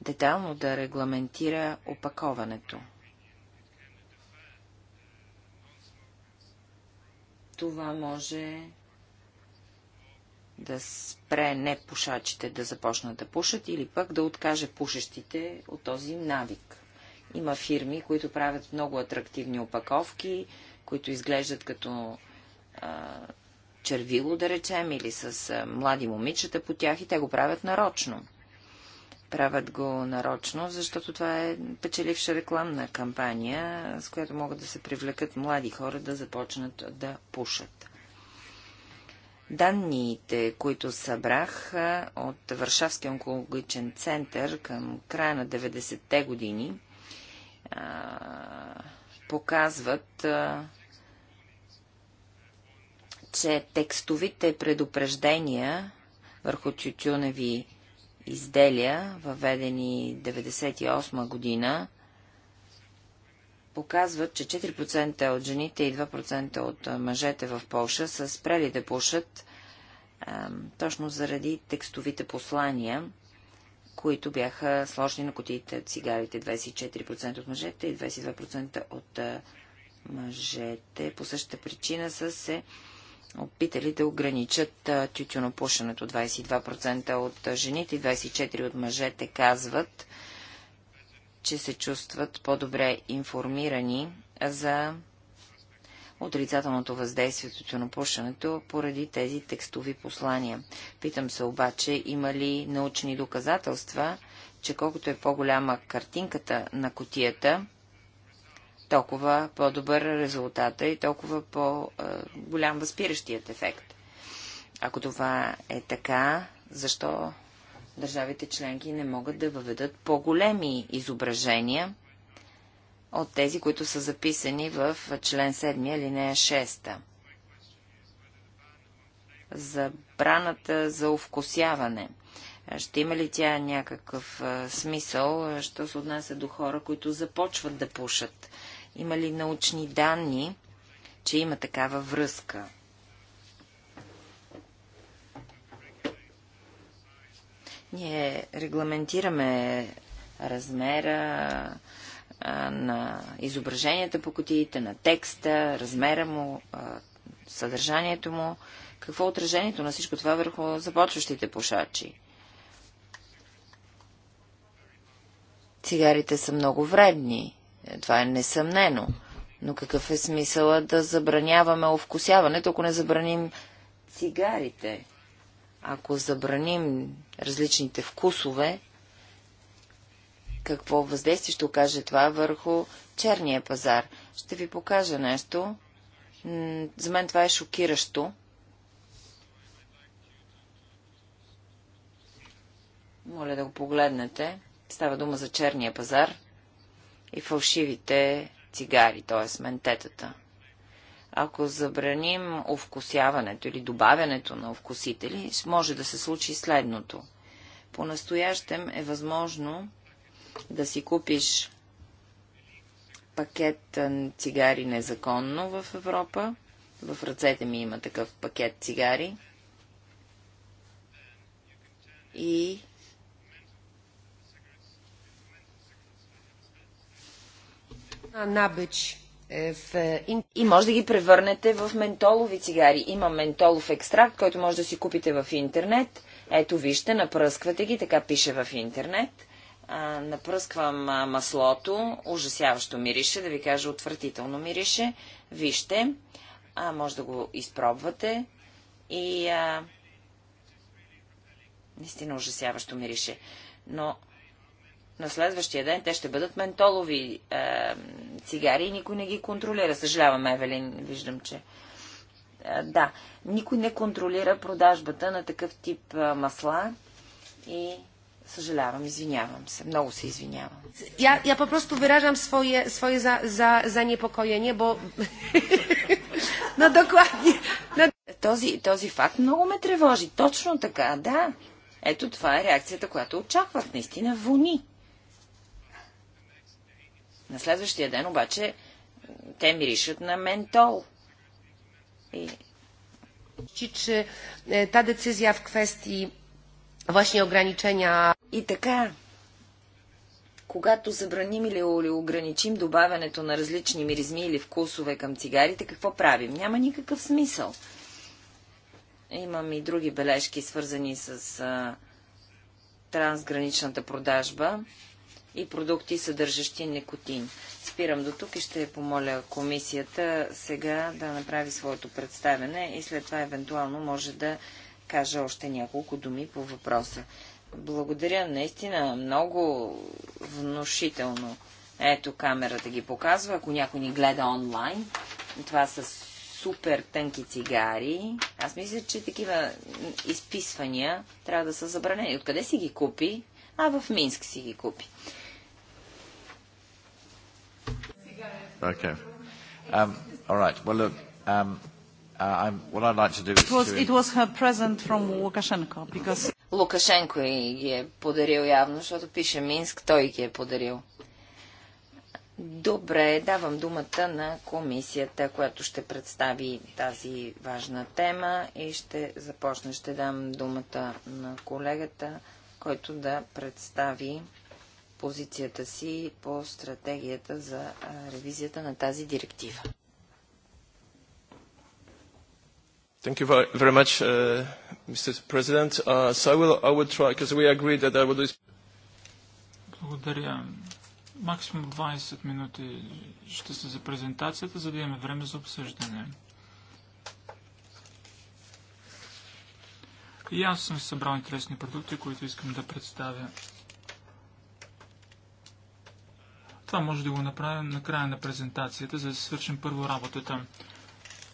[SPEAKER 2] детално да регламентира опаковането. Това може да спре не пушачите да започнат да пушат или пък да откаже пушещите от този навик. Има фирми, които правят много атрактивни опаковки, които изглеждат като а, червило, да речем, или с а, млади момичета по тях и те го правят нарочно. Правят го нарочно, защото това е печеливша рекламна кампания, с която могат да се привлекат млади хора да започнат да пушат. Данните, които събрах от Варшавския онкологичен център към края на 90-те години, а, показват, а, че текстовите предупреждения върху тютюневи изделия, въведени 1998 година, показват, че 4% от жените и 2% от мъжете в Польша са спрели да пушат а, точно заради текстовите послания които бяха сложни на котиите цигарите. 24% от мъжете и 22% от мъжете. По същата причина са се опитали да ограничат тютюнопушенето. 22% от жените и 24% от мъжете казват, че се чувстват по-добре информирани за отрицателното въздействие от тютюнопушенето поради тези текстови послания. Питам се обаче, има ли научни доказателства, че колкото е по-голяма картинката на котията, толкова по-добър е резултата и толкова по-голям възпиращият ефект. Ако това е така, защо държавите членки не могат да въведат по-големи изображения, от тези, които са записани в член 7, алинея 6. Забраната за овкусяване. Ще има ли тя някакъв смисъл, що се отнася до хора, които започват да пушат? Има ли научни данни, че има такава връзка? Ние регламентираме размера, на изображенията по котиите, на текста, размера му, съдържанието му. Какво е отражението на всичко това върху започващите пушачи? Цигарите са много вредни. Е, това е несъмнено. Но какъв е смисъла да забраняваме овкусяването, ако не забраним цигарите? Ако забраним различните вкусове, какво въздействие ще окаже това върху черния пазар. Ще ви покажа нещо. За мен това е шокиращо. Моля да го погледнете. Става дума за черния пазар и фалшивите цигари, т.е. ментетата. Ако забраним овкусяването или добавянето на овкусители, може да се случи следното. По-настоящем е възможно да си купиш пакет цигари незаконно в Европа, в ръцете ми има такъв пакет цигари, и набич е, е, и може да ги превърнете в ментолови цигари. Има ментолов екстракт, който може да си купите в интернет. Ето вижте, напръсквате ги, така пише в интернет а, напръсквам а, маслото, ужасяващо мирише, да ви кажа отвратително мирише. Вижте, а, може да го изпробвате и а, наистина ужасяващо мирише. Но на следващия ден те ще бъдат ментолови а, цигари и никой не ги контролира. Съжалявам, Евелин, виждам, че... А, да, никой не контролира продажбата на такъв тип а, масла и Съжалявам, извинявам се. Много се извинявам. Ja, ja po prostu
[SPEAKER 4] wyrażam swoje, swoje za, za, zaniepokojenie, bo...
[SPEAKER 2] no dokładnie. No... Този, този факт много ме тревожи. Точно така, да. Ето това е реакцията, която очаквах. Наистина вони. На следващия ден обаче те миришат на ментол. И... Чи, значи, че е, та decyzja в квести właśnie ograniczenia и така, когато забраним или ограничим добавянето на различни миризми или вкусове към цигарите, какво правим? Няма никакъв смисъл. Имам и други бележки, свързани с а, трансграничната продажба и продукти, съдържащи никотин. Спирам до тук и ще помоля комисията сега да направи своето представене и след това евентуално може да каже още няколко думи по въпроса. Благодаря, наистина, много внушително. Ето камерата ги показва, ако някой ни гледа онлайн. Това са супер тънки цигари. Аз мисля, че такива изписвания трябва да са забранени. Откъде си ги купи? А, в Минск си ги купи.
[SPEAKER 1] Okay. Um, all right. Well, look, um, uh, I'm, what I'd like to do is... It was, to... it
[SPEAKER 2] was her present from Lukashenko, because... Лукашенко и ги е подарил явно, защото пише Минск, той ги е подарил. Добре, давам думата на комисията, която ще представи тази важна тема и ще започна. Ще дам думата на колегата, който да представи позицията си по стратегията за ревизията на тази директива.
[SPEAKER 3] Thank you very much, uh, Mr. President. Uh, so I will, I will try, because we agreed that I will do... Благодаря. Максимум 20 минути ще са за презентацията, за да имаме време за обсъждане. И аз съм събрал интересни продукти, които искам да представя. Това може да го направим на края на презентацията, за да свършим първо работата.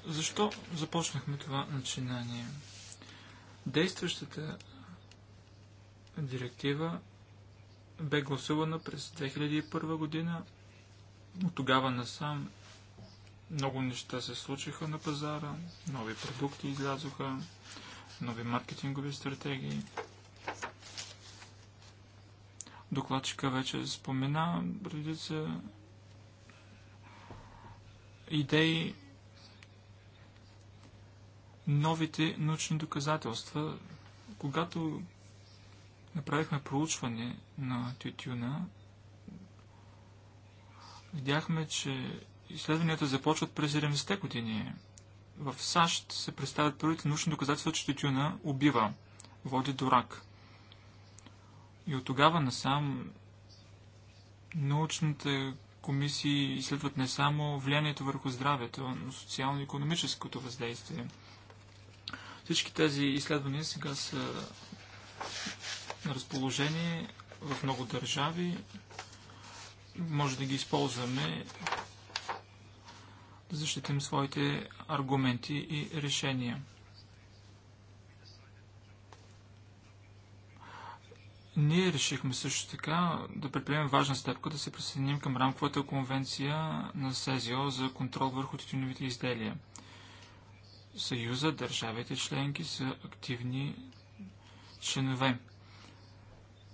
[SPEAKER 3] Защо започнахме това начинание? Действащата директива бе гласувана през 2001 година. От тогава насам много неща се случиха на пазара, нови продукти излязоха, нови маркетингови стратегии. Докладчика вече спомена редица идеи, новите научни доказателства. Когато направихме проучване на тютюна, видяхме, че изследванията започват през 70-те години. В САЩ се представят първите научни доказателства, че тютюна убива, води до рак. И от тогава насам научните комисии изследват не само влиянието върху здравето, но социално-економическото въздействие – всички тези изследвания сега са на разположение в много държави. Може да ги използваме да защитим своите аргументи и решения. Ние решихме също така да предприемем важна стъпка да се присъединим към рамковата конвенция на СЕЗИО за контрол върху тютюневите изделия – Съюза държавите членки са активни членове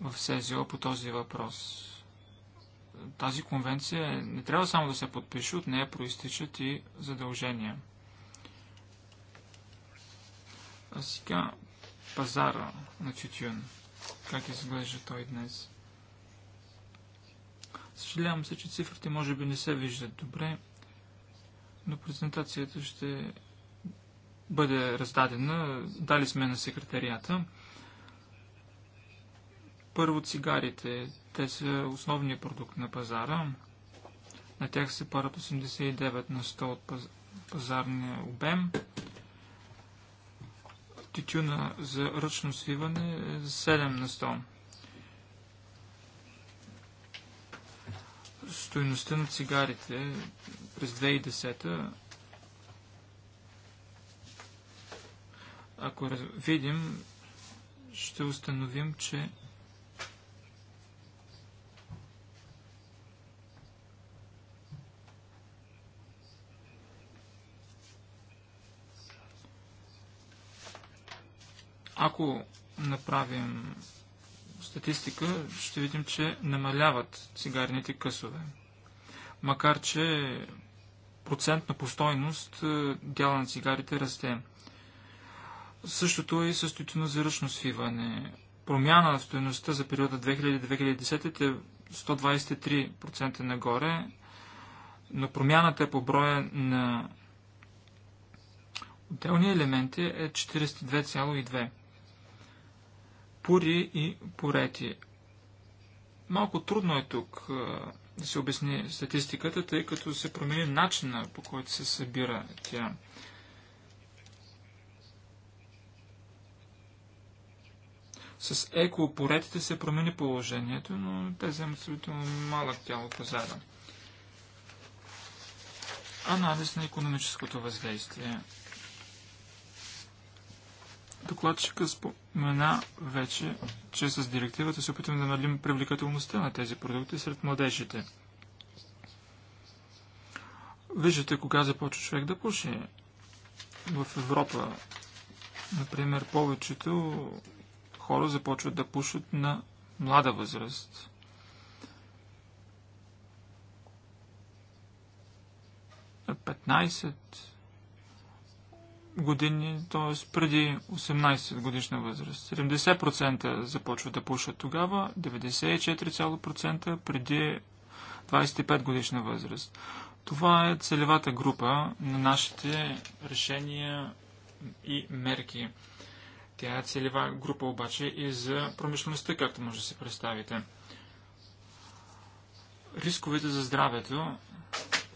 [SPEAKER 3] в СЗО по този въпрос. Тази конвенция не трябва само да се подпише, от нея проистичат и задължения. А сега пазара на тютюн. Как изглежда той днес? Съжалявам се, че цифрите може би не се виждат добре, но презентацията ще бъде раздадена. Дали сме на секретарията. Първо цигарите. Те са основният продукт на пазара. На тях се парат 89 на 100 от пазарния обем. Титюна за ръчно свиване е 7 на 100. Стоеността на цигарите през 2010 Ако видим, ще установим, че ако направим статистика, ще видим, че намаляват цигарните късове. Макар, че процентна постойност е, дяла на цигарите расте. Същото е и с тютюнозиръчно свиване. Промяна в стоеността за периода 2000-2010 е 123% нагоре, но промяната е по броя на отделни елементи е 42,2. Пури и порети. Малко трудно е тук да се обясни статистиката, тъй като се промени начина по който се събира тя. С поредите се промени положението, но те вземат абсолютно малък дял от пазара. Анализ на економическото въздействие. Докладчика спомена вече, че с директивата се опитваме да намалим привлекателността на тези продукти сред младежите. Виждате кога започва човек да пуши. В Европа, например, повечето хора започват да пушат на млада възраст. На 15 години, т.е. преди 18 годишна възраст. 70% започват да пушат тогава, 94% преди 25 годишна възраст. Това е целевата група на нашите решения и мерки. Тя е целева група обаче и за промишлеността, както може да се представите. Рисковете за здравето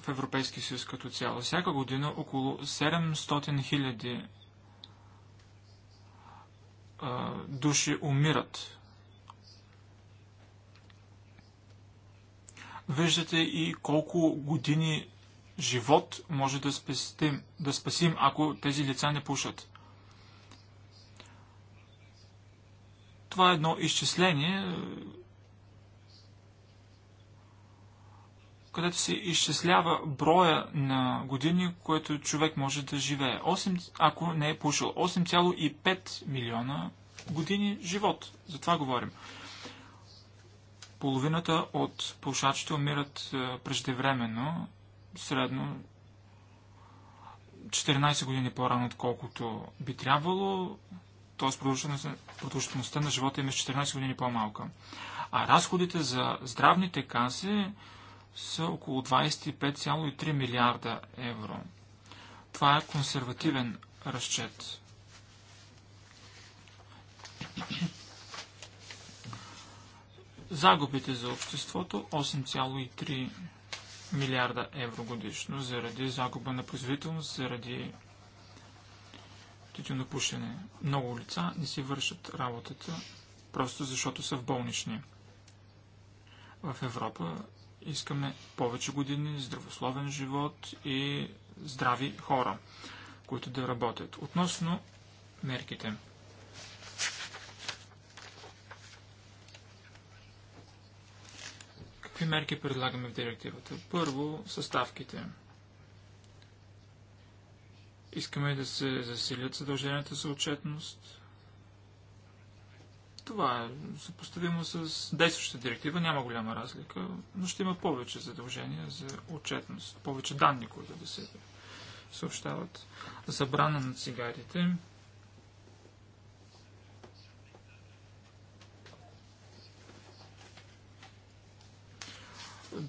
[SPEAKER 3] в Европейския съюз като цяло. Всяка година около 700 хиляди души умират. Виждате и колко години живот може да спасим, да спасим ако тези лица не пушат. Това е едно изчисление, е, където се изчислява броя на години, което човек може да живее. 8, ако не е пушил, 8,5 милиона години живот. За това говорим. Половината от пушачите умират е, преждевременно, средно 14 години по-рано, отколкото би трябвало т.е. продължителността на живота им е 14 години по-малка. А разходите за здравните каси са около 25,3 милиарда евро. Това е консервативен разчет. Загубите за обществото 8,3 милиарда евро годишно заради загуба на производителност, заради тютюнопушене. Много лица не си вършат работата, просто защото са в болнични. В Европа искаме повече години, здравословен живот и здрави хора, които да работят. Относно мерките. Какви мерки предлагаме в директивата? Първо, съставките – Искаме да се засилят задълженията за отчетност. Това е съпоставимо с действащата директива. Няма голяма разлика, но ще има повече задължения за отчетност. Повече данни, които да се съобщават. Забрана на цигарите.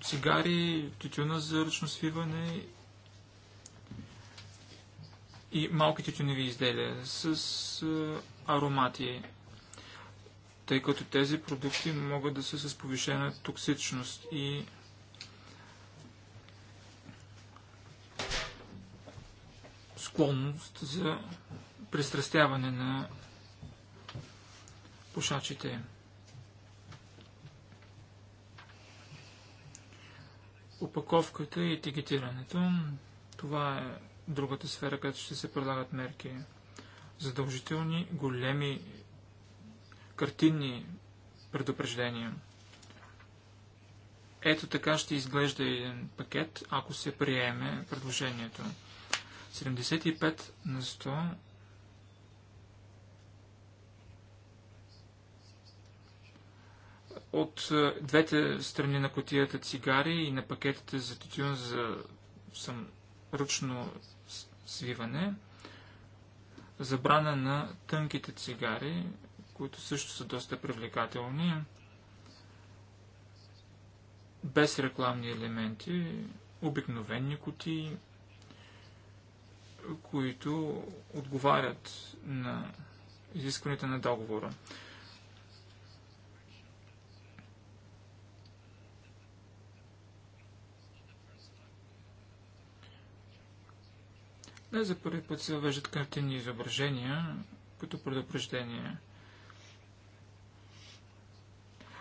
[SPEAKER 3] цигари, тютюна за ръчно свиване и малките тютюневи изделия с е, аромати, тъй като тези продукти могат да са с повишена токсичност и склонност за пристрастяване на пушачите. Опаковката и етикетирането. Това е другата сфера, където ще се предлагат мерки. Задължителни, големи, картинни предупреждения. Ето така ще изглежда един пакет, ако се приеме предложението. 75 на 100 от е, двете страни на котията цигари и на пакетите за тютюн за ръчно свиване, забрана на тънките цигари, които също са доста привлекателни, без рекламни елементи, обикновени кутии, които отговарят на изискването на договора. Не за първи път се въвеждат картинни изображения като предупреждение.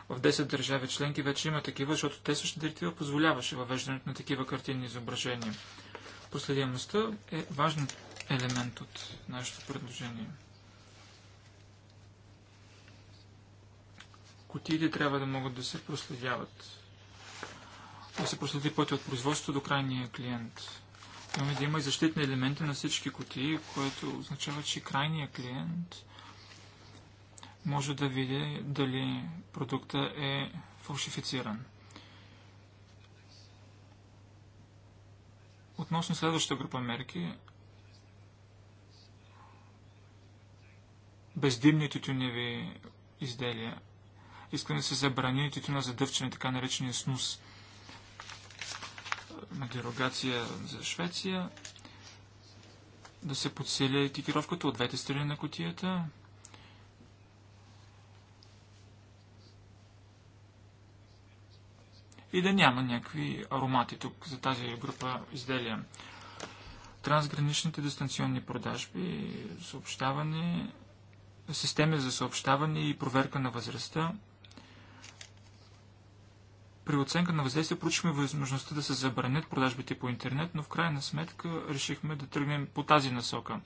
[SPEAKER 3] В 10 държави членки вече има такива, защото те също директива позволяваше въвеждането на такива картинни изображения. Последимостта е важен елемент от нашето предложение. Кутиите трябва да могат да се проследяват. Да се проследи пътя от производството до крайния клиент. Имаме да има и защитни елементи на всички кутии, което означава, че крайният клиент може да види дали продукта е фалшифициран. Относно следващата група мерки, бездимни тютюневи изделия. Искам да се забрани тютюна за дъвчене, така наречения снус на дерогация за Швеция, да се подсиля етикировката от двете страни на котията. И да няма някакви аромати тук за тази група изделия. Трансграничните дистанционни продажби, съобщаване, системи за съобщаване и проверка на възрастта. При оценка на въздействие проучихме възможността да се забранят продажбите по интернет, но в крайна сметка решихме да тръгнем по тази насока.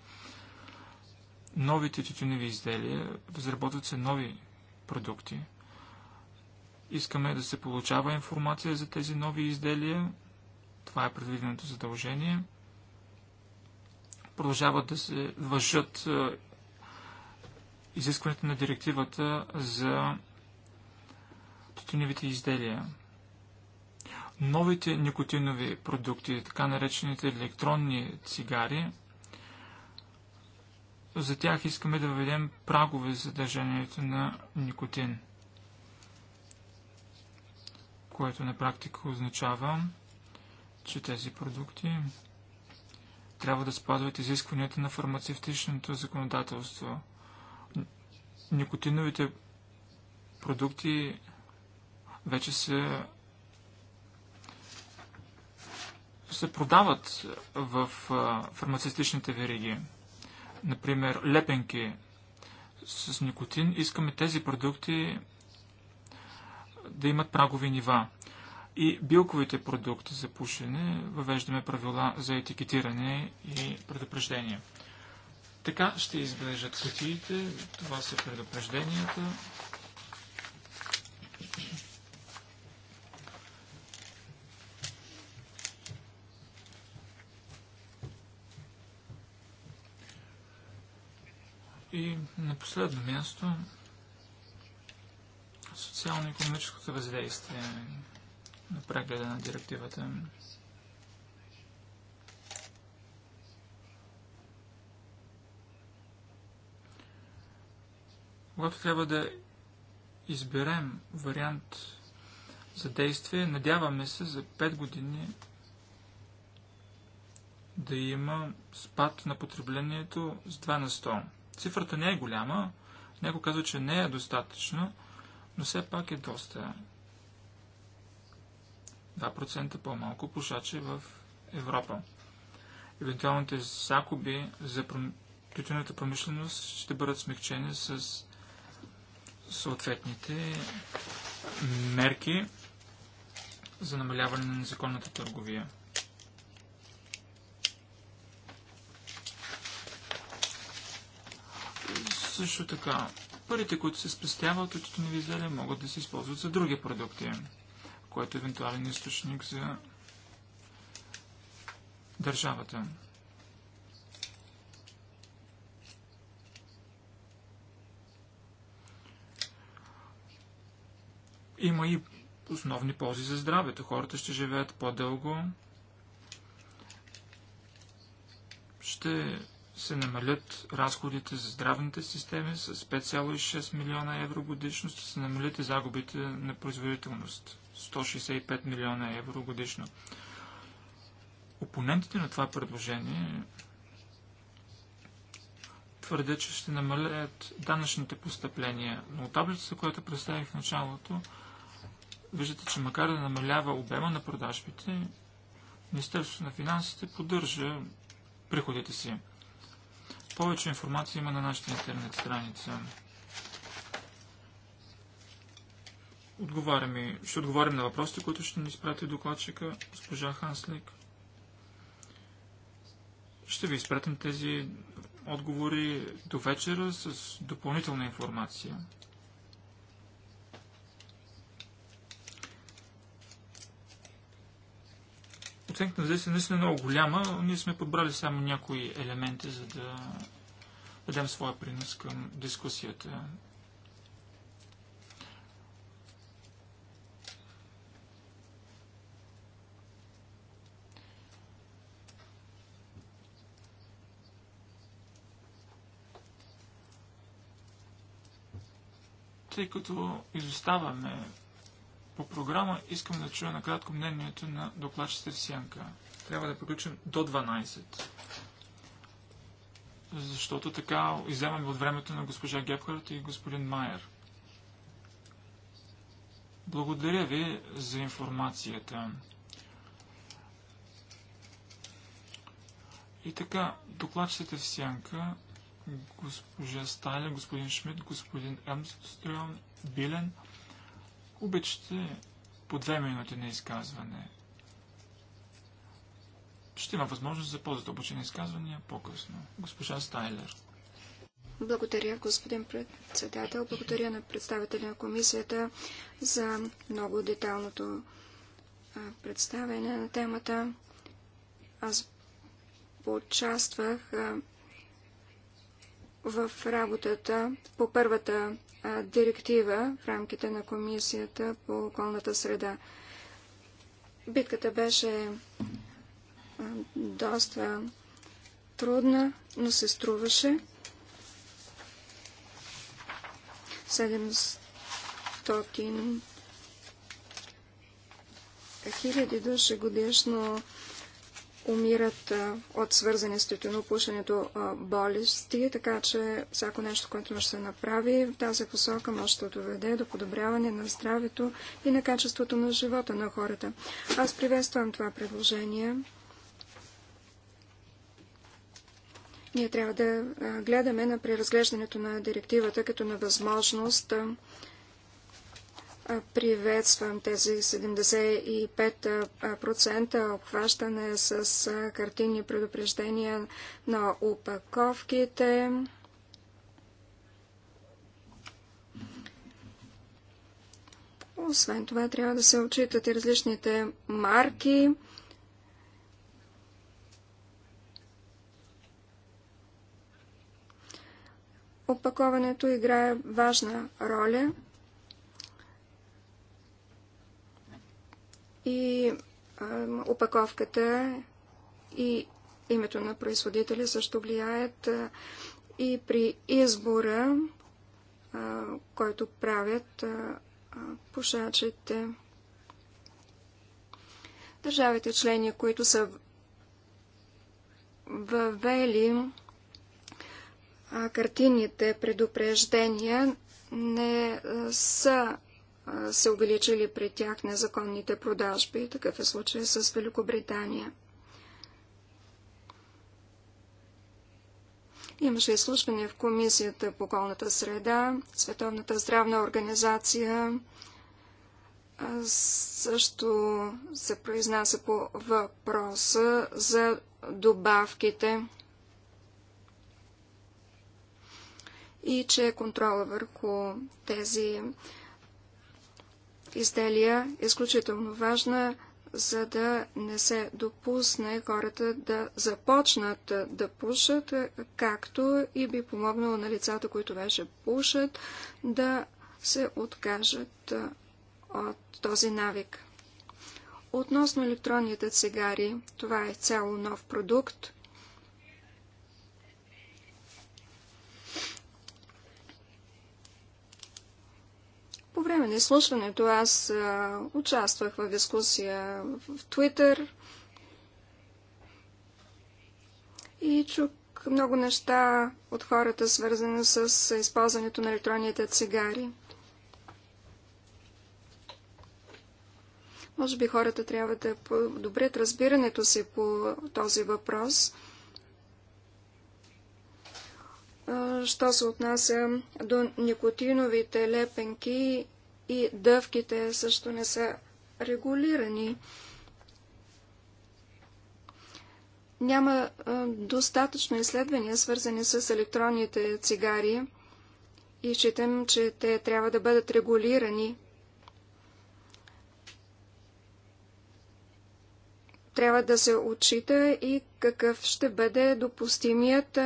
[SPEAKER 3] Новите тютюневи изделия, разработват се нови продукти. Искаме да се получава информация за тези нови изделия. Това е предвиденото задължение. Продължават да се въжат е, изискването на директивата за тютюневите изделия. Новите никотинови продукти, така наречените електронни цигари, за тях искаме да въведем прагове за държанието на никотин, което на практика означава, че тези продукти трябва да спазват изискванията на фармацевтичното законодателство. Никотиновите продукти вече са се продават в фармацевтичните вериги. Например, лепенки с никотин. Искаме тези продукти да имат прагови нива. И билковите продукти за пушене въвеждаме правила за етикетиране и предупреждение. Така ще изглеждат кутиите. Това са предупрежденията. И на последно място социално-економическото въздействие на прегледа на директивата. Когато трябва да изберем вариант за действие, надяваме се за 5 години да има спад на потреблението с 2 на 100. Цифрата не е голяма, някой казва, че не е достатъчно, но все пак е доста. 2% по-малко пушачи в Европа. Евентуалните закуби за тютюната промишленост ще бъдат смягчени с съответните мерки за намаляване на незаконната търговия. Също така, парите, които се спестяват от тютюневи могат да се използват за други продукти, което е евентуален източник за държавата. Има и основни ползи за здравето. Хората ще живеят по-дълго, ще се намалят разходите за здравните системи с 5,6 милиона евро годишно, ще се намалят и загубите на производителност 165 милиона евро годишно. Опонентите на това предложение твърдят, че ще намалят данъчните постъпления, но от таблицата, която представих в началото, виждате, че макар да намалява обема на продажбите, Министерството на финансите поддържа приходите си. Повече информация има на нашата интернет страница. и, ще отговарям на въпросите, които ще ни изпрати докладчика, госпожа Ханслик. Ще ви изпратим тези отговори до вечера с допълнителна информация. Оценката на действие е наистина е много голяма. Ние сме подбрали само някои елементи, за да дадем своя принос към дискусията. тъй като изоставаме по програма искам да чуя накратко мнението на докладчите в Сянка. Трябва да приключим до 12. Защото така иземаме от времето на госпожа Гепхарт и господин Майер. Благодаря ви за информацията. И така, докладчите в Сянка, госпожа Сталин, господин Шмидт, господин Емстрион, Билен – обичате по две минути на изказване. Ще има възможност за по-задълбочени изказвания по-късно. Госпожа Стайлер.
[SPEAKER 4] Благодаря, господин председател. Благодаря на представителя на комисията за много деталното представяне на темата. Аз поучаствах в работата по първата директива в рамките на Комисията по околната среда. Битката беше доста трудна, но се струваше. 700 хиляди души годишно умират от свързани с тютюнопушенето болести, така че всяко нещо, което може се направи в тази посока, може да доведе до подобряване на здравето и на качеството на живота на хората. Аз приветствам това предложение. Ние трябва да гледаме на преразглеждането на директивата като на възможност Приветствам тези 75% обхващане с картинни предупреждения на упаковките. Освен това, трябва да се отчитат и различните марки. Опаковането играе важна роля – и опаковката и името на производителя също влияят и при избора, който правят пушачите. Държавите члени, които са въвели картинните предупреждения, не са се увеличили при тях незаконните продажби. Такъв е случай с Великобритания. Имаше изслушване в Комисията по околната среда, Световната здравна организация също се произнася по въпроса за добавките и че е контрола върху тези изделия е изключително важна, за да не се допусне хората да започнат да пушат, както и би помогнало на лицата, които вече пушат, да се откажат от този навик. Относно електронните цигари, това е цяло нов продукт. По време на изслушването аз а, участвах в дискусия в Твитър и чух много неща от хората, свързани с използването на електронните цигари. Може би хората трябва да подобрят разбирането си по този въпрос що се отнася до никотиновите лепенки и дъвките също не са регулирани. Няма достатъчно изследвания, свързани с електронните цигари и считам, че те трябва да бъдат регулирани. Трябва да се отчита и какъв ще бъде допустимият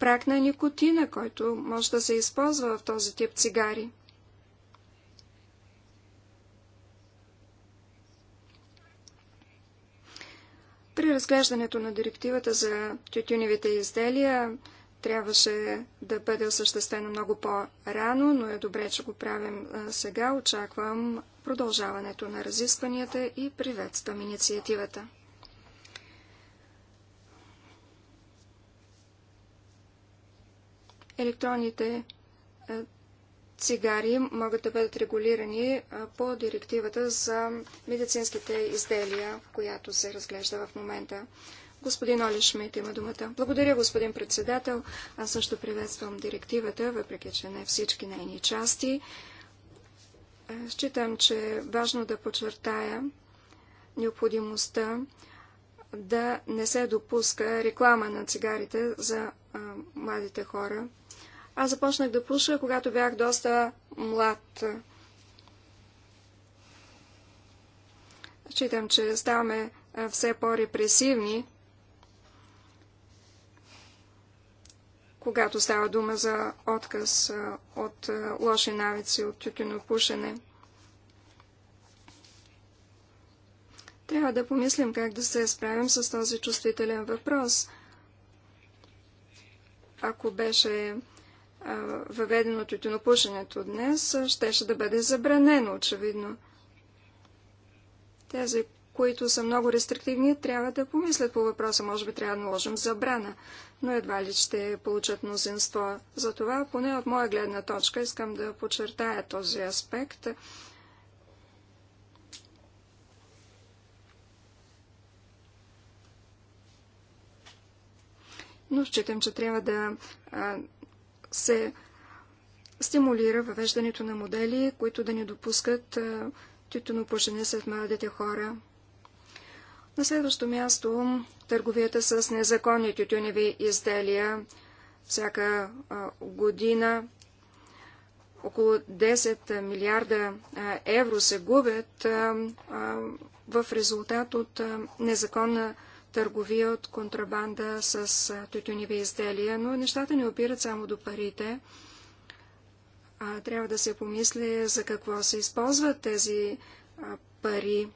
[SPEAKER 4] прак на никотина, който може да се използва в този тип цигари. При разглеждането на директивата за тютюневите изделия трябваше да бъде осъществено много по-рано, но е добре, че го правим сега. Очаквам продължаването на разискванията и приветствам инициативата. Електронните е, цигари могат да бъдат регулирани е, по директивата за медицинските изделия, която се разглежда в момента. Господин Оли Шмидт има думата. Благодаря, господин председател. Аз също приветствам директивата, въпреки че не всички нейни части. Е, считам, че е важно да подчертая необходимостта да не се допуска реклама на цигарите за а, младите хора. Аз започнах да пуша, когато бях доста млад. Считам, че ставаме все по-репресивни, когато става дума за отказ от лоши навици, от тютюнопушене. Трябва да помислим как да се справим с този чувствителен въпрос – ако беше въведено тютюнопушенето днес, щеше да бъде забранено, очевидно. Тези, които са много рестриктивни, трябва да помислят по въпроса. Може би трябва да наложим забрана, но едва ли ще получат мнозинство. Затова, поне от моя гледна точка, искам да подчертая този аспект. но считам, че трябва да се стимулира въвеждането на модели, които да не допускат тютюнопушене след младите хора. На следващо място търговията с незаконни тютюневи изделия. Всяка година около 10 милиарда евро се губят в резултат от незаконна търговия от контрабанда с тютюневи изделия, но нещата не опират само до парите. А, трябва да се помисли за какво се използват тези а, пари.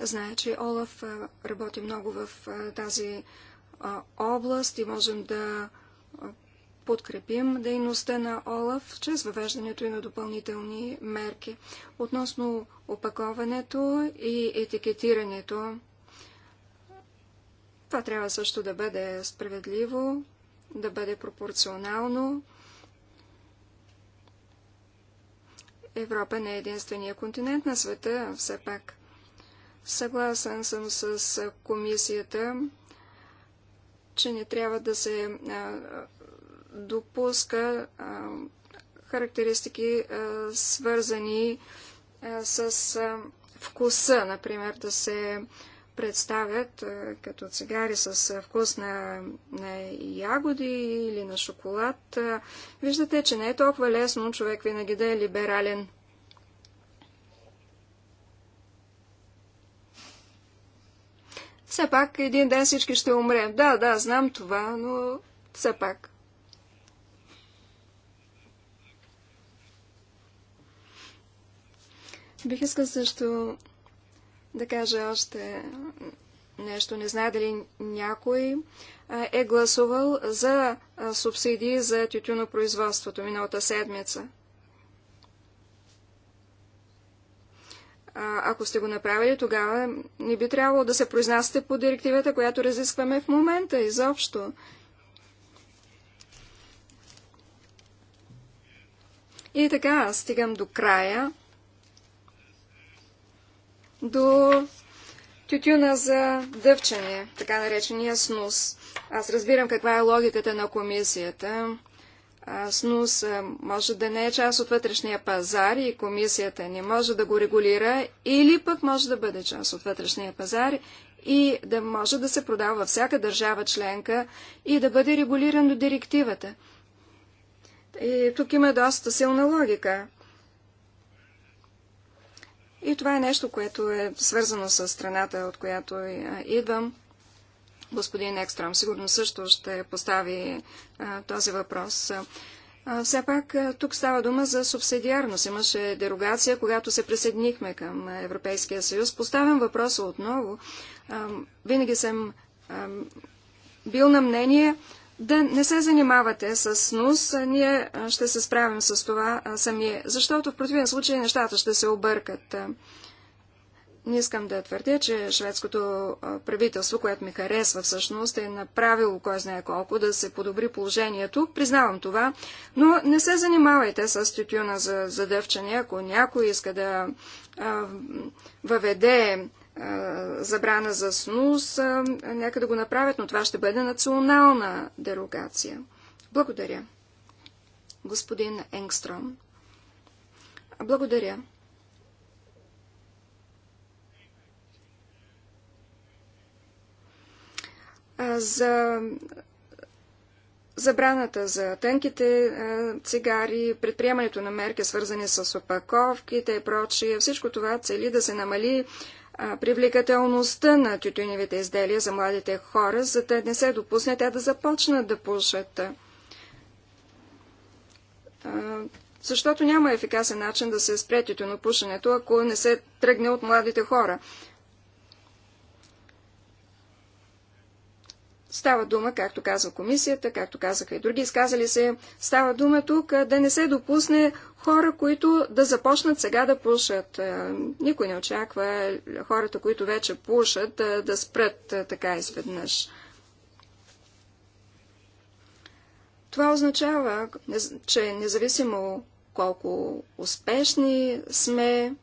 [SPEAKER 4] Знае, че Олаф а, работи много в а, тази а, област и можем да подкрепим дейността на ОЛАФ чрез въвеждането и на допълнителни мерки. Относно опаковането и етикетирането, това трябва също да бъде справедливо, да бъде пропорционално. Европа не е единствения континент на света, все пак. Съгласен съм с комисията, че не трябва да се допуска характеристики, свързани с вкуса, например, да се представят като цигари с вкус на, на ягоди или на шоколад. Виждате, че не е толкова лесно човек винаги да е либерален. Все пак един ден всички ще умрем. Да, да, знам това, но все пак. Бих искал също да кажа още нещо. Не знае дали някой е гласувал за субсидии за тютюнопроизводството миналата седмица. Ако сте го направили, тогава не би трябвало да се произнасяте по директивата, която разискваме в момента изобщо. И така, стигам до края до тютюна за дъвчане, така наречения снус. Аз разбирам каква е логиката на комисията. СНУС може да не е част от вътрешния пазар и комисията не може да го регулира, или пък може да бъде част от вътрешния пазар и да може да се продава във всяка държава членка и да бъде регулиран до директивата. И тук има доста силна логика. И това е нещо, което е свързано с страната, от която идвам. Господин Екстром, сигурно също ще постави а, този въпрос. А, все пак а, тук става дума за субсидиарност. Имаше дерогация, когато се присъединихме към Европейския съюз. Поставям въпроса отново. А, винаги съм а, бил на мнение, да не се занимавате с нос, ние ще се справим с това самие, защото в противен случай нещата ще се объркат. Не искам да твърдя, че шведското правителство, което ми харесва всъщност, е направило кой знае колко да се подобри положението. Признавам това, но не се занимавайте с тютюна за задъвчане. Ако някой иска да а, въведе забрана за СНУС, нека да го направят, но това ще бъде национална дерогация. Благодаря. Господин Енгстром. Благодаря. За забраната за тънките цигари, предприемането на мерки, свързани с опаковките и прочие, всичко това цели да се намали привлекателността на тютюневите изделия за младите хора, за да не се допусне те да започнат да пушат. Защото няма ефикасен начин да се спре тютюнопушенето, ако не се тръгне от младите хора. Става дума, както казва комисията, както казаха и други изказали се, става дума тук да не се допусне хора, които да започнат сега да пушат. Никой не очаква хората, които вече пушат, да, да спрат така изведнъж. Това означава, че независимо колко успешни сме,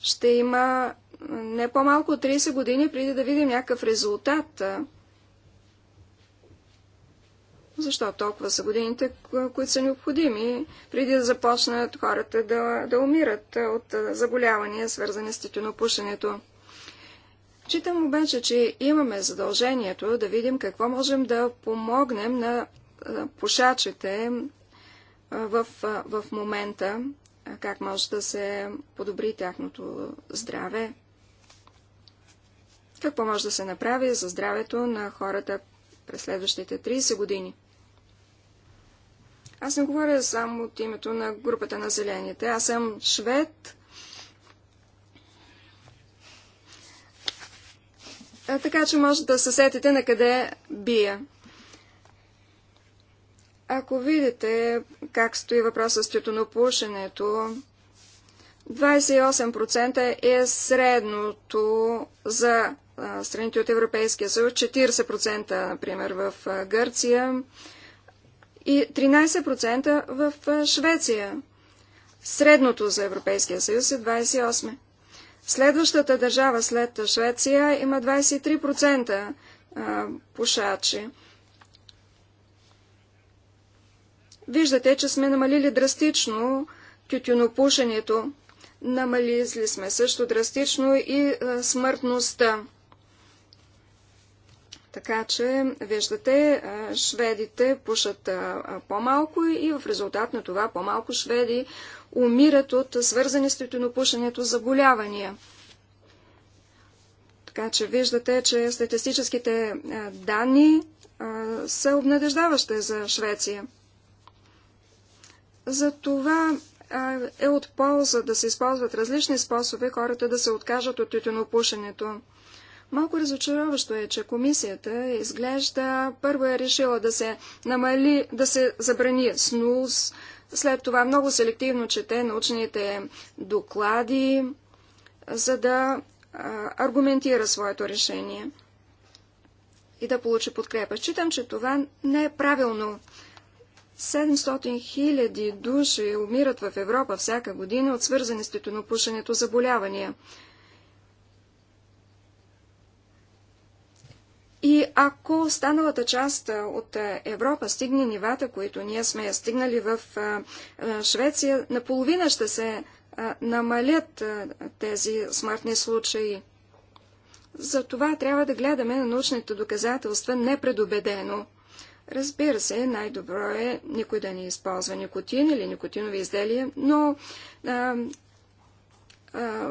[SPEAKER 4] ще има не по-малко от 30 години преди да видим някакъв резултат. Защо толкова са годините, които са необходими, преди да започнат хората да, да умират от заболявания, свързани с тютюнопушенето? Читам обаче, че имаме задължението да видим какво можем да помогнем на пушачите в, в момента, как може да се подобри тяхното здраве. Какво може да се направи за здравето на хората през следващите 30 години? Аз не говоря само от името на групата на зелените. Аз съм швед. А, така че може да се сетите на къде бия. Ако видите как стои въпроса с тютонопушенето, 28% е средното за страните от Европейския съюз, 40% например в Гърция и 13% в Швеция. Средното за Европейския съюз е 28%. Следващата държава след Швеция има 23% пушачи. Виждате, че сме намалили драстично тютюнопушенето. Намалили сме също драстично и смъртността. Така че, виждате, шведите пушат по-малко и в резултат на това по-малко шведи умират от свързани с тютюнопушенето заболявания. Така че виждате, че статистическите данни са обнадеждаващи за Швеция. За това е от полза да се използват различни способи хората да се откажат от тютюнопушенето. Малко разочароващо е, че комисията изглежда първо е решила да се намали, да се забрани снус, след това много селективно чете научните доклади, за да аргументира своето решение и да получи подкрепа. Считам, че това не е правилно. 700 хиляди души умират в Европа всяка година от свързани с тютюнопушенето заболявания. И ако останалата част от Европа стигне нивата, които ние сме стигнали в Швеция, наполовина ще се намалят тези смъртни случаи. За това трябва да гледаме на научните доказателства непредобедено. Разбира се, най-добро е никой да не използва никотин или никотинови изделия, но а, а,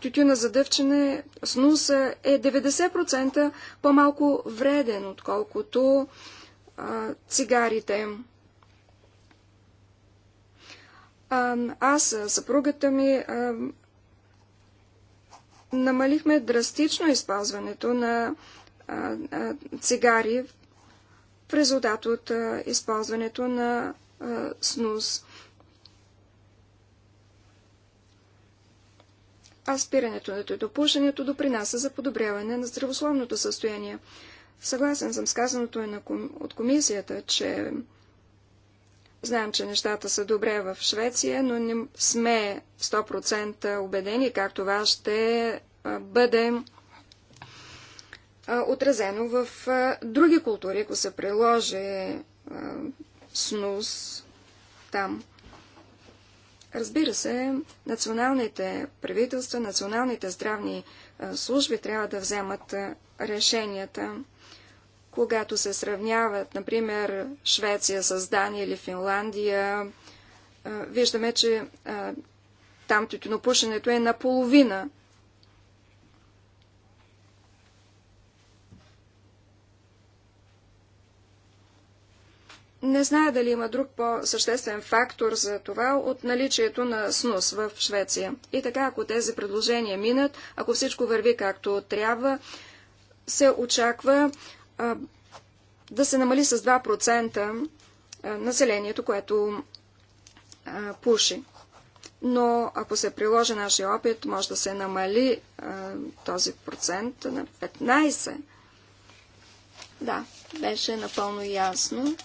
[SPEAKER 4] тютюна за дъвчене, снус е 90% по-малко вреден, отколкото а, цигарите. А, аз, съпругата ми, а, намалихме драстично използването на а, а, цигари в резултат от а, използването на а, снус. а спирането на тютюпушенето допринася за подобряване на здравословното състояние. Съгласен съм с казаното е ком... от комисията, че знаем, че нещата са добре в Швеция, но не сме 100% убедени как това ще бъде отразено в други култури, ако се приложи снус там. Разбира се, националните правителства, националните здравни служби трябва да вземат решенията. Когато се сравняват, например, Швеция с Дания или Финландия, виждаме, че там тютюнопушенето е наполовина Не зная дали има друг по-съществен фактор за това от наличието на СНУС в Швеция. И така, ако тези предложения минат, ако всичко върви както трябва, се очаква а, да се намали с 2% населението, което а, пуши. Но ако се приложи нашия опит, може да се намали а, този процент на 15%. Да, беше напълно ясно.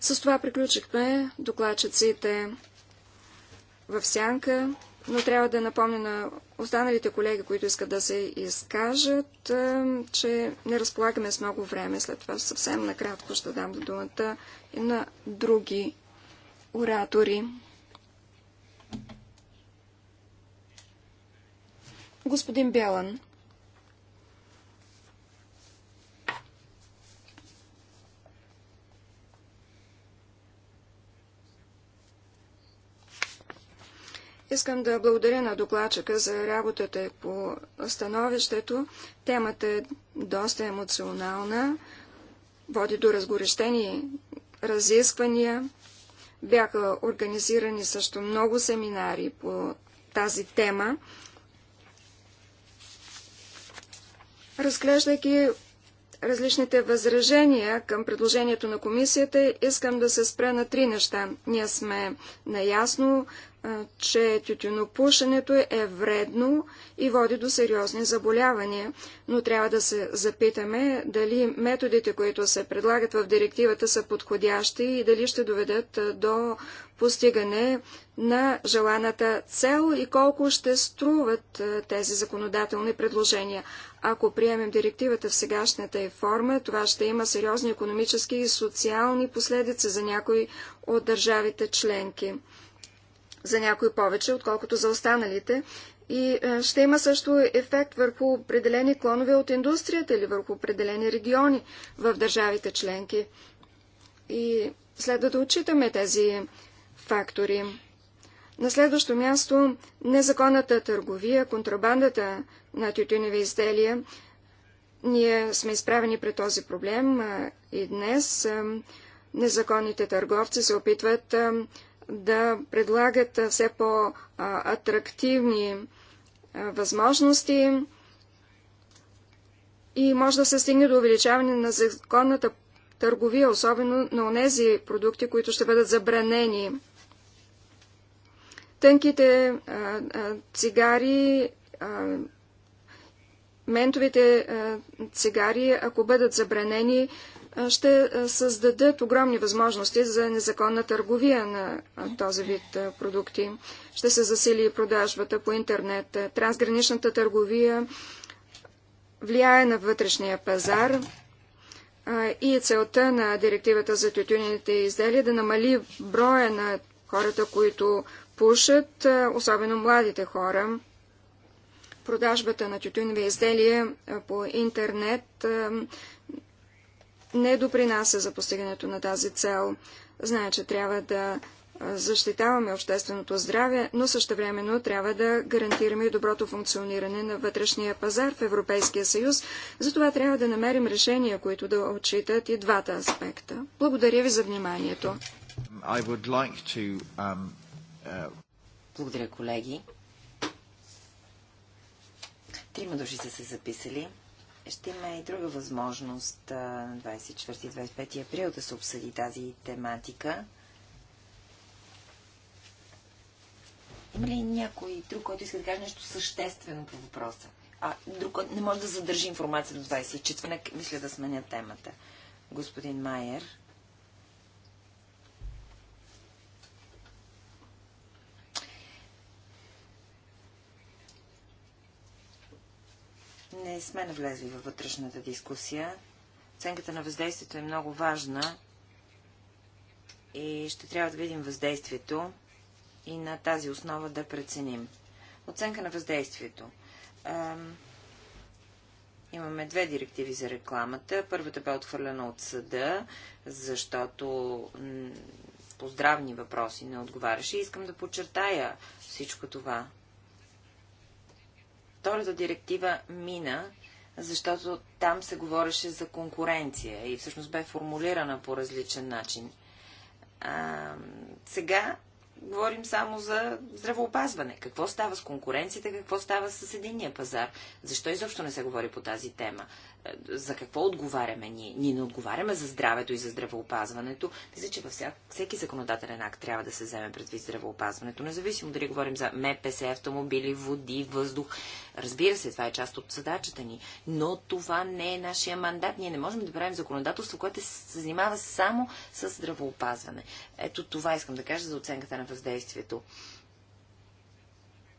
[SPEAKER 4] С това приключихме докладчиците в сянка, но трябва да напомня на останалите колеги, които искат да се изкажат, е, че не разполагаме с много време. След това съвсем накратко ще дам думата и на други оратори. Господин Белан. Искам да благодаря на докладчика за работата по становището. Темата е доста емоционална, води до разгорещени разисквания. Бяха организирани също много семинари по тази тема. Разглеждайки различните възражения към предложението на комисията, искам да се спра на три неща. Ние сме наясно че тютюнопушенето е вредно и води до сериозни заболявания, но трябва да се запитаме дали методите, които се предлагат в директивата, са подходящи и дали ще доведат до постигане на желаната цел и колко ще струват тези законодателни предложения. Ако приемем директивата в сегашната е форма, това ще има сериозни економически и социални последици за някои от държавите членки за някои повече, отколкото за останалите. И е, ще има също ефект върху определени клонове от индустрията или върху определени региони в държавите членки. И следва да отчитаме тези фактори. На следващо място незаконната търговия, контрабандата на тютюневи изделия. Ние сме изправени пред този проблем е, и днес. Е, незаконните търговци се опитват да предлагат все по-атрактивни възможности и може да се стигне до увеличаване на законната търговия, особено на онези продукти, които ще бъдат забранени. Тънките цигари, ментовите цигари, ако бъдат забранени, ще създадат огромни възможности за незаконна търговия на този вид продукти. Ще се засили продажбата по интернет. Трансграничната търговия влияе на вътрешния пазар и целта на директивата за тютюнените изделия да намали броя на хората, които пушат, особено младите хора. Продажбата на тютюневи изделия по интернет не допринася за постигането на тази цел. Знае, че трябва да защитаваме общественото здраве, но същевременно трябва да гарантираме и доброто функциониране на вътрешния пазар в Европейския съюз. Затова трябва да намерим решения, които да отчитат и двата аспекта. Благодаря ви за вниманието.
[SPEAKER 1] Um, uh, Благодаря, колеги.
[SPEAKER 2] Трима души са се записали. Ще има и друга възможност на 24-25 април да се обсъди тази тематика. Има ли някой друг, който иска да каже нещо съществено по въпроса? А, друг, не може да задържи информация до 24. Мисля да сменя темата. Господин Майер. не сме навлезли във вътрешната дискусия. Оценката на въздействието е много важна и ще трябва да видим въздействието и на тази основа да преценим. Оценка на въздействието. Ам... Имаме две директиви за рекламата. Първата бе отхвърлена от съда, защото по здравни въпроси не отговаряше. Искам да подчертая всичко това втората директива мина, защото там се говореше за конкуренция и всъщност бе формулирана по различен начин. А, сега говорим само за здравоопазване. Какво става с конкуренцията, какво става с единния пазар? Защо изобщо не се говори по тази тема? за какво отговаряме ние? Ние не отговаряме за здравето и за здравеопазването. Мисля, че във вся, всеки законодателен акт трябва да се вземе предвид здравеопазването, независимо дали говорим за МПС, автомобили, води, въздух. Разбира се, това е част от задачата ни, но това не е нашия мандат. Ние не можем да правим законодателство, което е се занимава само с здравеопазване. Ето това искам да кажа за оценката на въздействието.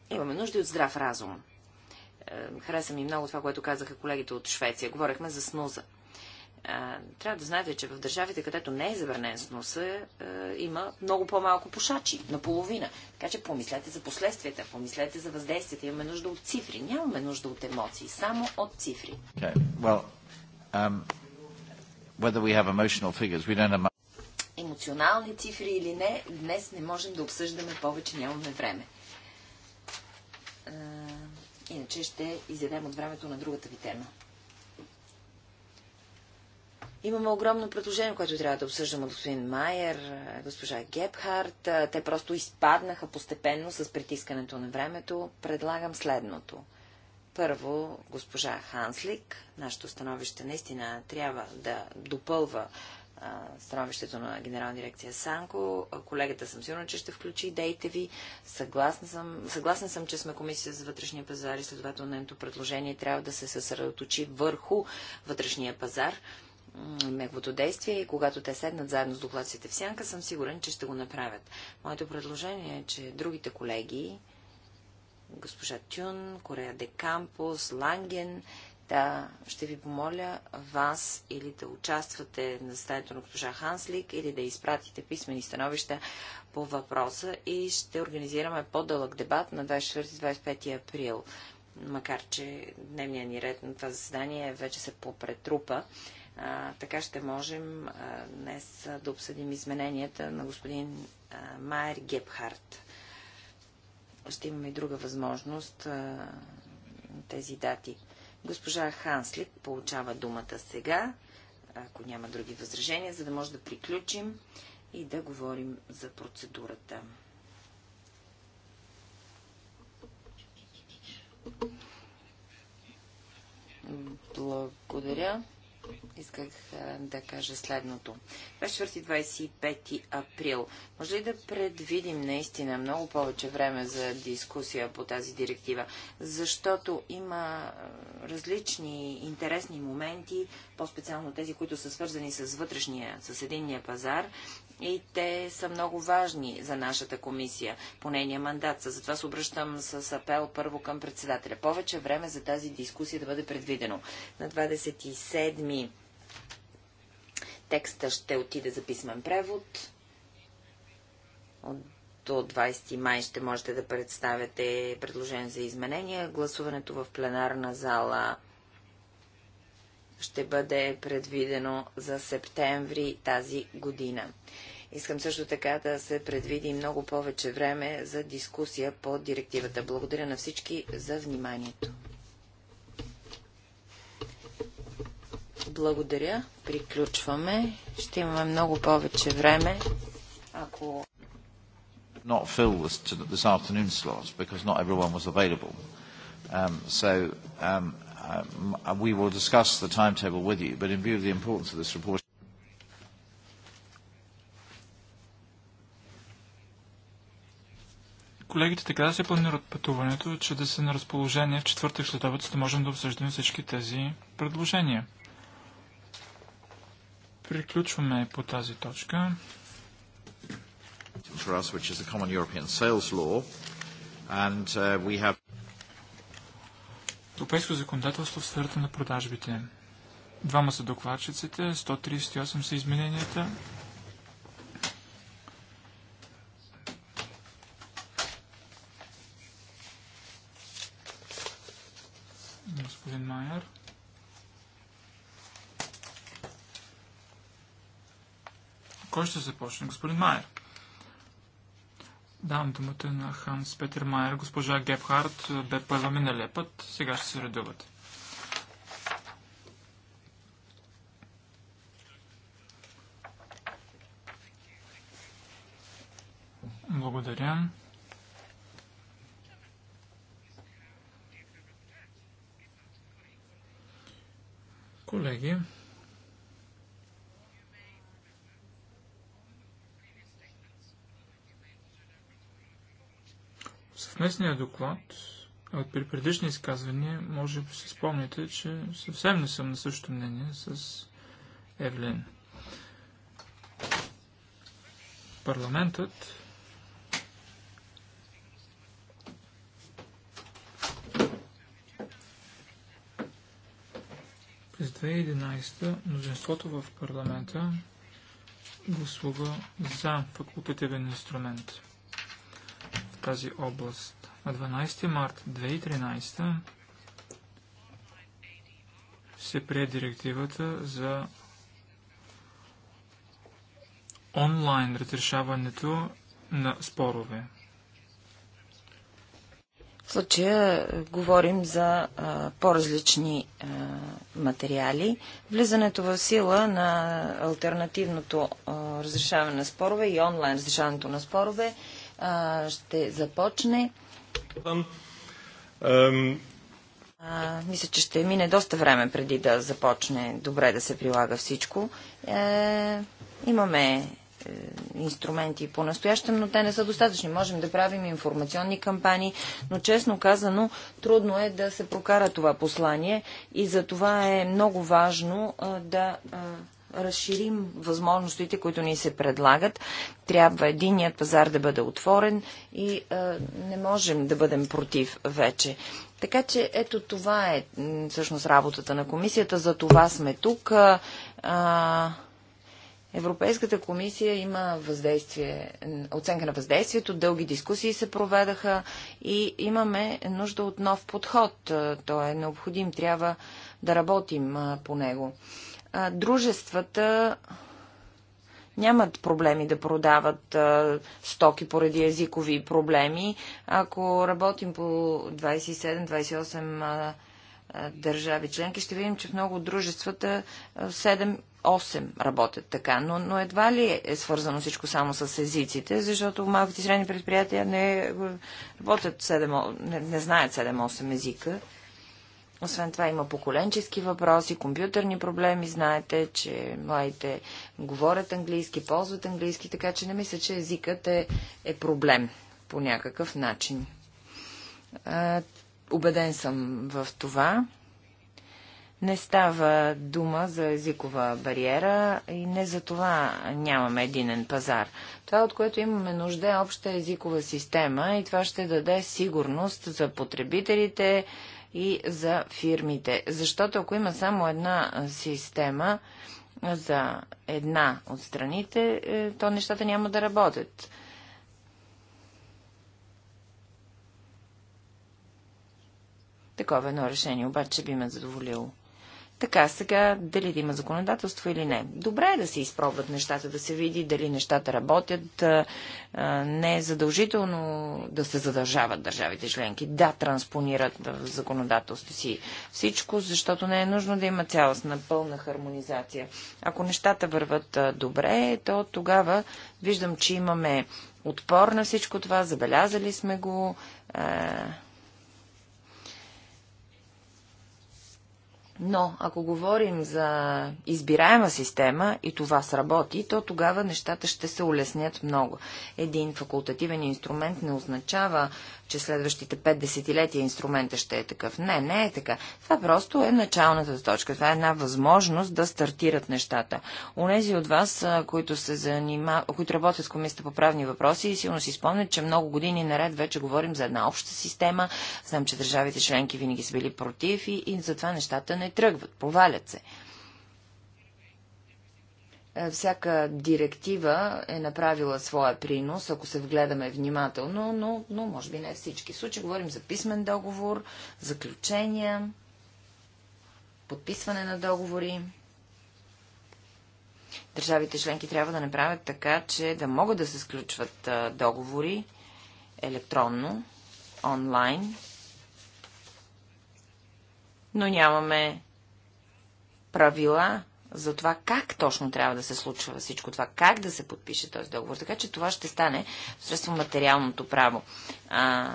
[SPEAKER 2] Имаме нужда и от здрав разум. Е, хареса ми много това, което казаха колегите от Швеция. Говорихме за снуза. Е, трябва да знаете, че в държавите, където не е забранен снуса, е, има много по-малко пушачи, наполовина. Така че помислете за последствията, помислете за въздействията. Имаме нужда от цифри, нямаме нужда от емоции, само от цифри.
[SPEAKER 1] Okay. Well, um, whether we have emotional figures, we don't have...
[SPEAKER 2] Емоционални цифри или не, днес не можем да обсъждаме повече, нямаме време. Иначе ще изядем от времето на другата ви тема. Имаме огромно предложение, което трябва да обсъждаме от господин Майер, госпожа Гепхарт. Те просто изпаднаха постепенно с притискането на времето. Предлагам следното. Първо, госпожа Ханслик, нашето становище наистина трябва да допълва становището на генерална дирекция Санко. Колегата съм сигурна, че ще включи идеите ви. Съгласна съм, съгласна съм че сме комисия за вътрешния пазар и следователното предложение трябва да се съсредоточи върху вътрешния пазар неговото действие и когато те седнат заедно с докладците в сянка, съм сигурен, че ще го направят. Моето предложение е, че другите колеги, госпожа Тюн, Корея де Кампус, Ланген, да, ще ви помоля вас или да участвате на заседанието на госпожа Ханслик, или да изпратите писмени становища по въпроса и ще организираме по-дълъг дебат на 24-25 април. Макар, че дневния ни ред на това заседание вече се попретрупа, а, така ще можем а, днес да обсъдим измененията на господин а, Майер Гепхарт. Ще имаме и друга възможност а, тези дати. Госпожа Ханслик получава думата сега, ако няма други възражения, за да може да приключим и да говорим за процедурата. Благодаря исках да кажа следното. 24-25 април. Може ли да предвидим наистина много повече време за дискусия по тази директива? Защото има различни интересни моменти, по-специално тези, които са свързани с вътрешния, с единния пазар и те са много важни за нашата комисия по нейния мандат. Затова се обръщам с апел първо към председателя. Повече време за тази дискусия да бъде предвидено. На 27 текста ще отиде за писмен превод. От до 20 май ще можете да представяте предложение за изменения. Гласуването в пленарна зала ще бъде предвидено за септември тази година. Искам също така да се предвиди много повече време за дискусия по директивата. Благодаря на всички за вниманието. Благодаря. Приключваме. Ще имаме много повече време, ако
[SPEAKER 1] not fill this, this afternoon slot because not everyone was available. Um, so um, Um, we will discuss the timetable with you, but in view of the importance of this report.
[SPEAKER 3] Колегите така да се планират пътуването, че да са на разположение в четвъртък след обед, за да можем да обсъждаме всички тези предложения. Приключваме по тази точка.
[SPEAKER 1] For us, which is the Common European Sales Law, and uh, we have
[SPEAKER 3] Европейско законодателство в сферата на продажбите. Двама са докладчиците, 138 са измененията. Господин Майер. Кой ще започне? Господин Майер. Давам думата на Ханс Петер Майер. Госпожа Гебхарт. Е, бе първа миналия път, сега ще се редуват. Благодаря. Колеги, съвместния доклад, а при предишни изказвания, може би си спомните, че съвсем не съм на същото мнение с Евлин. Парламентът През 2011 мнозинството в парламента гласува за факултативен инструмент тази област. На 12 март 2013 се прие директивата за онлайн разрешаването на спорове.
[SPEAKER 2] В случая е, говорим за по-различни е, материали. Влизането в сила на альтернативното а, разрешаване на спорове и онлайн разрешаването на спорове а, ще започне. А, мисля, че ще мине доста време преди да започне добре да се прилага всичко. Е, имаме е, инструменти по-настоящем, но те не са достатъчни. Можем да правим информационни кампании, но честно казано, трудно е да се прокара това послание и за това е много важно да разширим възможностите, които ни се предлагат. Трябва единият пазар да бъде отворен и а, е, не можем да бъдем против вече. Така че ето това е всъщност работата на комисията. За това сме тук. Е, а, Европейската комисия има въздействие, оценка на въздействието, дълги дискусии се проведаха и имаме нужда от нов подход. Е, той е необходим, трябва да работим по него а, дружествата нямат проблеми да продават а, стоки поради езикови проблеми. Ако работим по 27-28 държави членки, ще видим, че в много дружествата 7-8 работят така. Но, но едва ли е свързано всичко само с езиците, защото малките и средни предприятия не работят 7, не, не знаят 7-8 езика. Освен това има поколенчески въпроси, компютърни проблеми. Знаете, че младите говорят английски, ползват английски, така че не мисля, че езикът е, е проблем по някакъв начин. А, убеден съм в това. Не става дума за езикова бариера и не за това нямаме единен пазар. Това, от което имаме нужда е обща езикова система и това ще даде сигурност за потребителите, и за фирмите. Защото ако има само една система за една от страните, е, то нещата няма да работят. Такова едно решение обаче би ме задоволило. Така, сега дали да има законодателство или не. Добре е да се изпробват нещата, да се види дали нещата работят. Не е задължително да се задължават държавите членки, да транспонират в законодателство си всичко, защото не е нужно да има цялостна пълна хармонизация. Ако нещата върват добре, то тогава виждам, че имаме отпор на всичко това, забелязали сме го. Но ако говорим за избираема система и това сработи, то тогава нещата ще се улеснят много. Един факултативен инструмент не означава че следващите пет десетилетия инструмента ще е такъв. Не, не е така. Това просто е началната точка. Това е една възможност да стартират нещата. Унези от вас, които, се занима... които работят с Комисията по правни въпроси, силно си спомнят, че много години наред вече говорим за една обща система. Знам, че държавите членки винаги са били против и, и затова нещата не тръгват, Повалят се. Е, всяка директива е направила своя принос, ако се вгледаме внимателно, но, но може би не всички. Случаи говорим за писмен договор, заключения, подписване на договори. Държавите членки трябва да направят така, че да могат да се сключват е, договори електронно, онлайн, но нямаме правила за това как точно трябва да се случва всичко това, как да се подпише този договор. Така че това ще стане средство материалното право. А,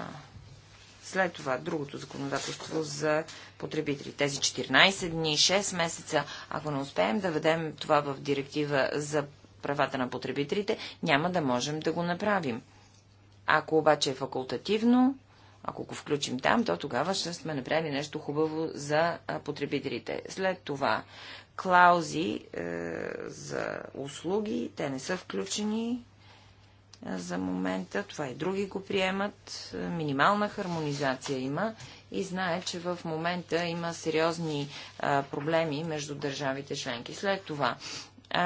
[SPEAKER 2] след това другото законодателство за потребители. Тези 14 дни, 6 месеца, ако не успеем да ведем това в директива за правата на потребителите, няма да можем да го направим. Ако обаче е факултативно, ако го включим там, то тогава ще сме направили нещо хубаво за потребителите. След това клаузи е, за услуги. Те не са включени е, за момента. Това и други го приемат. Е, минимална хармонизация има и знае, че в момента има сериозни е, проблеми между държавите членки. След това е,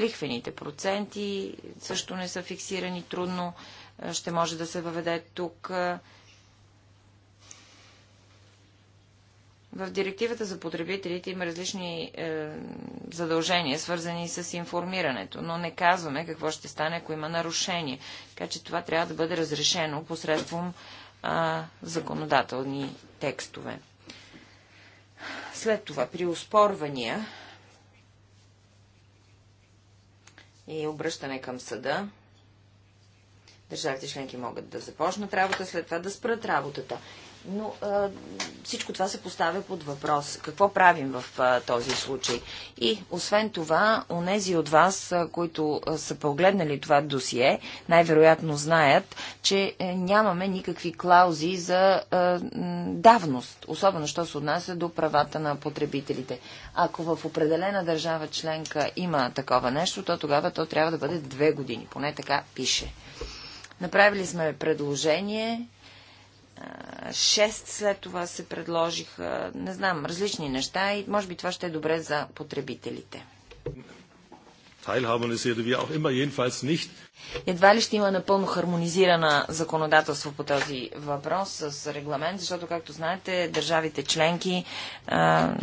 [SPEAKER 2] лихвените проценти също не са фиксирани трудно. Е, ще може да се въведе тук В директивата за потребителите има различни е, задължения, свързани с информирането, но не казваме какво ще стане, ако има нарушение. Така че това трябва да бъде разрешено посредством е, законодателни текстове. След това, при успорвания и обръщане към съда, държавите членки могат да започнат работа, след това да спрат работата. Но а, всичко това се поставя под въпрос. Какво правим в а, този случай? И освен това, онези от вас, а, които а, са погледнали това досие, най-вероятно знаят, че а, е, нямаме никакви клаузи за а, давност, особено що се отнася до правата на потребителите. Ако в определена държава членка има такова нещо, то тогава то трябва да бъде две години. Поне така пише. Направили сме предложение Шест след това се предложиха, не знам, различни неща и може би това ще е добре за потребителите. Едва ли ще има напълно хармонизирана законодателство по този въпрос с регламент, защото, както знаете, държавите членки а,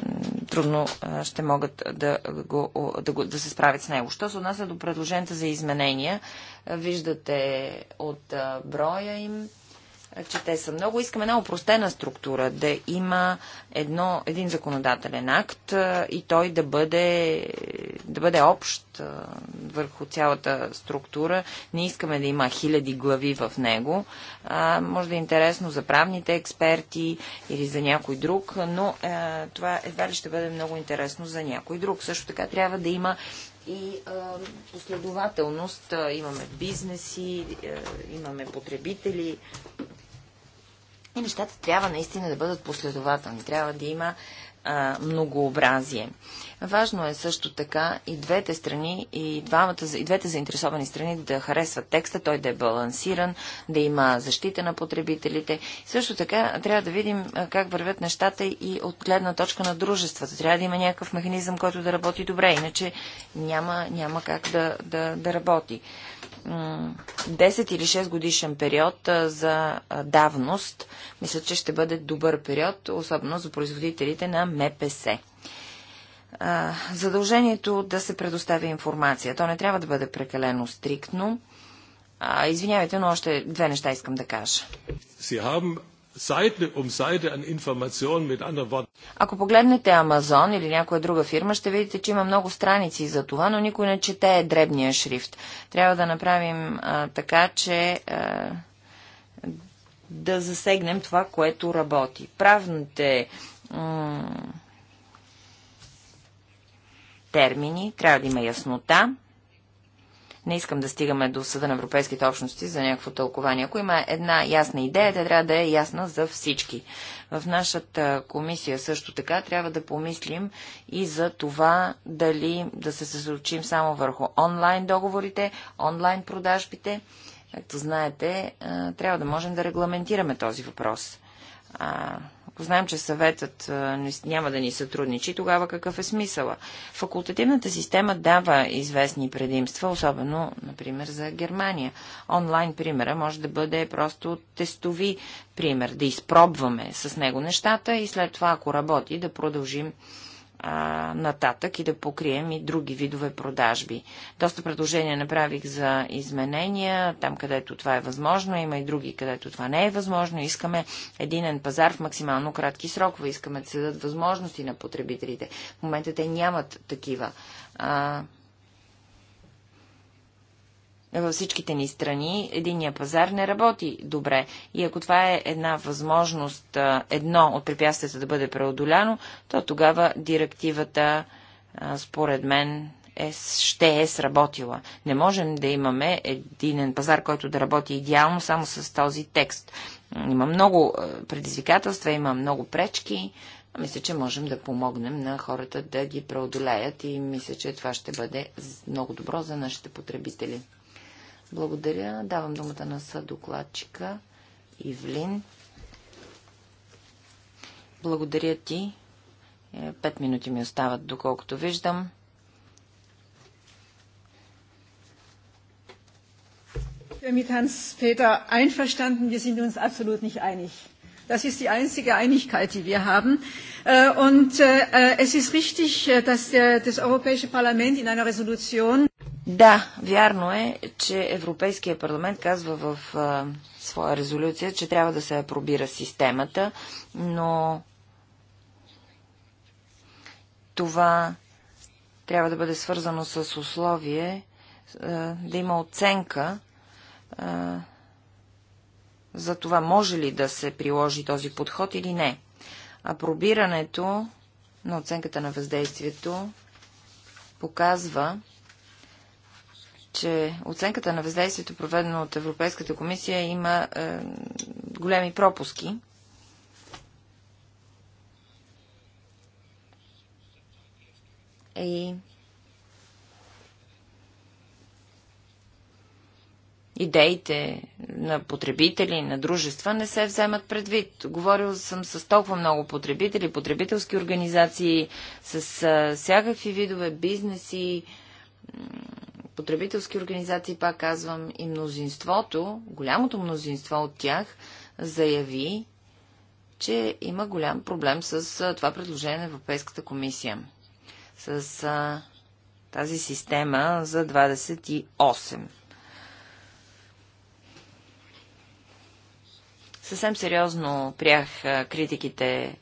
[SPEAKER 2] трудно а, ще могат да, го, да, го, да се справят с него. Що се отнася до предложенията за изменения, виждате от а, броя им че те са много. Искаме една упростена структура, да има едно, един законодателен акт и той да бъде, да бъде общ върху цялата структура. Не искаме да има хиляди глави в него. А, може да е интересно за правните експерти или за някой друг, но а, това едва ли ще бъде много интересно за някой друг. Също така трябва да има и а, последователност. А, имаме бизнеси, а, имаме потребители, и нещата трябва наистина да бъдат последователни. Трябва да има а, многообразие. Важно е също така и двете страни, и, двамата, и двете заинтересовани страни да харесват текста, той да е балансиран, да има защита на потребителите. Също така трябва да видим как вървят нещата и от гледна точка на дружествата. Трябва да има някакъв механизъм, който да работи добре, иначе няма, няма как да, да, да работи. 10 или 6 годишен период за давност, мисля, че ще бъде добър период, особено за производителите на МПС задължението да се предоставя информация. То не трябва да бъде прекалено стриктно. А, извинявайте, но още две неща искам да кажа. Ако погледнете Амазон или някоя друга фирма, ще видите, че има много страници за това, но никой не чете дребния шрифт. Трябва да направим а, така, че а, да засегнем това, което работи. Правните термини, трябва да има яснота. Не искам да стигаме до Съда на Европейските общности за някакво тълкование. Ако има една ясна идея, тя трябва да е ясна за всички. В нашата комисия също така трябва да помислим и за това дали да се съсредоточим само върху онлайн договорите, онлайн продажбите. Както знаете, трябва да можем да регламентираме този въпрос. Ако знаем, че съветът няма да ни сътрудничи, тогава какъв е смисъла? Факултативната система дава известни предимства, особено, например, за Германия. Онлайн примера може да бъде просто тестови пример, да изпробваме с него нещата и след това, ако работи, да продължим а, нататък и да покрием и други видове продажби. Доста предложения направих за изменения, там където това е възможно, има и други където това не е възможно. Искаме единен пазар в максимално кратки срокове, искаме да се дадат възможности на потребителите. В момента те нямат такива. А, във всичките ни страни единия пазар не работи добре. И ако това е една възможност, едно от препятствията да бъде преодоляно, то тогава директивата, според мен, е, ще е сработила. Не можем да имаме единен пазар, който да работи идеално само с този текст. Има много предизвикателства, има много пречки. Мисля, че можем да помогнем на хората да ги преодолеят и мисля, че това ще бъде много добро за нашите потребители. Благодаря. Давам думата на съдокладчика Ивлин. Благодаря ти. Пет минути ми остават, доколкото виждам.
[SPEAKER 4] Mit Hans-Peter einverstanden. Wir sind uns absolut nicht einig. Das ist die einzige Einigkeit, die wir haben. Und es ist richtig, dass das Europäische Parlament in einer Resolution да,
[SPEAKER 2] вярно е, че Европейския парламент казва в а, своя резолюция, че трябва да се апробира системата, но това трябва да бъде свързано с условие а, да има оценка а, за това може ли да се приложи този подход или не. Апробирането на оценката на въздействието показва, че оценката на въздействието, проведено от Европейската комисия, има е, големи пропуски. И идеите на потребители, на дружества не се вземат предвид. Говорил съм с толкова много потребители, потребителски организации, с е, всякакви видове бизнеси, потребителски организации, пак казвам, и мнозинството, голямото мнозинство от тях, заяви, че има голям проблем с това предложение на Европейската комисия. С а, тази система за 28. Съвсем сериозно прях критиките, е,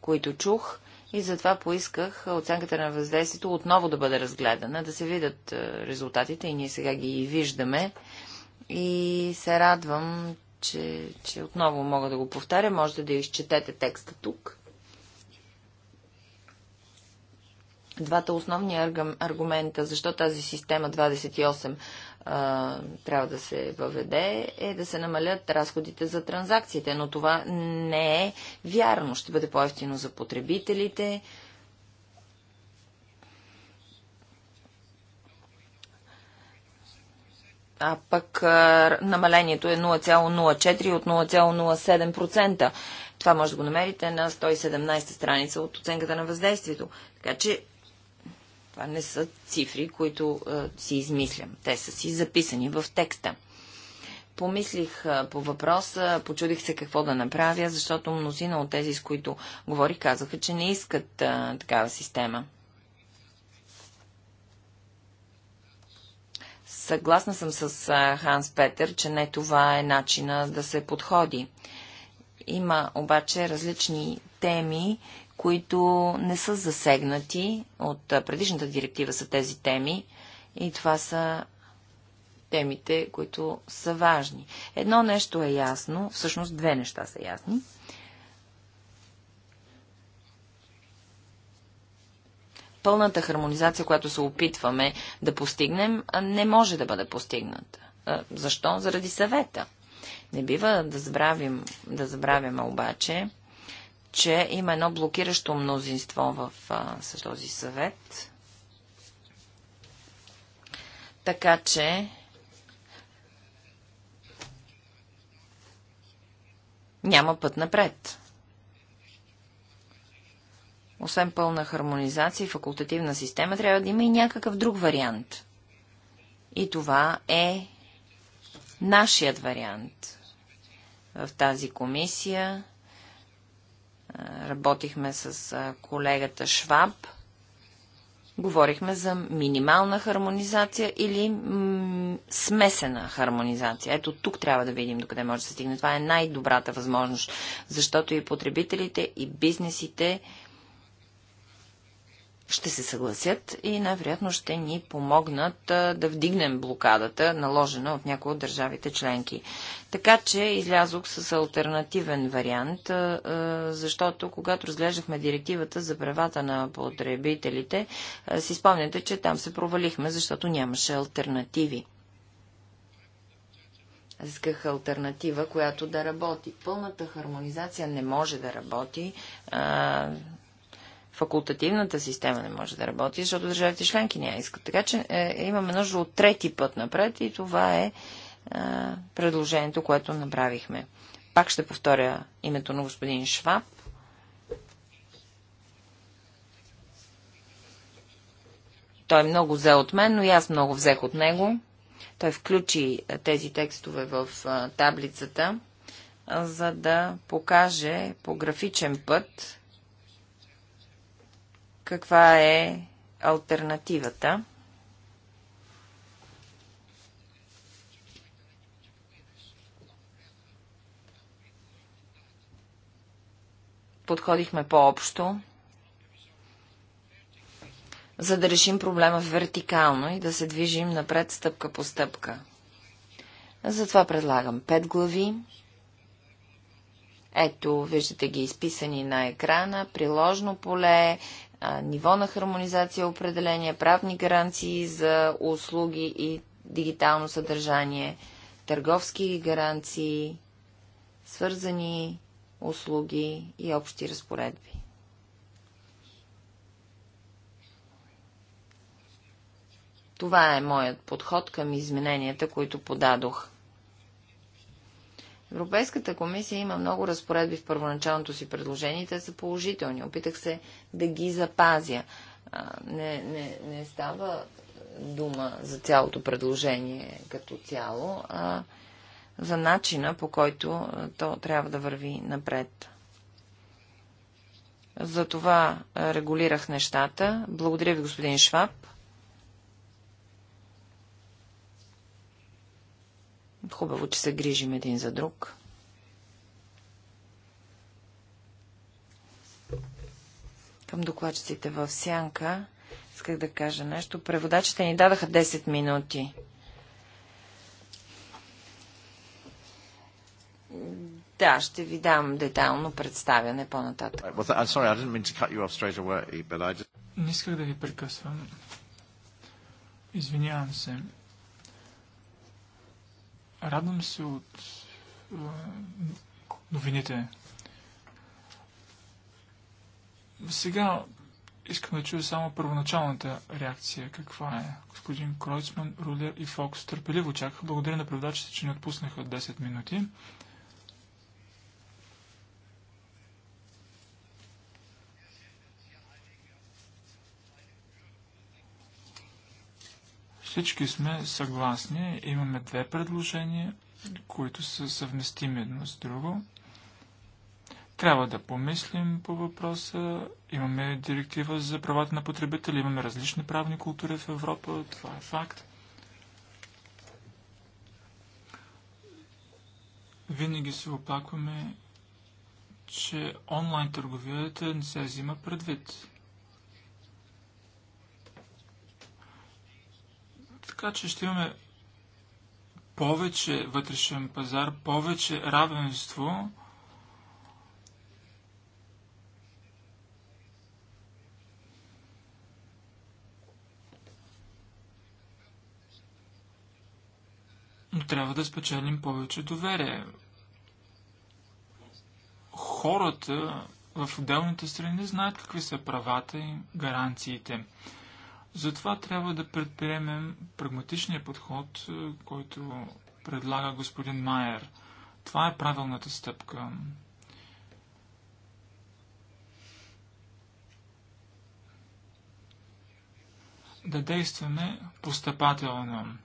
[SPEAKER 2] които чух – и затова поисках оценката на въздействието отново да бъде разгледана, да се видят е, резултатите и ние сега ги виждаме. И се радвам, че, че отново мога да го повтаря. Можете да изчетете текста тук. Двата основни аргумента, защо тази система 28 а, трябва да се въведе, е да се намалят разходите за транзакциите, но това не е вярно. Ще бъде по-ефтино за потребителите. А пък а, намалението е 0,04 от 0,07%. Това може да го намерите на 117 страница от оценката на въздействието. Така че това не са цифри, които а, е, си измислям. Те са си записани в текста. Помислих а, е, по въпроса, почудих се какво да направя, защото мнозина от тези, с които говорих, казаха, че не искат а, е, такава система. Съгласна съм с а, Ханс Петър, че не това е начина да се подходи. Има обаче различни теми, които не са засегнати от предишната директива са тези теми и това са темите, които са важни. Едно нещо е ясно, всъщност две неща са ясни. Пълната хармонизация, която се опитваме да постигнем, не може да бъде постигната. Защо? Заради съвета. Не бива да забравим, да забравяме обаче, че има едно блокиращо мнозинство в а, с този съвет. Така че няма път напред. Освен пълна хармонизация и факултативна система, трябва да има и някакъв друг вариант. И това е нашият вариант. В тази комисия работихме с колегата Шваб. Говорихме за минимална хармонизация или смесена хармонизация. Ето тук трябва да видим докъде може да се стигне. Това е най-добрата възможност, защото и потребителите, и бизнесите, ще се съгласят и най-вероятно ще ни помогнат да вдигнем блокадата, наложена от някои от държавите членки. Така че излязох с альтернативен вариант, защото когато разглеждахме директивата за правата на потребителите, си спомняте, че там се провалихме, защото нямаше альтернативи. Исках альтернатива, която да работи. Пълната хармонизация не може да работи факултативната система не може да работи, защото държавите членки не я искат. Така че е, имаме нужда от трети път напред и това е, е предложението, което направихме. Пак ще повторя името на господин Шваб. Той е много взе от мен, но и аз много взех от него. Той включи е, тези текстове в е, таблицата, за да покаже по графичен път каква е альтернативата. Подходихме по-общо, за да решим проблема вертикално и да се движим напред стъпка по стъпка. Затова предлагам 5 глави. Ето, виждате ги изписани на екрана. Приложно поле, ниво на хармонизация, определения, правни гаранции за услуги и дигитално съдържание, търговски гаранции, свързани услуги и общи разпоредби. Това е моят подход към измененията, които подадох. Европейската комисия има много разпоредби в първоначалното си предложение. Те са положителни. Опитах се да ги запазя. Не, не, не става дума за цялото предложение като цяло, а за начина по който то трябва да върви напред. Затова регулирах нещата. Благодаря ви, господин Шваб. Хубаво, че се грижим един за друг. Към докладчиците в Сянка исках да кажа нещо. Преводачите ни дадаха 10 минути. Да, ще ви дам детайлно представяне по-нататък.
[SPEAKER 3] Не исках да ви прекъсвам. Извинявам се. Радвам се от е, новините. Сега искам да чуя само първоначалната реакция. Каква е? Господин Кройцман, Рулер и Фокс търпеливо чакаха. Благодаря на преводачите, че ни отпуснаха 10 минути. Всички сме съгласни. Имаме две предложения, които са съвместими едно с друго. Трябва да помислим по въпроса. Имаме директива за правата на потребители, имаме различни правни култури в Европа, това е факт. Винаги се оплакваме, че онлайн търговията не се взима предвид. Така че ще имаме повече вътрешен пазар, повече равенство. Но трябва да спечелим повече доверие. Хората в отделните страни знаят какви са правата и гаранциите. Затова трябва да предприемем прагматичния подход, е, който предлага господин Майер. Това е правилната стъпка. Да действаме постъпателно.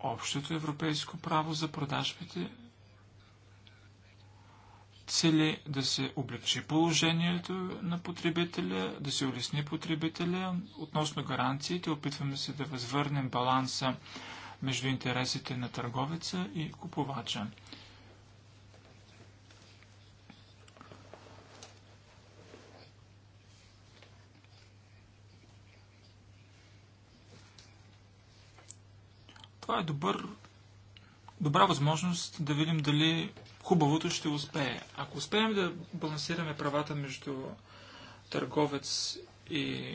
[SPEAKER 3] Общото европейско право за продажбите цели да се облегчи положението на потребителя, да се улесни потребителя. Относно гаранциите, опитваме се да възвърнем баланса между интересите на търговеца и купувача. Това е добър, добра възможност да видим дали хубавото ще успее. Ако успеем да балансираме правата между търговец и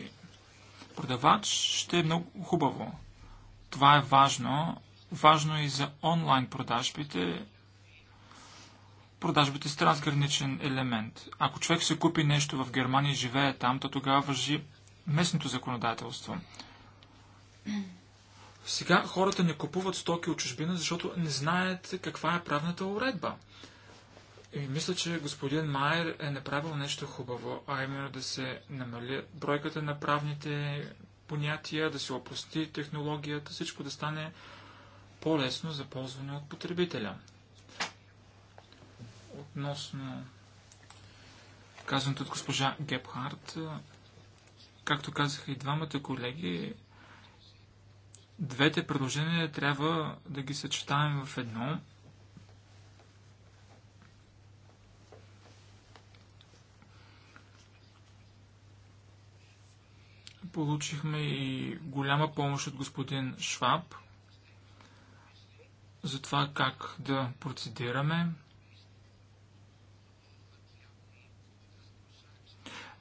[SPEAKER 3] продавач, ще е много хубаво. Това е важно. Важно е и за онлайн продажбите, продажбите с трансграничен елемент. Ако човек се купи нещо в Германия и живее там, то тогава въжи местното законодателство. Сега хората не купуват стоки от чужбина, защото не знаят каква е правната уредба. И мисля, че господин Майер е направил нещо хубаво, а именно да се намали бройката на правните понятия, да се опрости технологията, всичко да стане по-лесно за ползване от потребителя. Относно казаното от госпожа Гепхарт, както казаха и двамата колеги, Двете предложения трябва да ги съчетаем в едно. Получихме и голяма помощ от господин Шваб за това как да процедираме.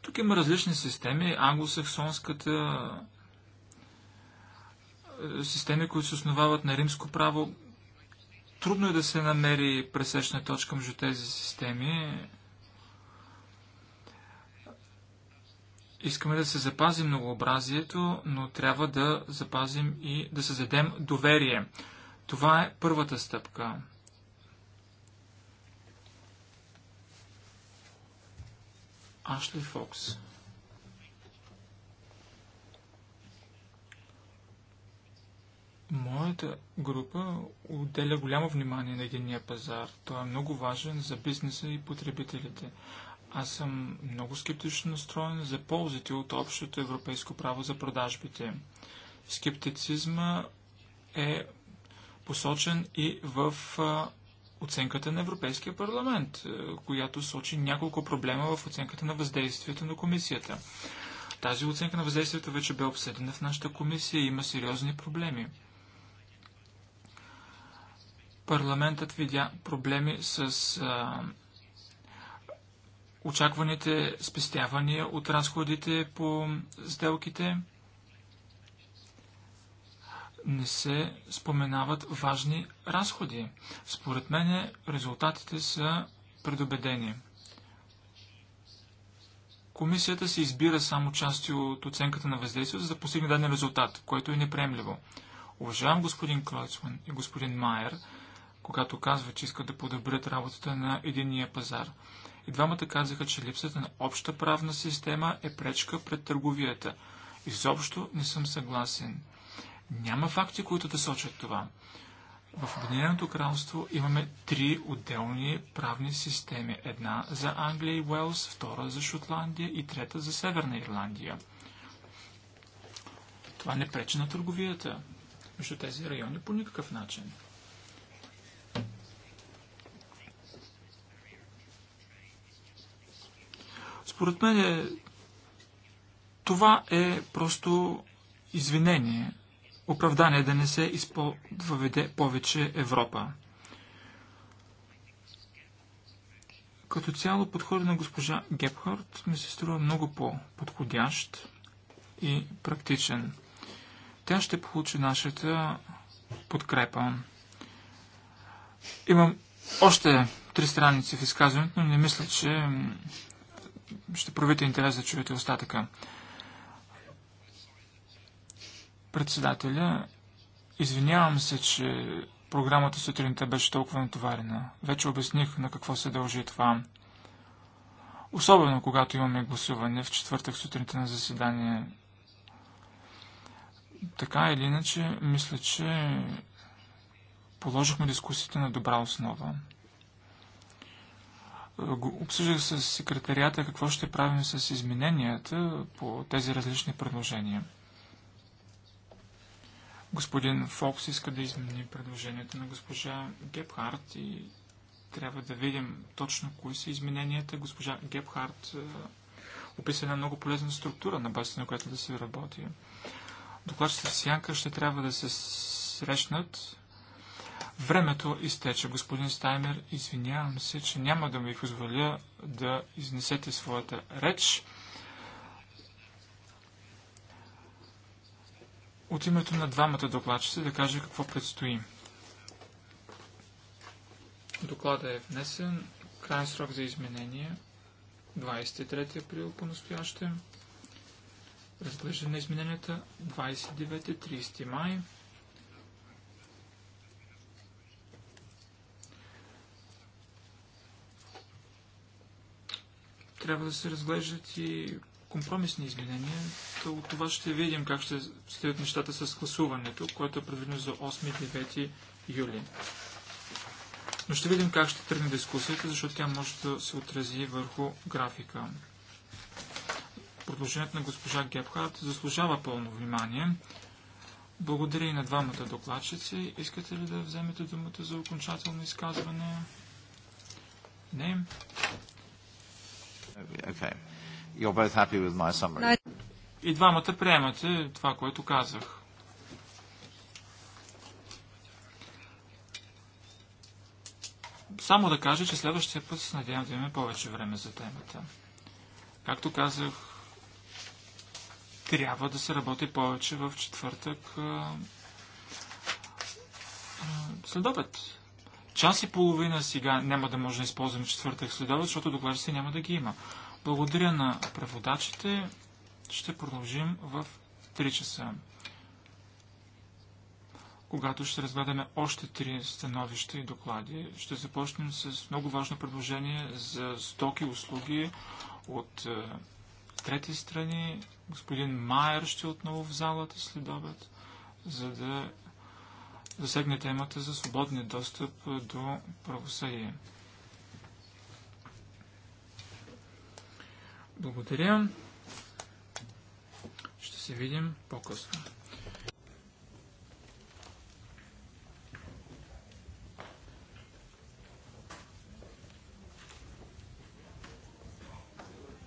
[SPEAKER 3] Тук има различни системи. Англосаксонската системи, които се основават на римско право. Трудно е да се намери пресечна точка между тези системи. Искаме да се запази многообразието, но трябва да запазим и да създадем доверие. Това е първата стъпка. Ашли Фокс. Моята група отделя голямо внимание на единния пазар. Той е много важен за бизнеса и потребителите. Аз съм много скептично настроен за ползите от общото европейско право за продажбите. Скептицизма е посочен и в оценката на Европейския парламент, която сочи няколко проблема в оценката на въздействието на комисията. Тази оценка на въздействието вече бе обсъдена в нашата комисия и има сериозни проблеми. Парламентът видя проблеми с а, очакваните спестявания от разходите по сделките. Не се споменават важни разходи. Според мен резултатите са предубедени. Комисията се избира само части от оценката на въздействието, за да постигне даден резултат, което е неприемливо. Уважавам господин Кройцман и господин Майер когато казва, че искат да подобрят работата на единния пазар. И двамата казаха, че липсата на обща правна система е пречка пред търговията. Изобщо не съм съгласен. Няма факти, които да сочат това. В Обединеното кралство имаме три отделни правни системи. Една за Англия и Уелс, втора за Шотландия и трета за Северна Ирландия. Това не пречи на търговията между тези райони по никакъв начин. Според мен е, това е просто извинение, оправдание да не се въведе повече Европа. Като цяло подхода на госпожа Гепхард ми се струва много по-подходящ и практичен. Тя ще получи нашата подкрепа. Имам още три страници в изказването, но не мисля, че ще проявите интерес да чуете остатъка. Председателя, извинявам се, че програмата сутринта беше толкова натоварена. Вече обясних на какво се дължи това. Особено когато имаме гласуване в четвъртък сутринта на заседание. Така или иначе, мисля, че положихме дискусията на добра основа обсъждах с секретарията какво ще правим с измененията по тези различни предложения. Господин Фокс иска да измени предложението на госпожа Гепхарт и трябва да видим точно кои са измененията. Госпожа Гепхарт описа една много полезна структура, на базата на която да се работи. Докладчите в Сянка ще трябва да се срещнат Времето изтече, господин Стаймер. Извинявам се, че няма да ми позволя да изнесете своята реч. От името на двамата докладчици да кажа какво предстои. Докладът е внесен. Крайен срок за изменение 23 април по настояще. Разглеждане на измененията 29-30 май. трябва да се разглеждат и компромисни изменения. То от това ще видим как ще стоят нещата с гласуването, което е предвидено за 8-9 юли. Но ще видим как ще тръгне дискусията, защото тя може да се отрази върху графика. Продължението на госпожа Гепхарт заслужава пълно внимание. Благодаря и на двамата докладчици. Искате ли да вземете думата за окончателно изказване? Не.
[SPEAKER 1] Okay. You're both happy with my summary.
[SPEAKER 3] И двамата приемате това, което казах. Само да кажа, че следващия път се надявам да имаме повече време за темата. Както казах, трябва да се работи повече в четвъртък след обед. Час и половина сега няма да може да използваме четвъртък следове, защото доклада си няма да ги има. Благодаря на преводачите. Ще продължим в 3 часа, когато ще разгледаме още три становища и доклади. Ще започнем с много важно предложение за стоки и услуги от е, трети страни. Господин Майер ще е отново в залата следобед, за да засегне темата за свободния достъп до правосъдие. Благодаря. Ще се видим по-късно.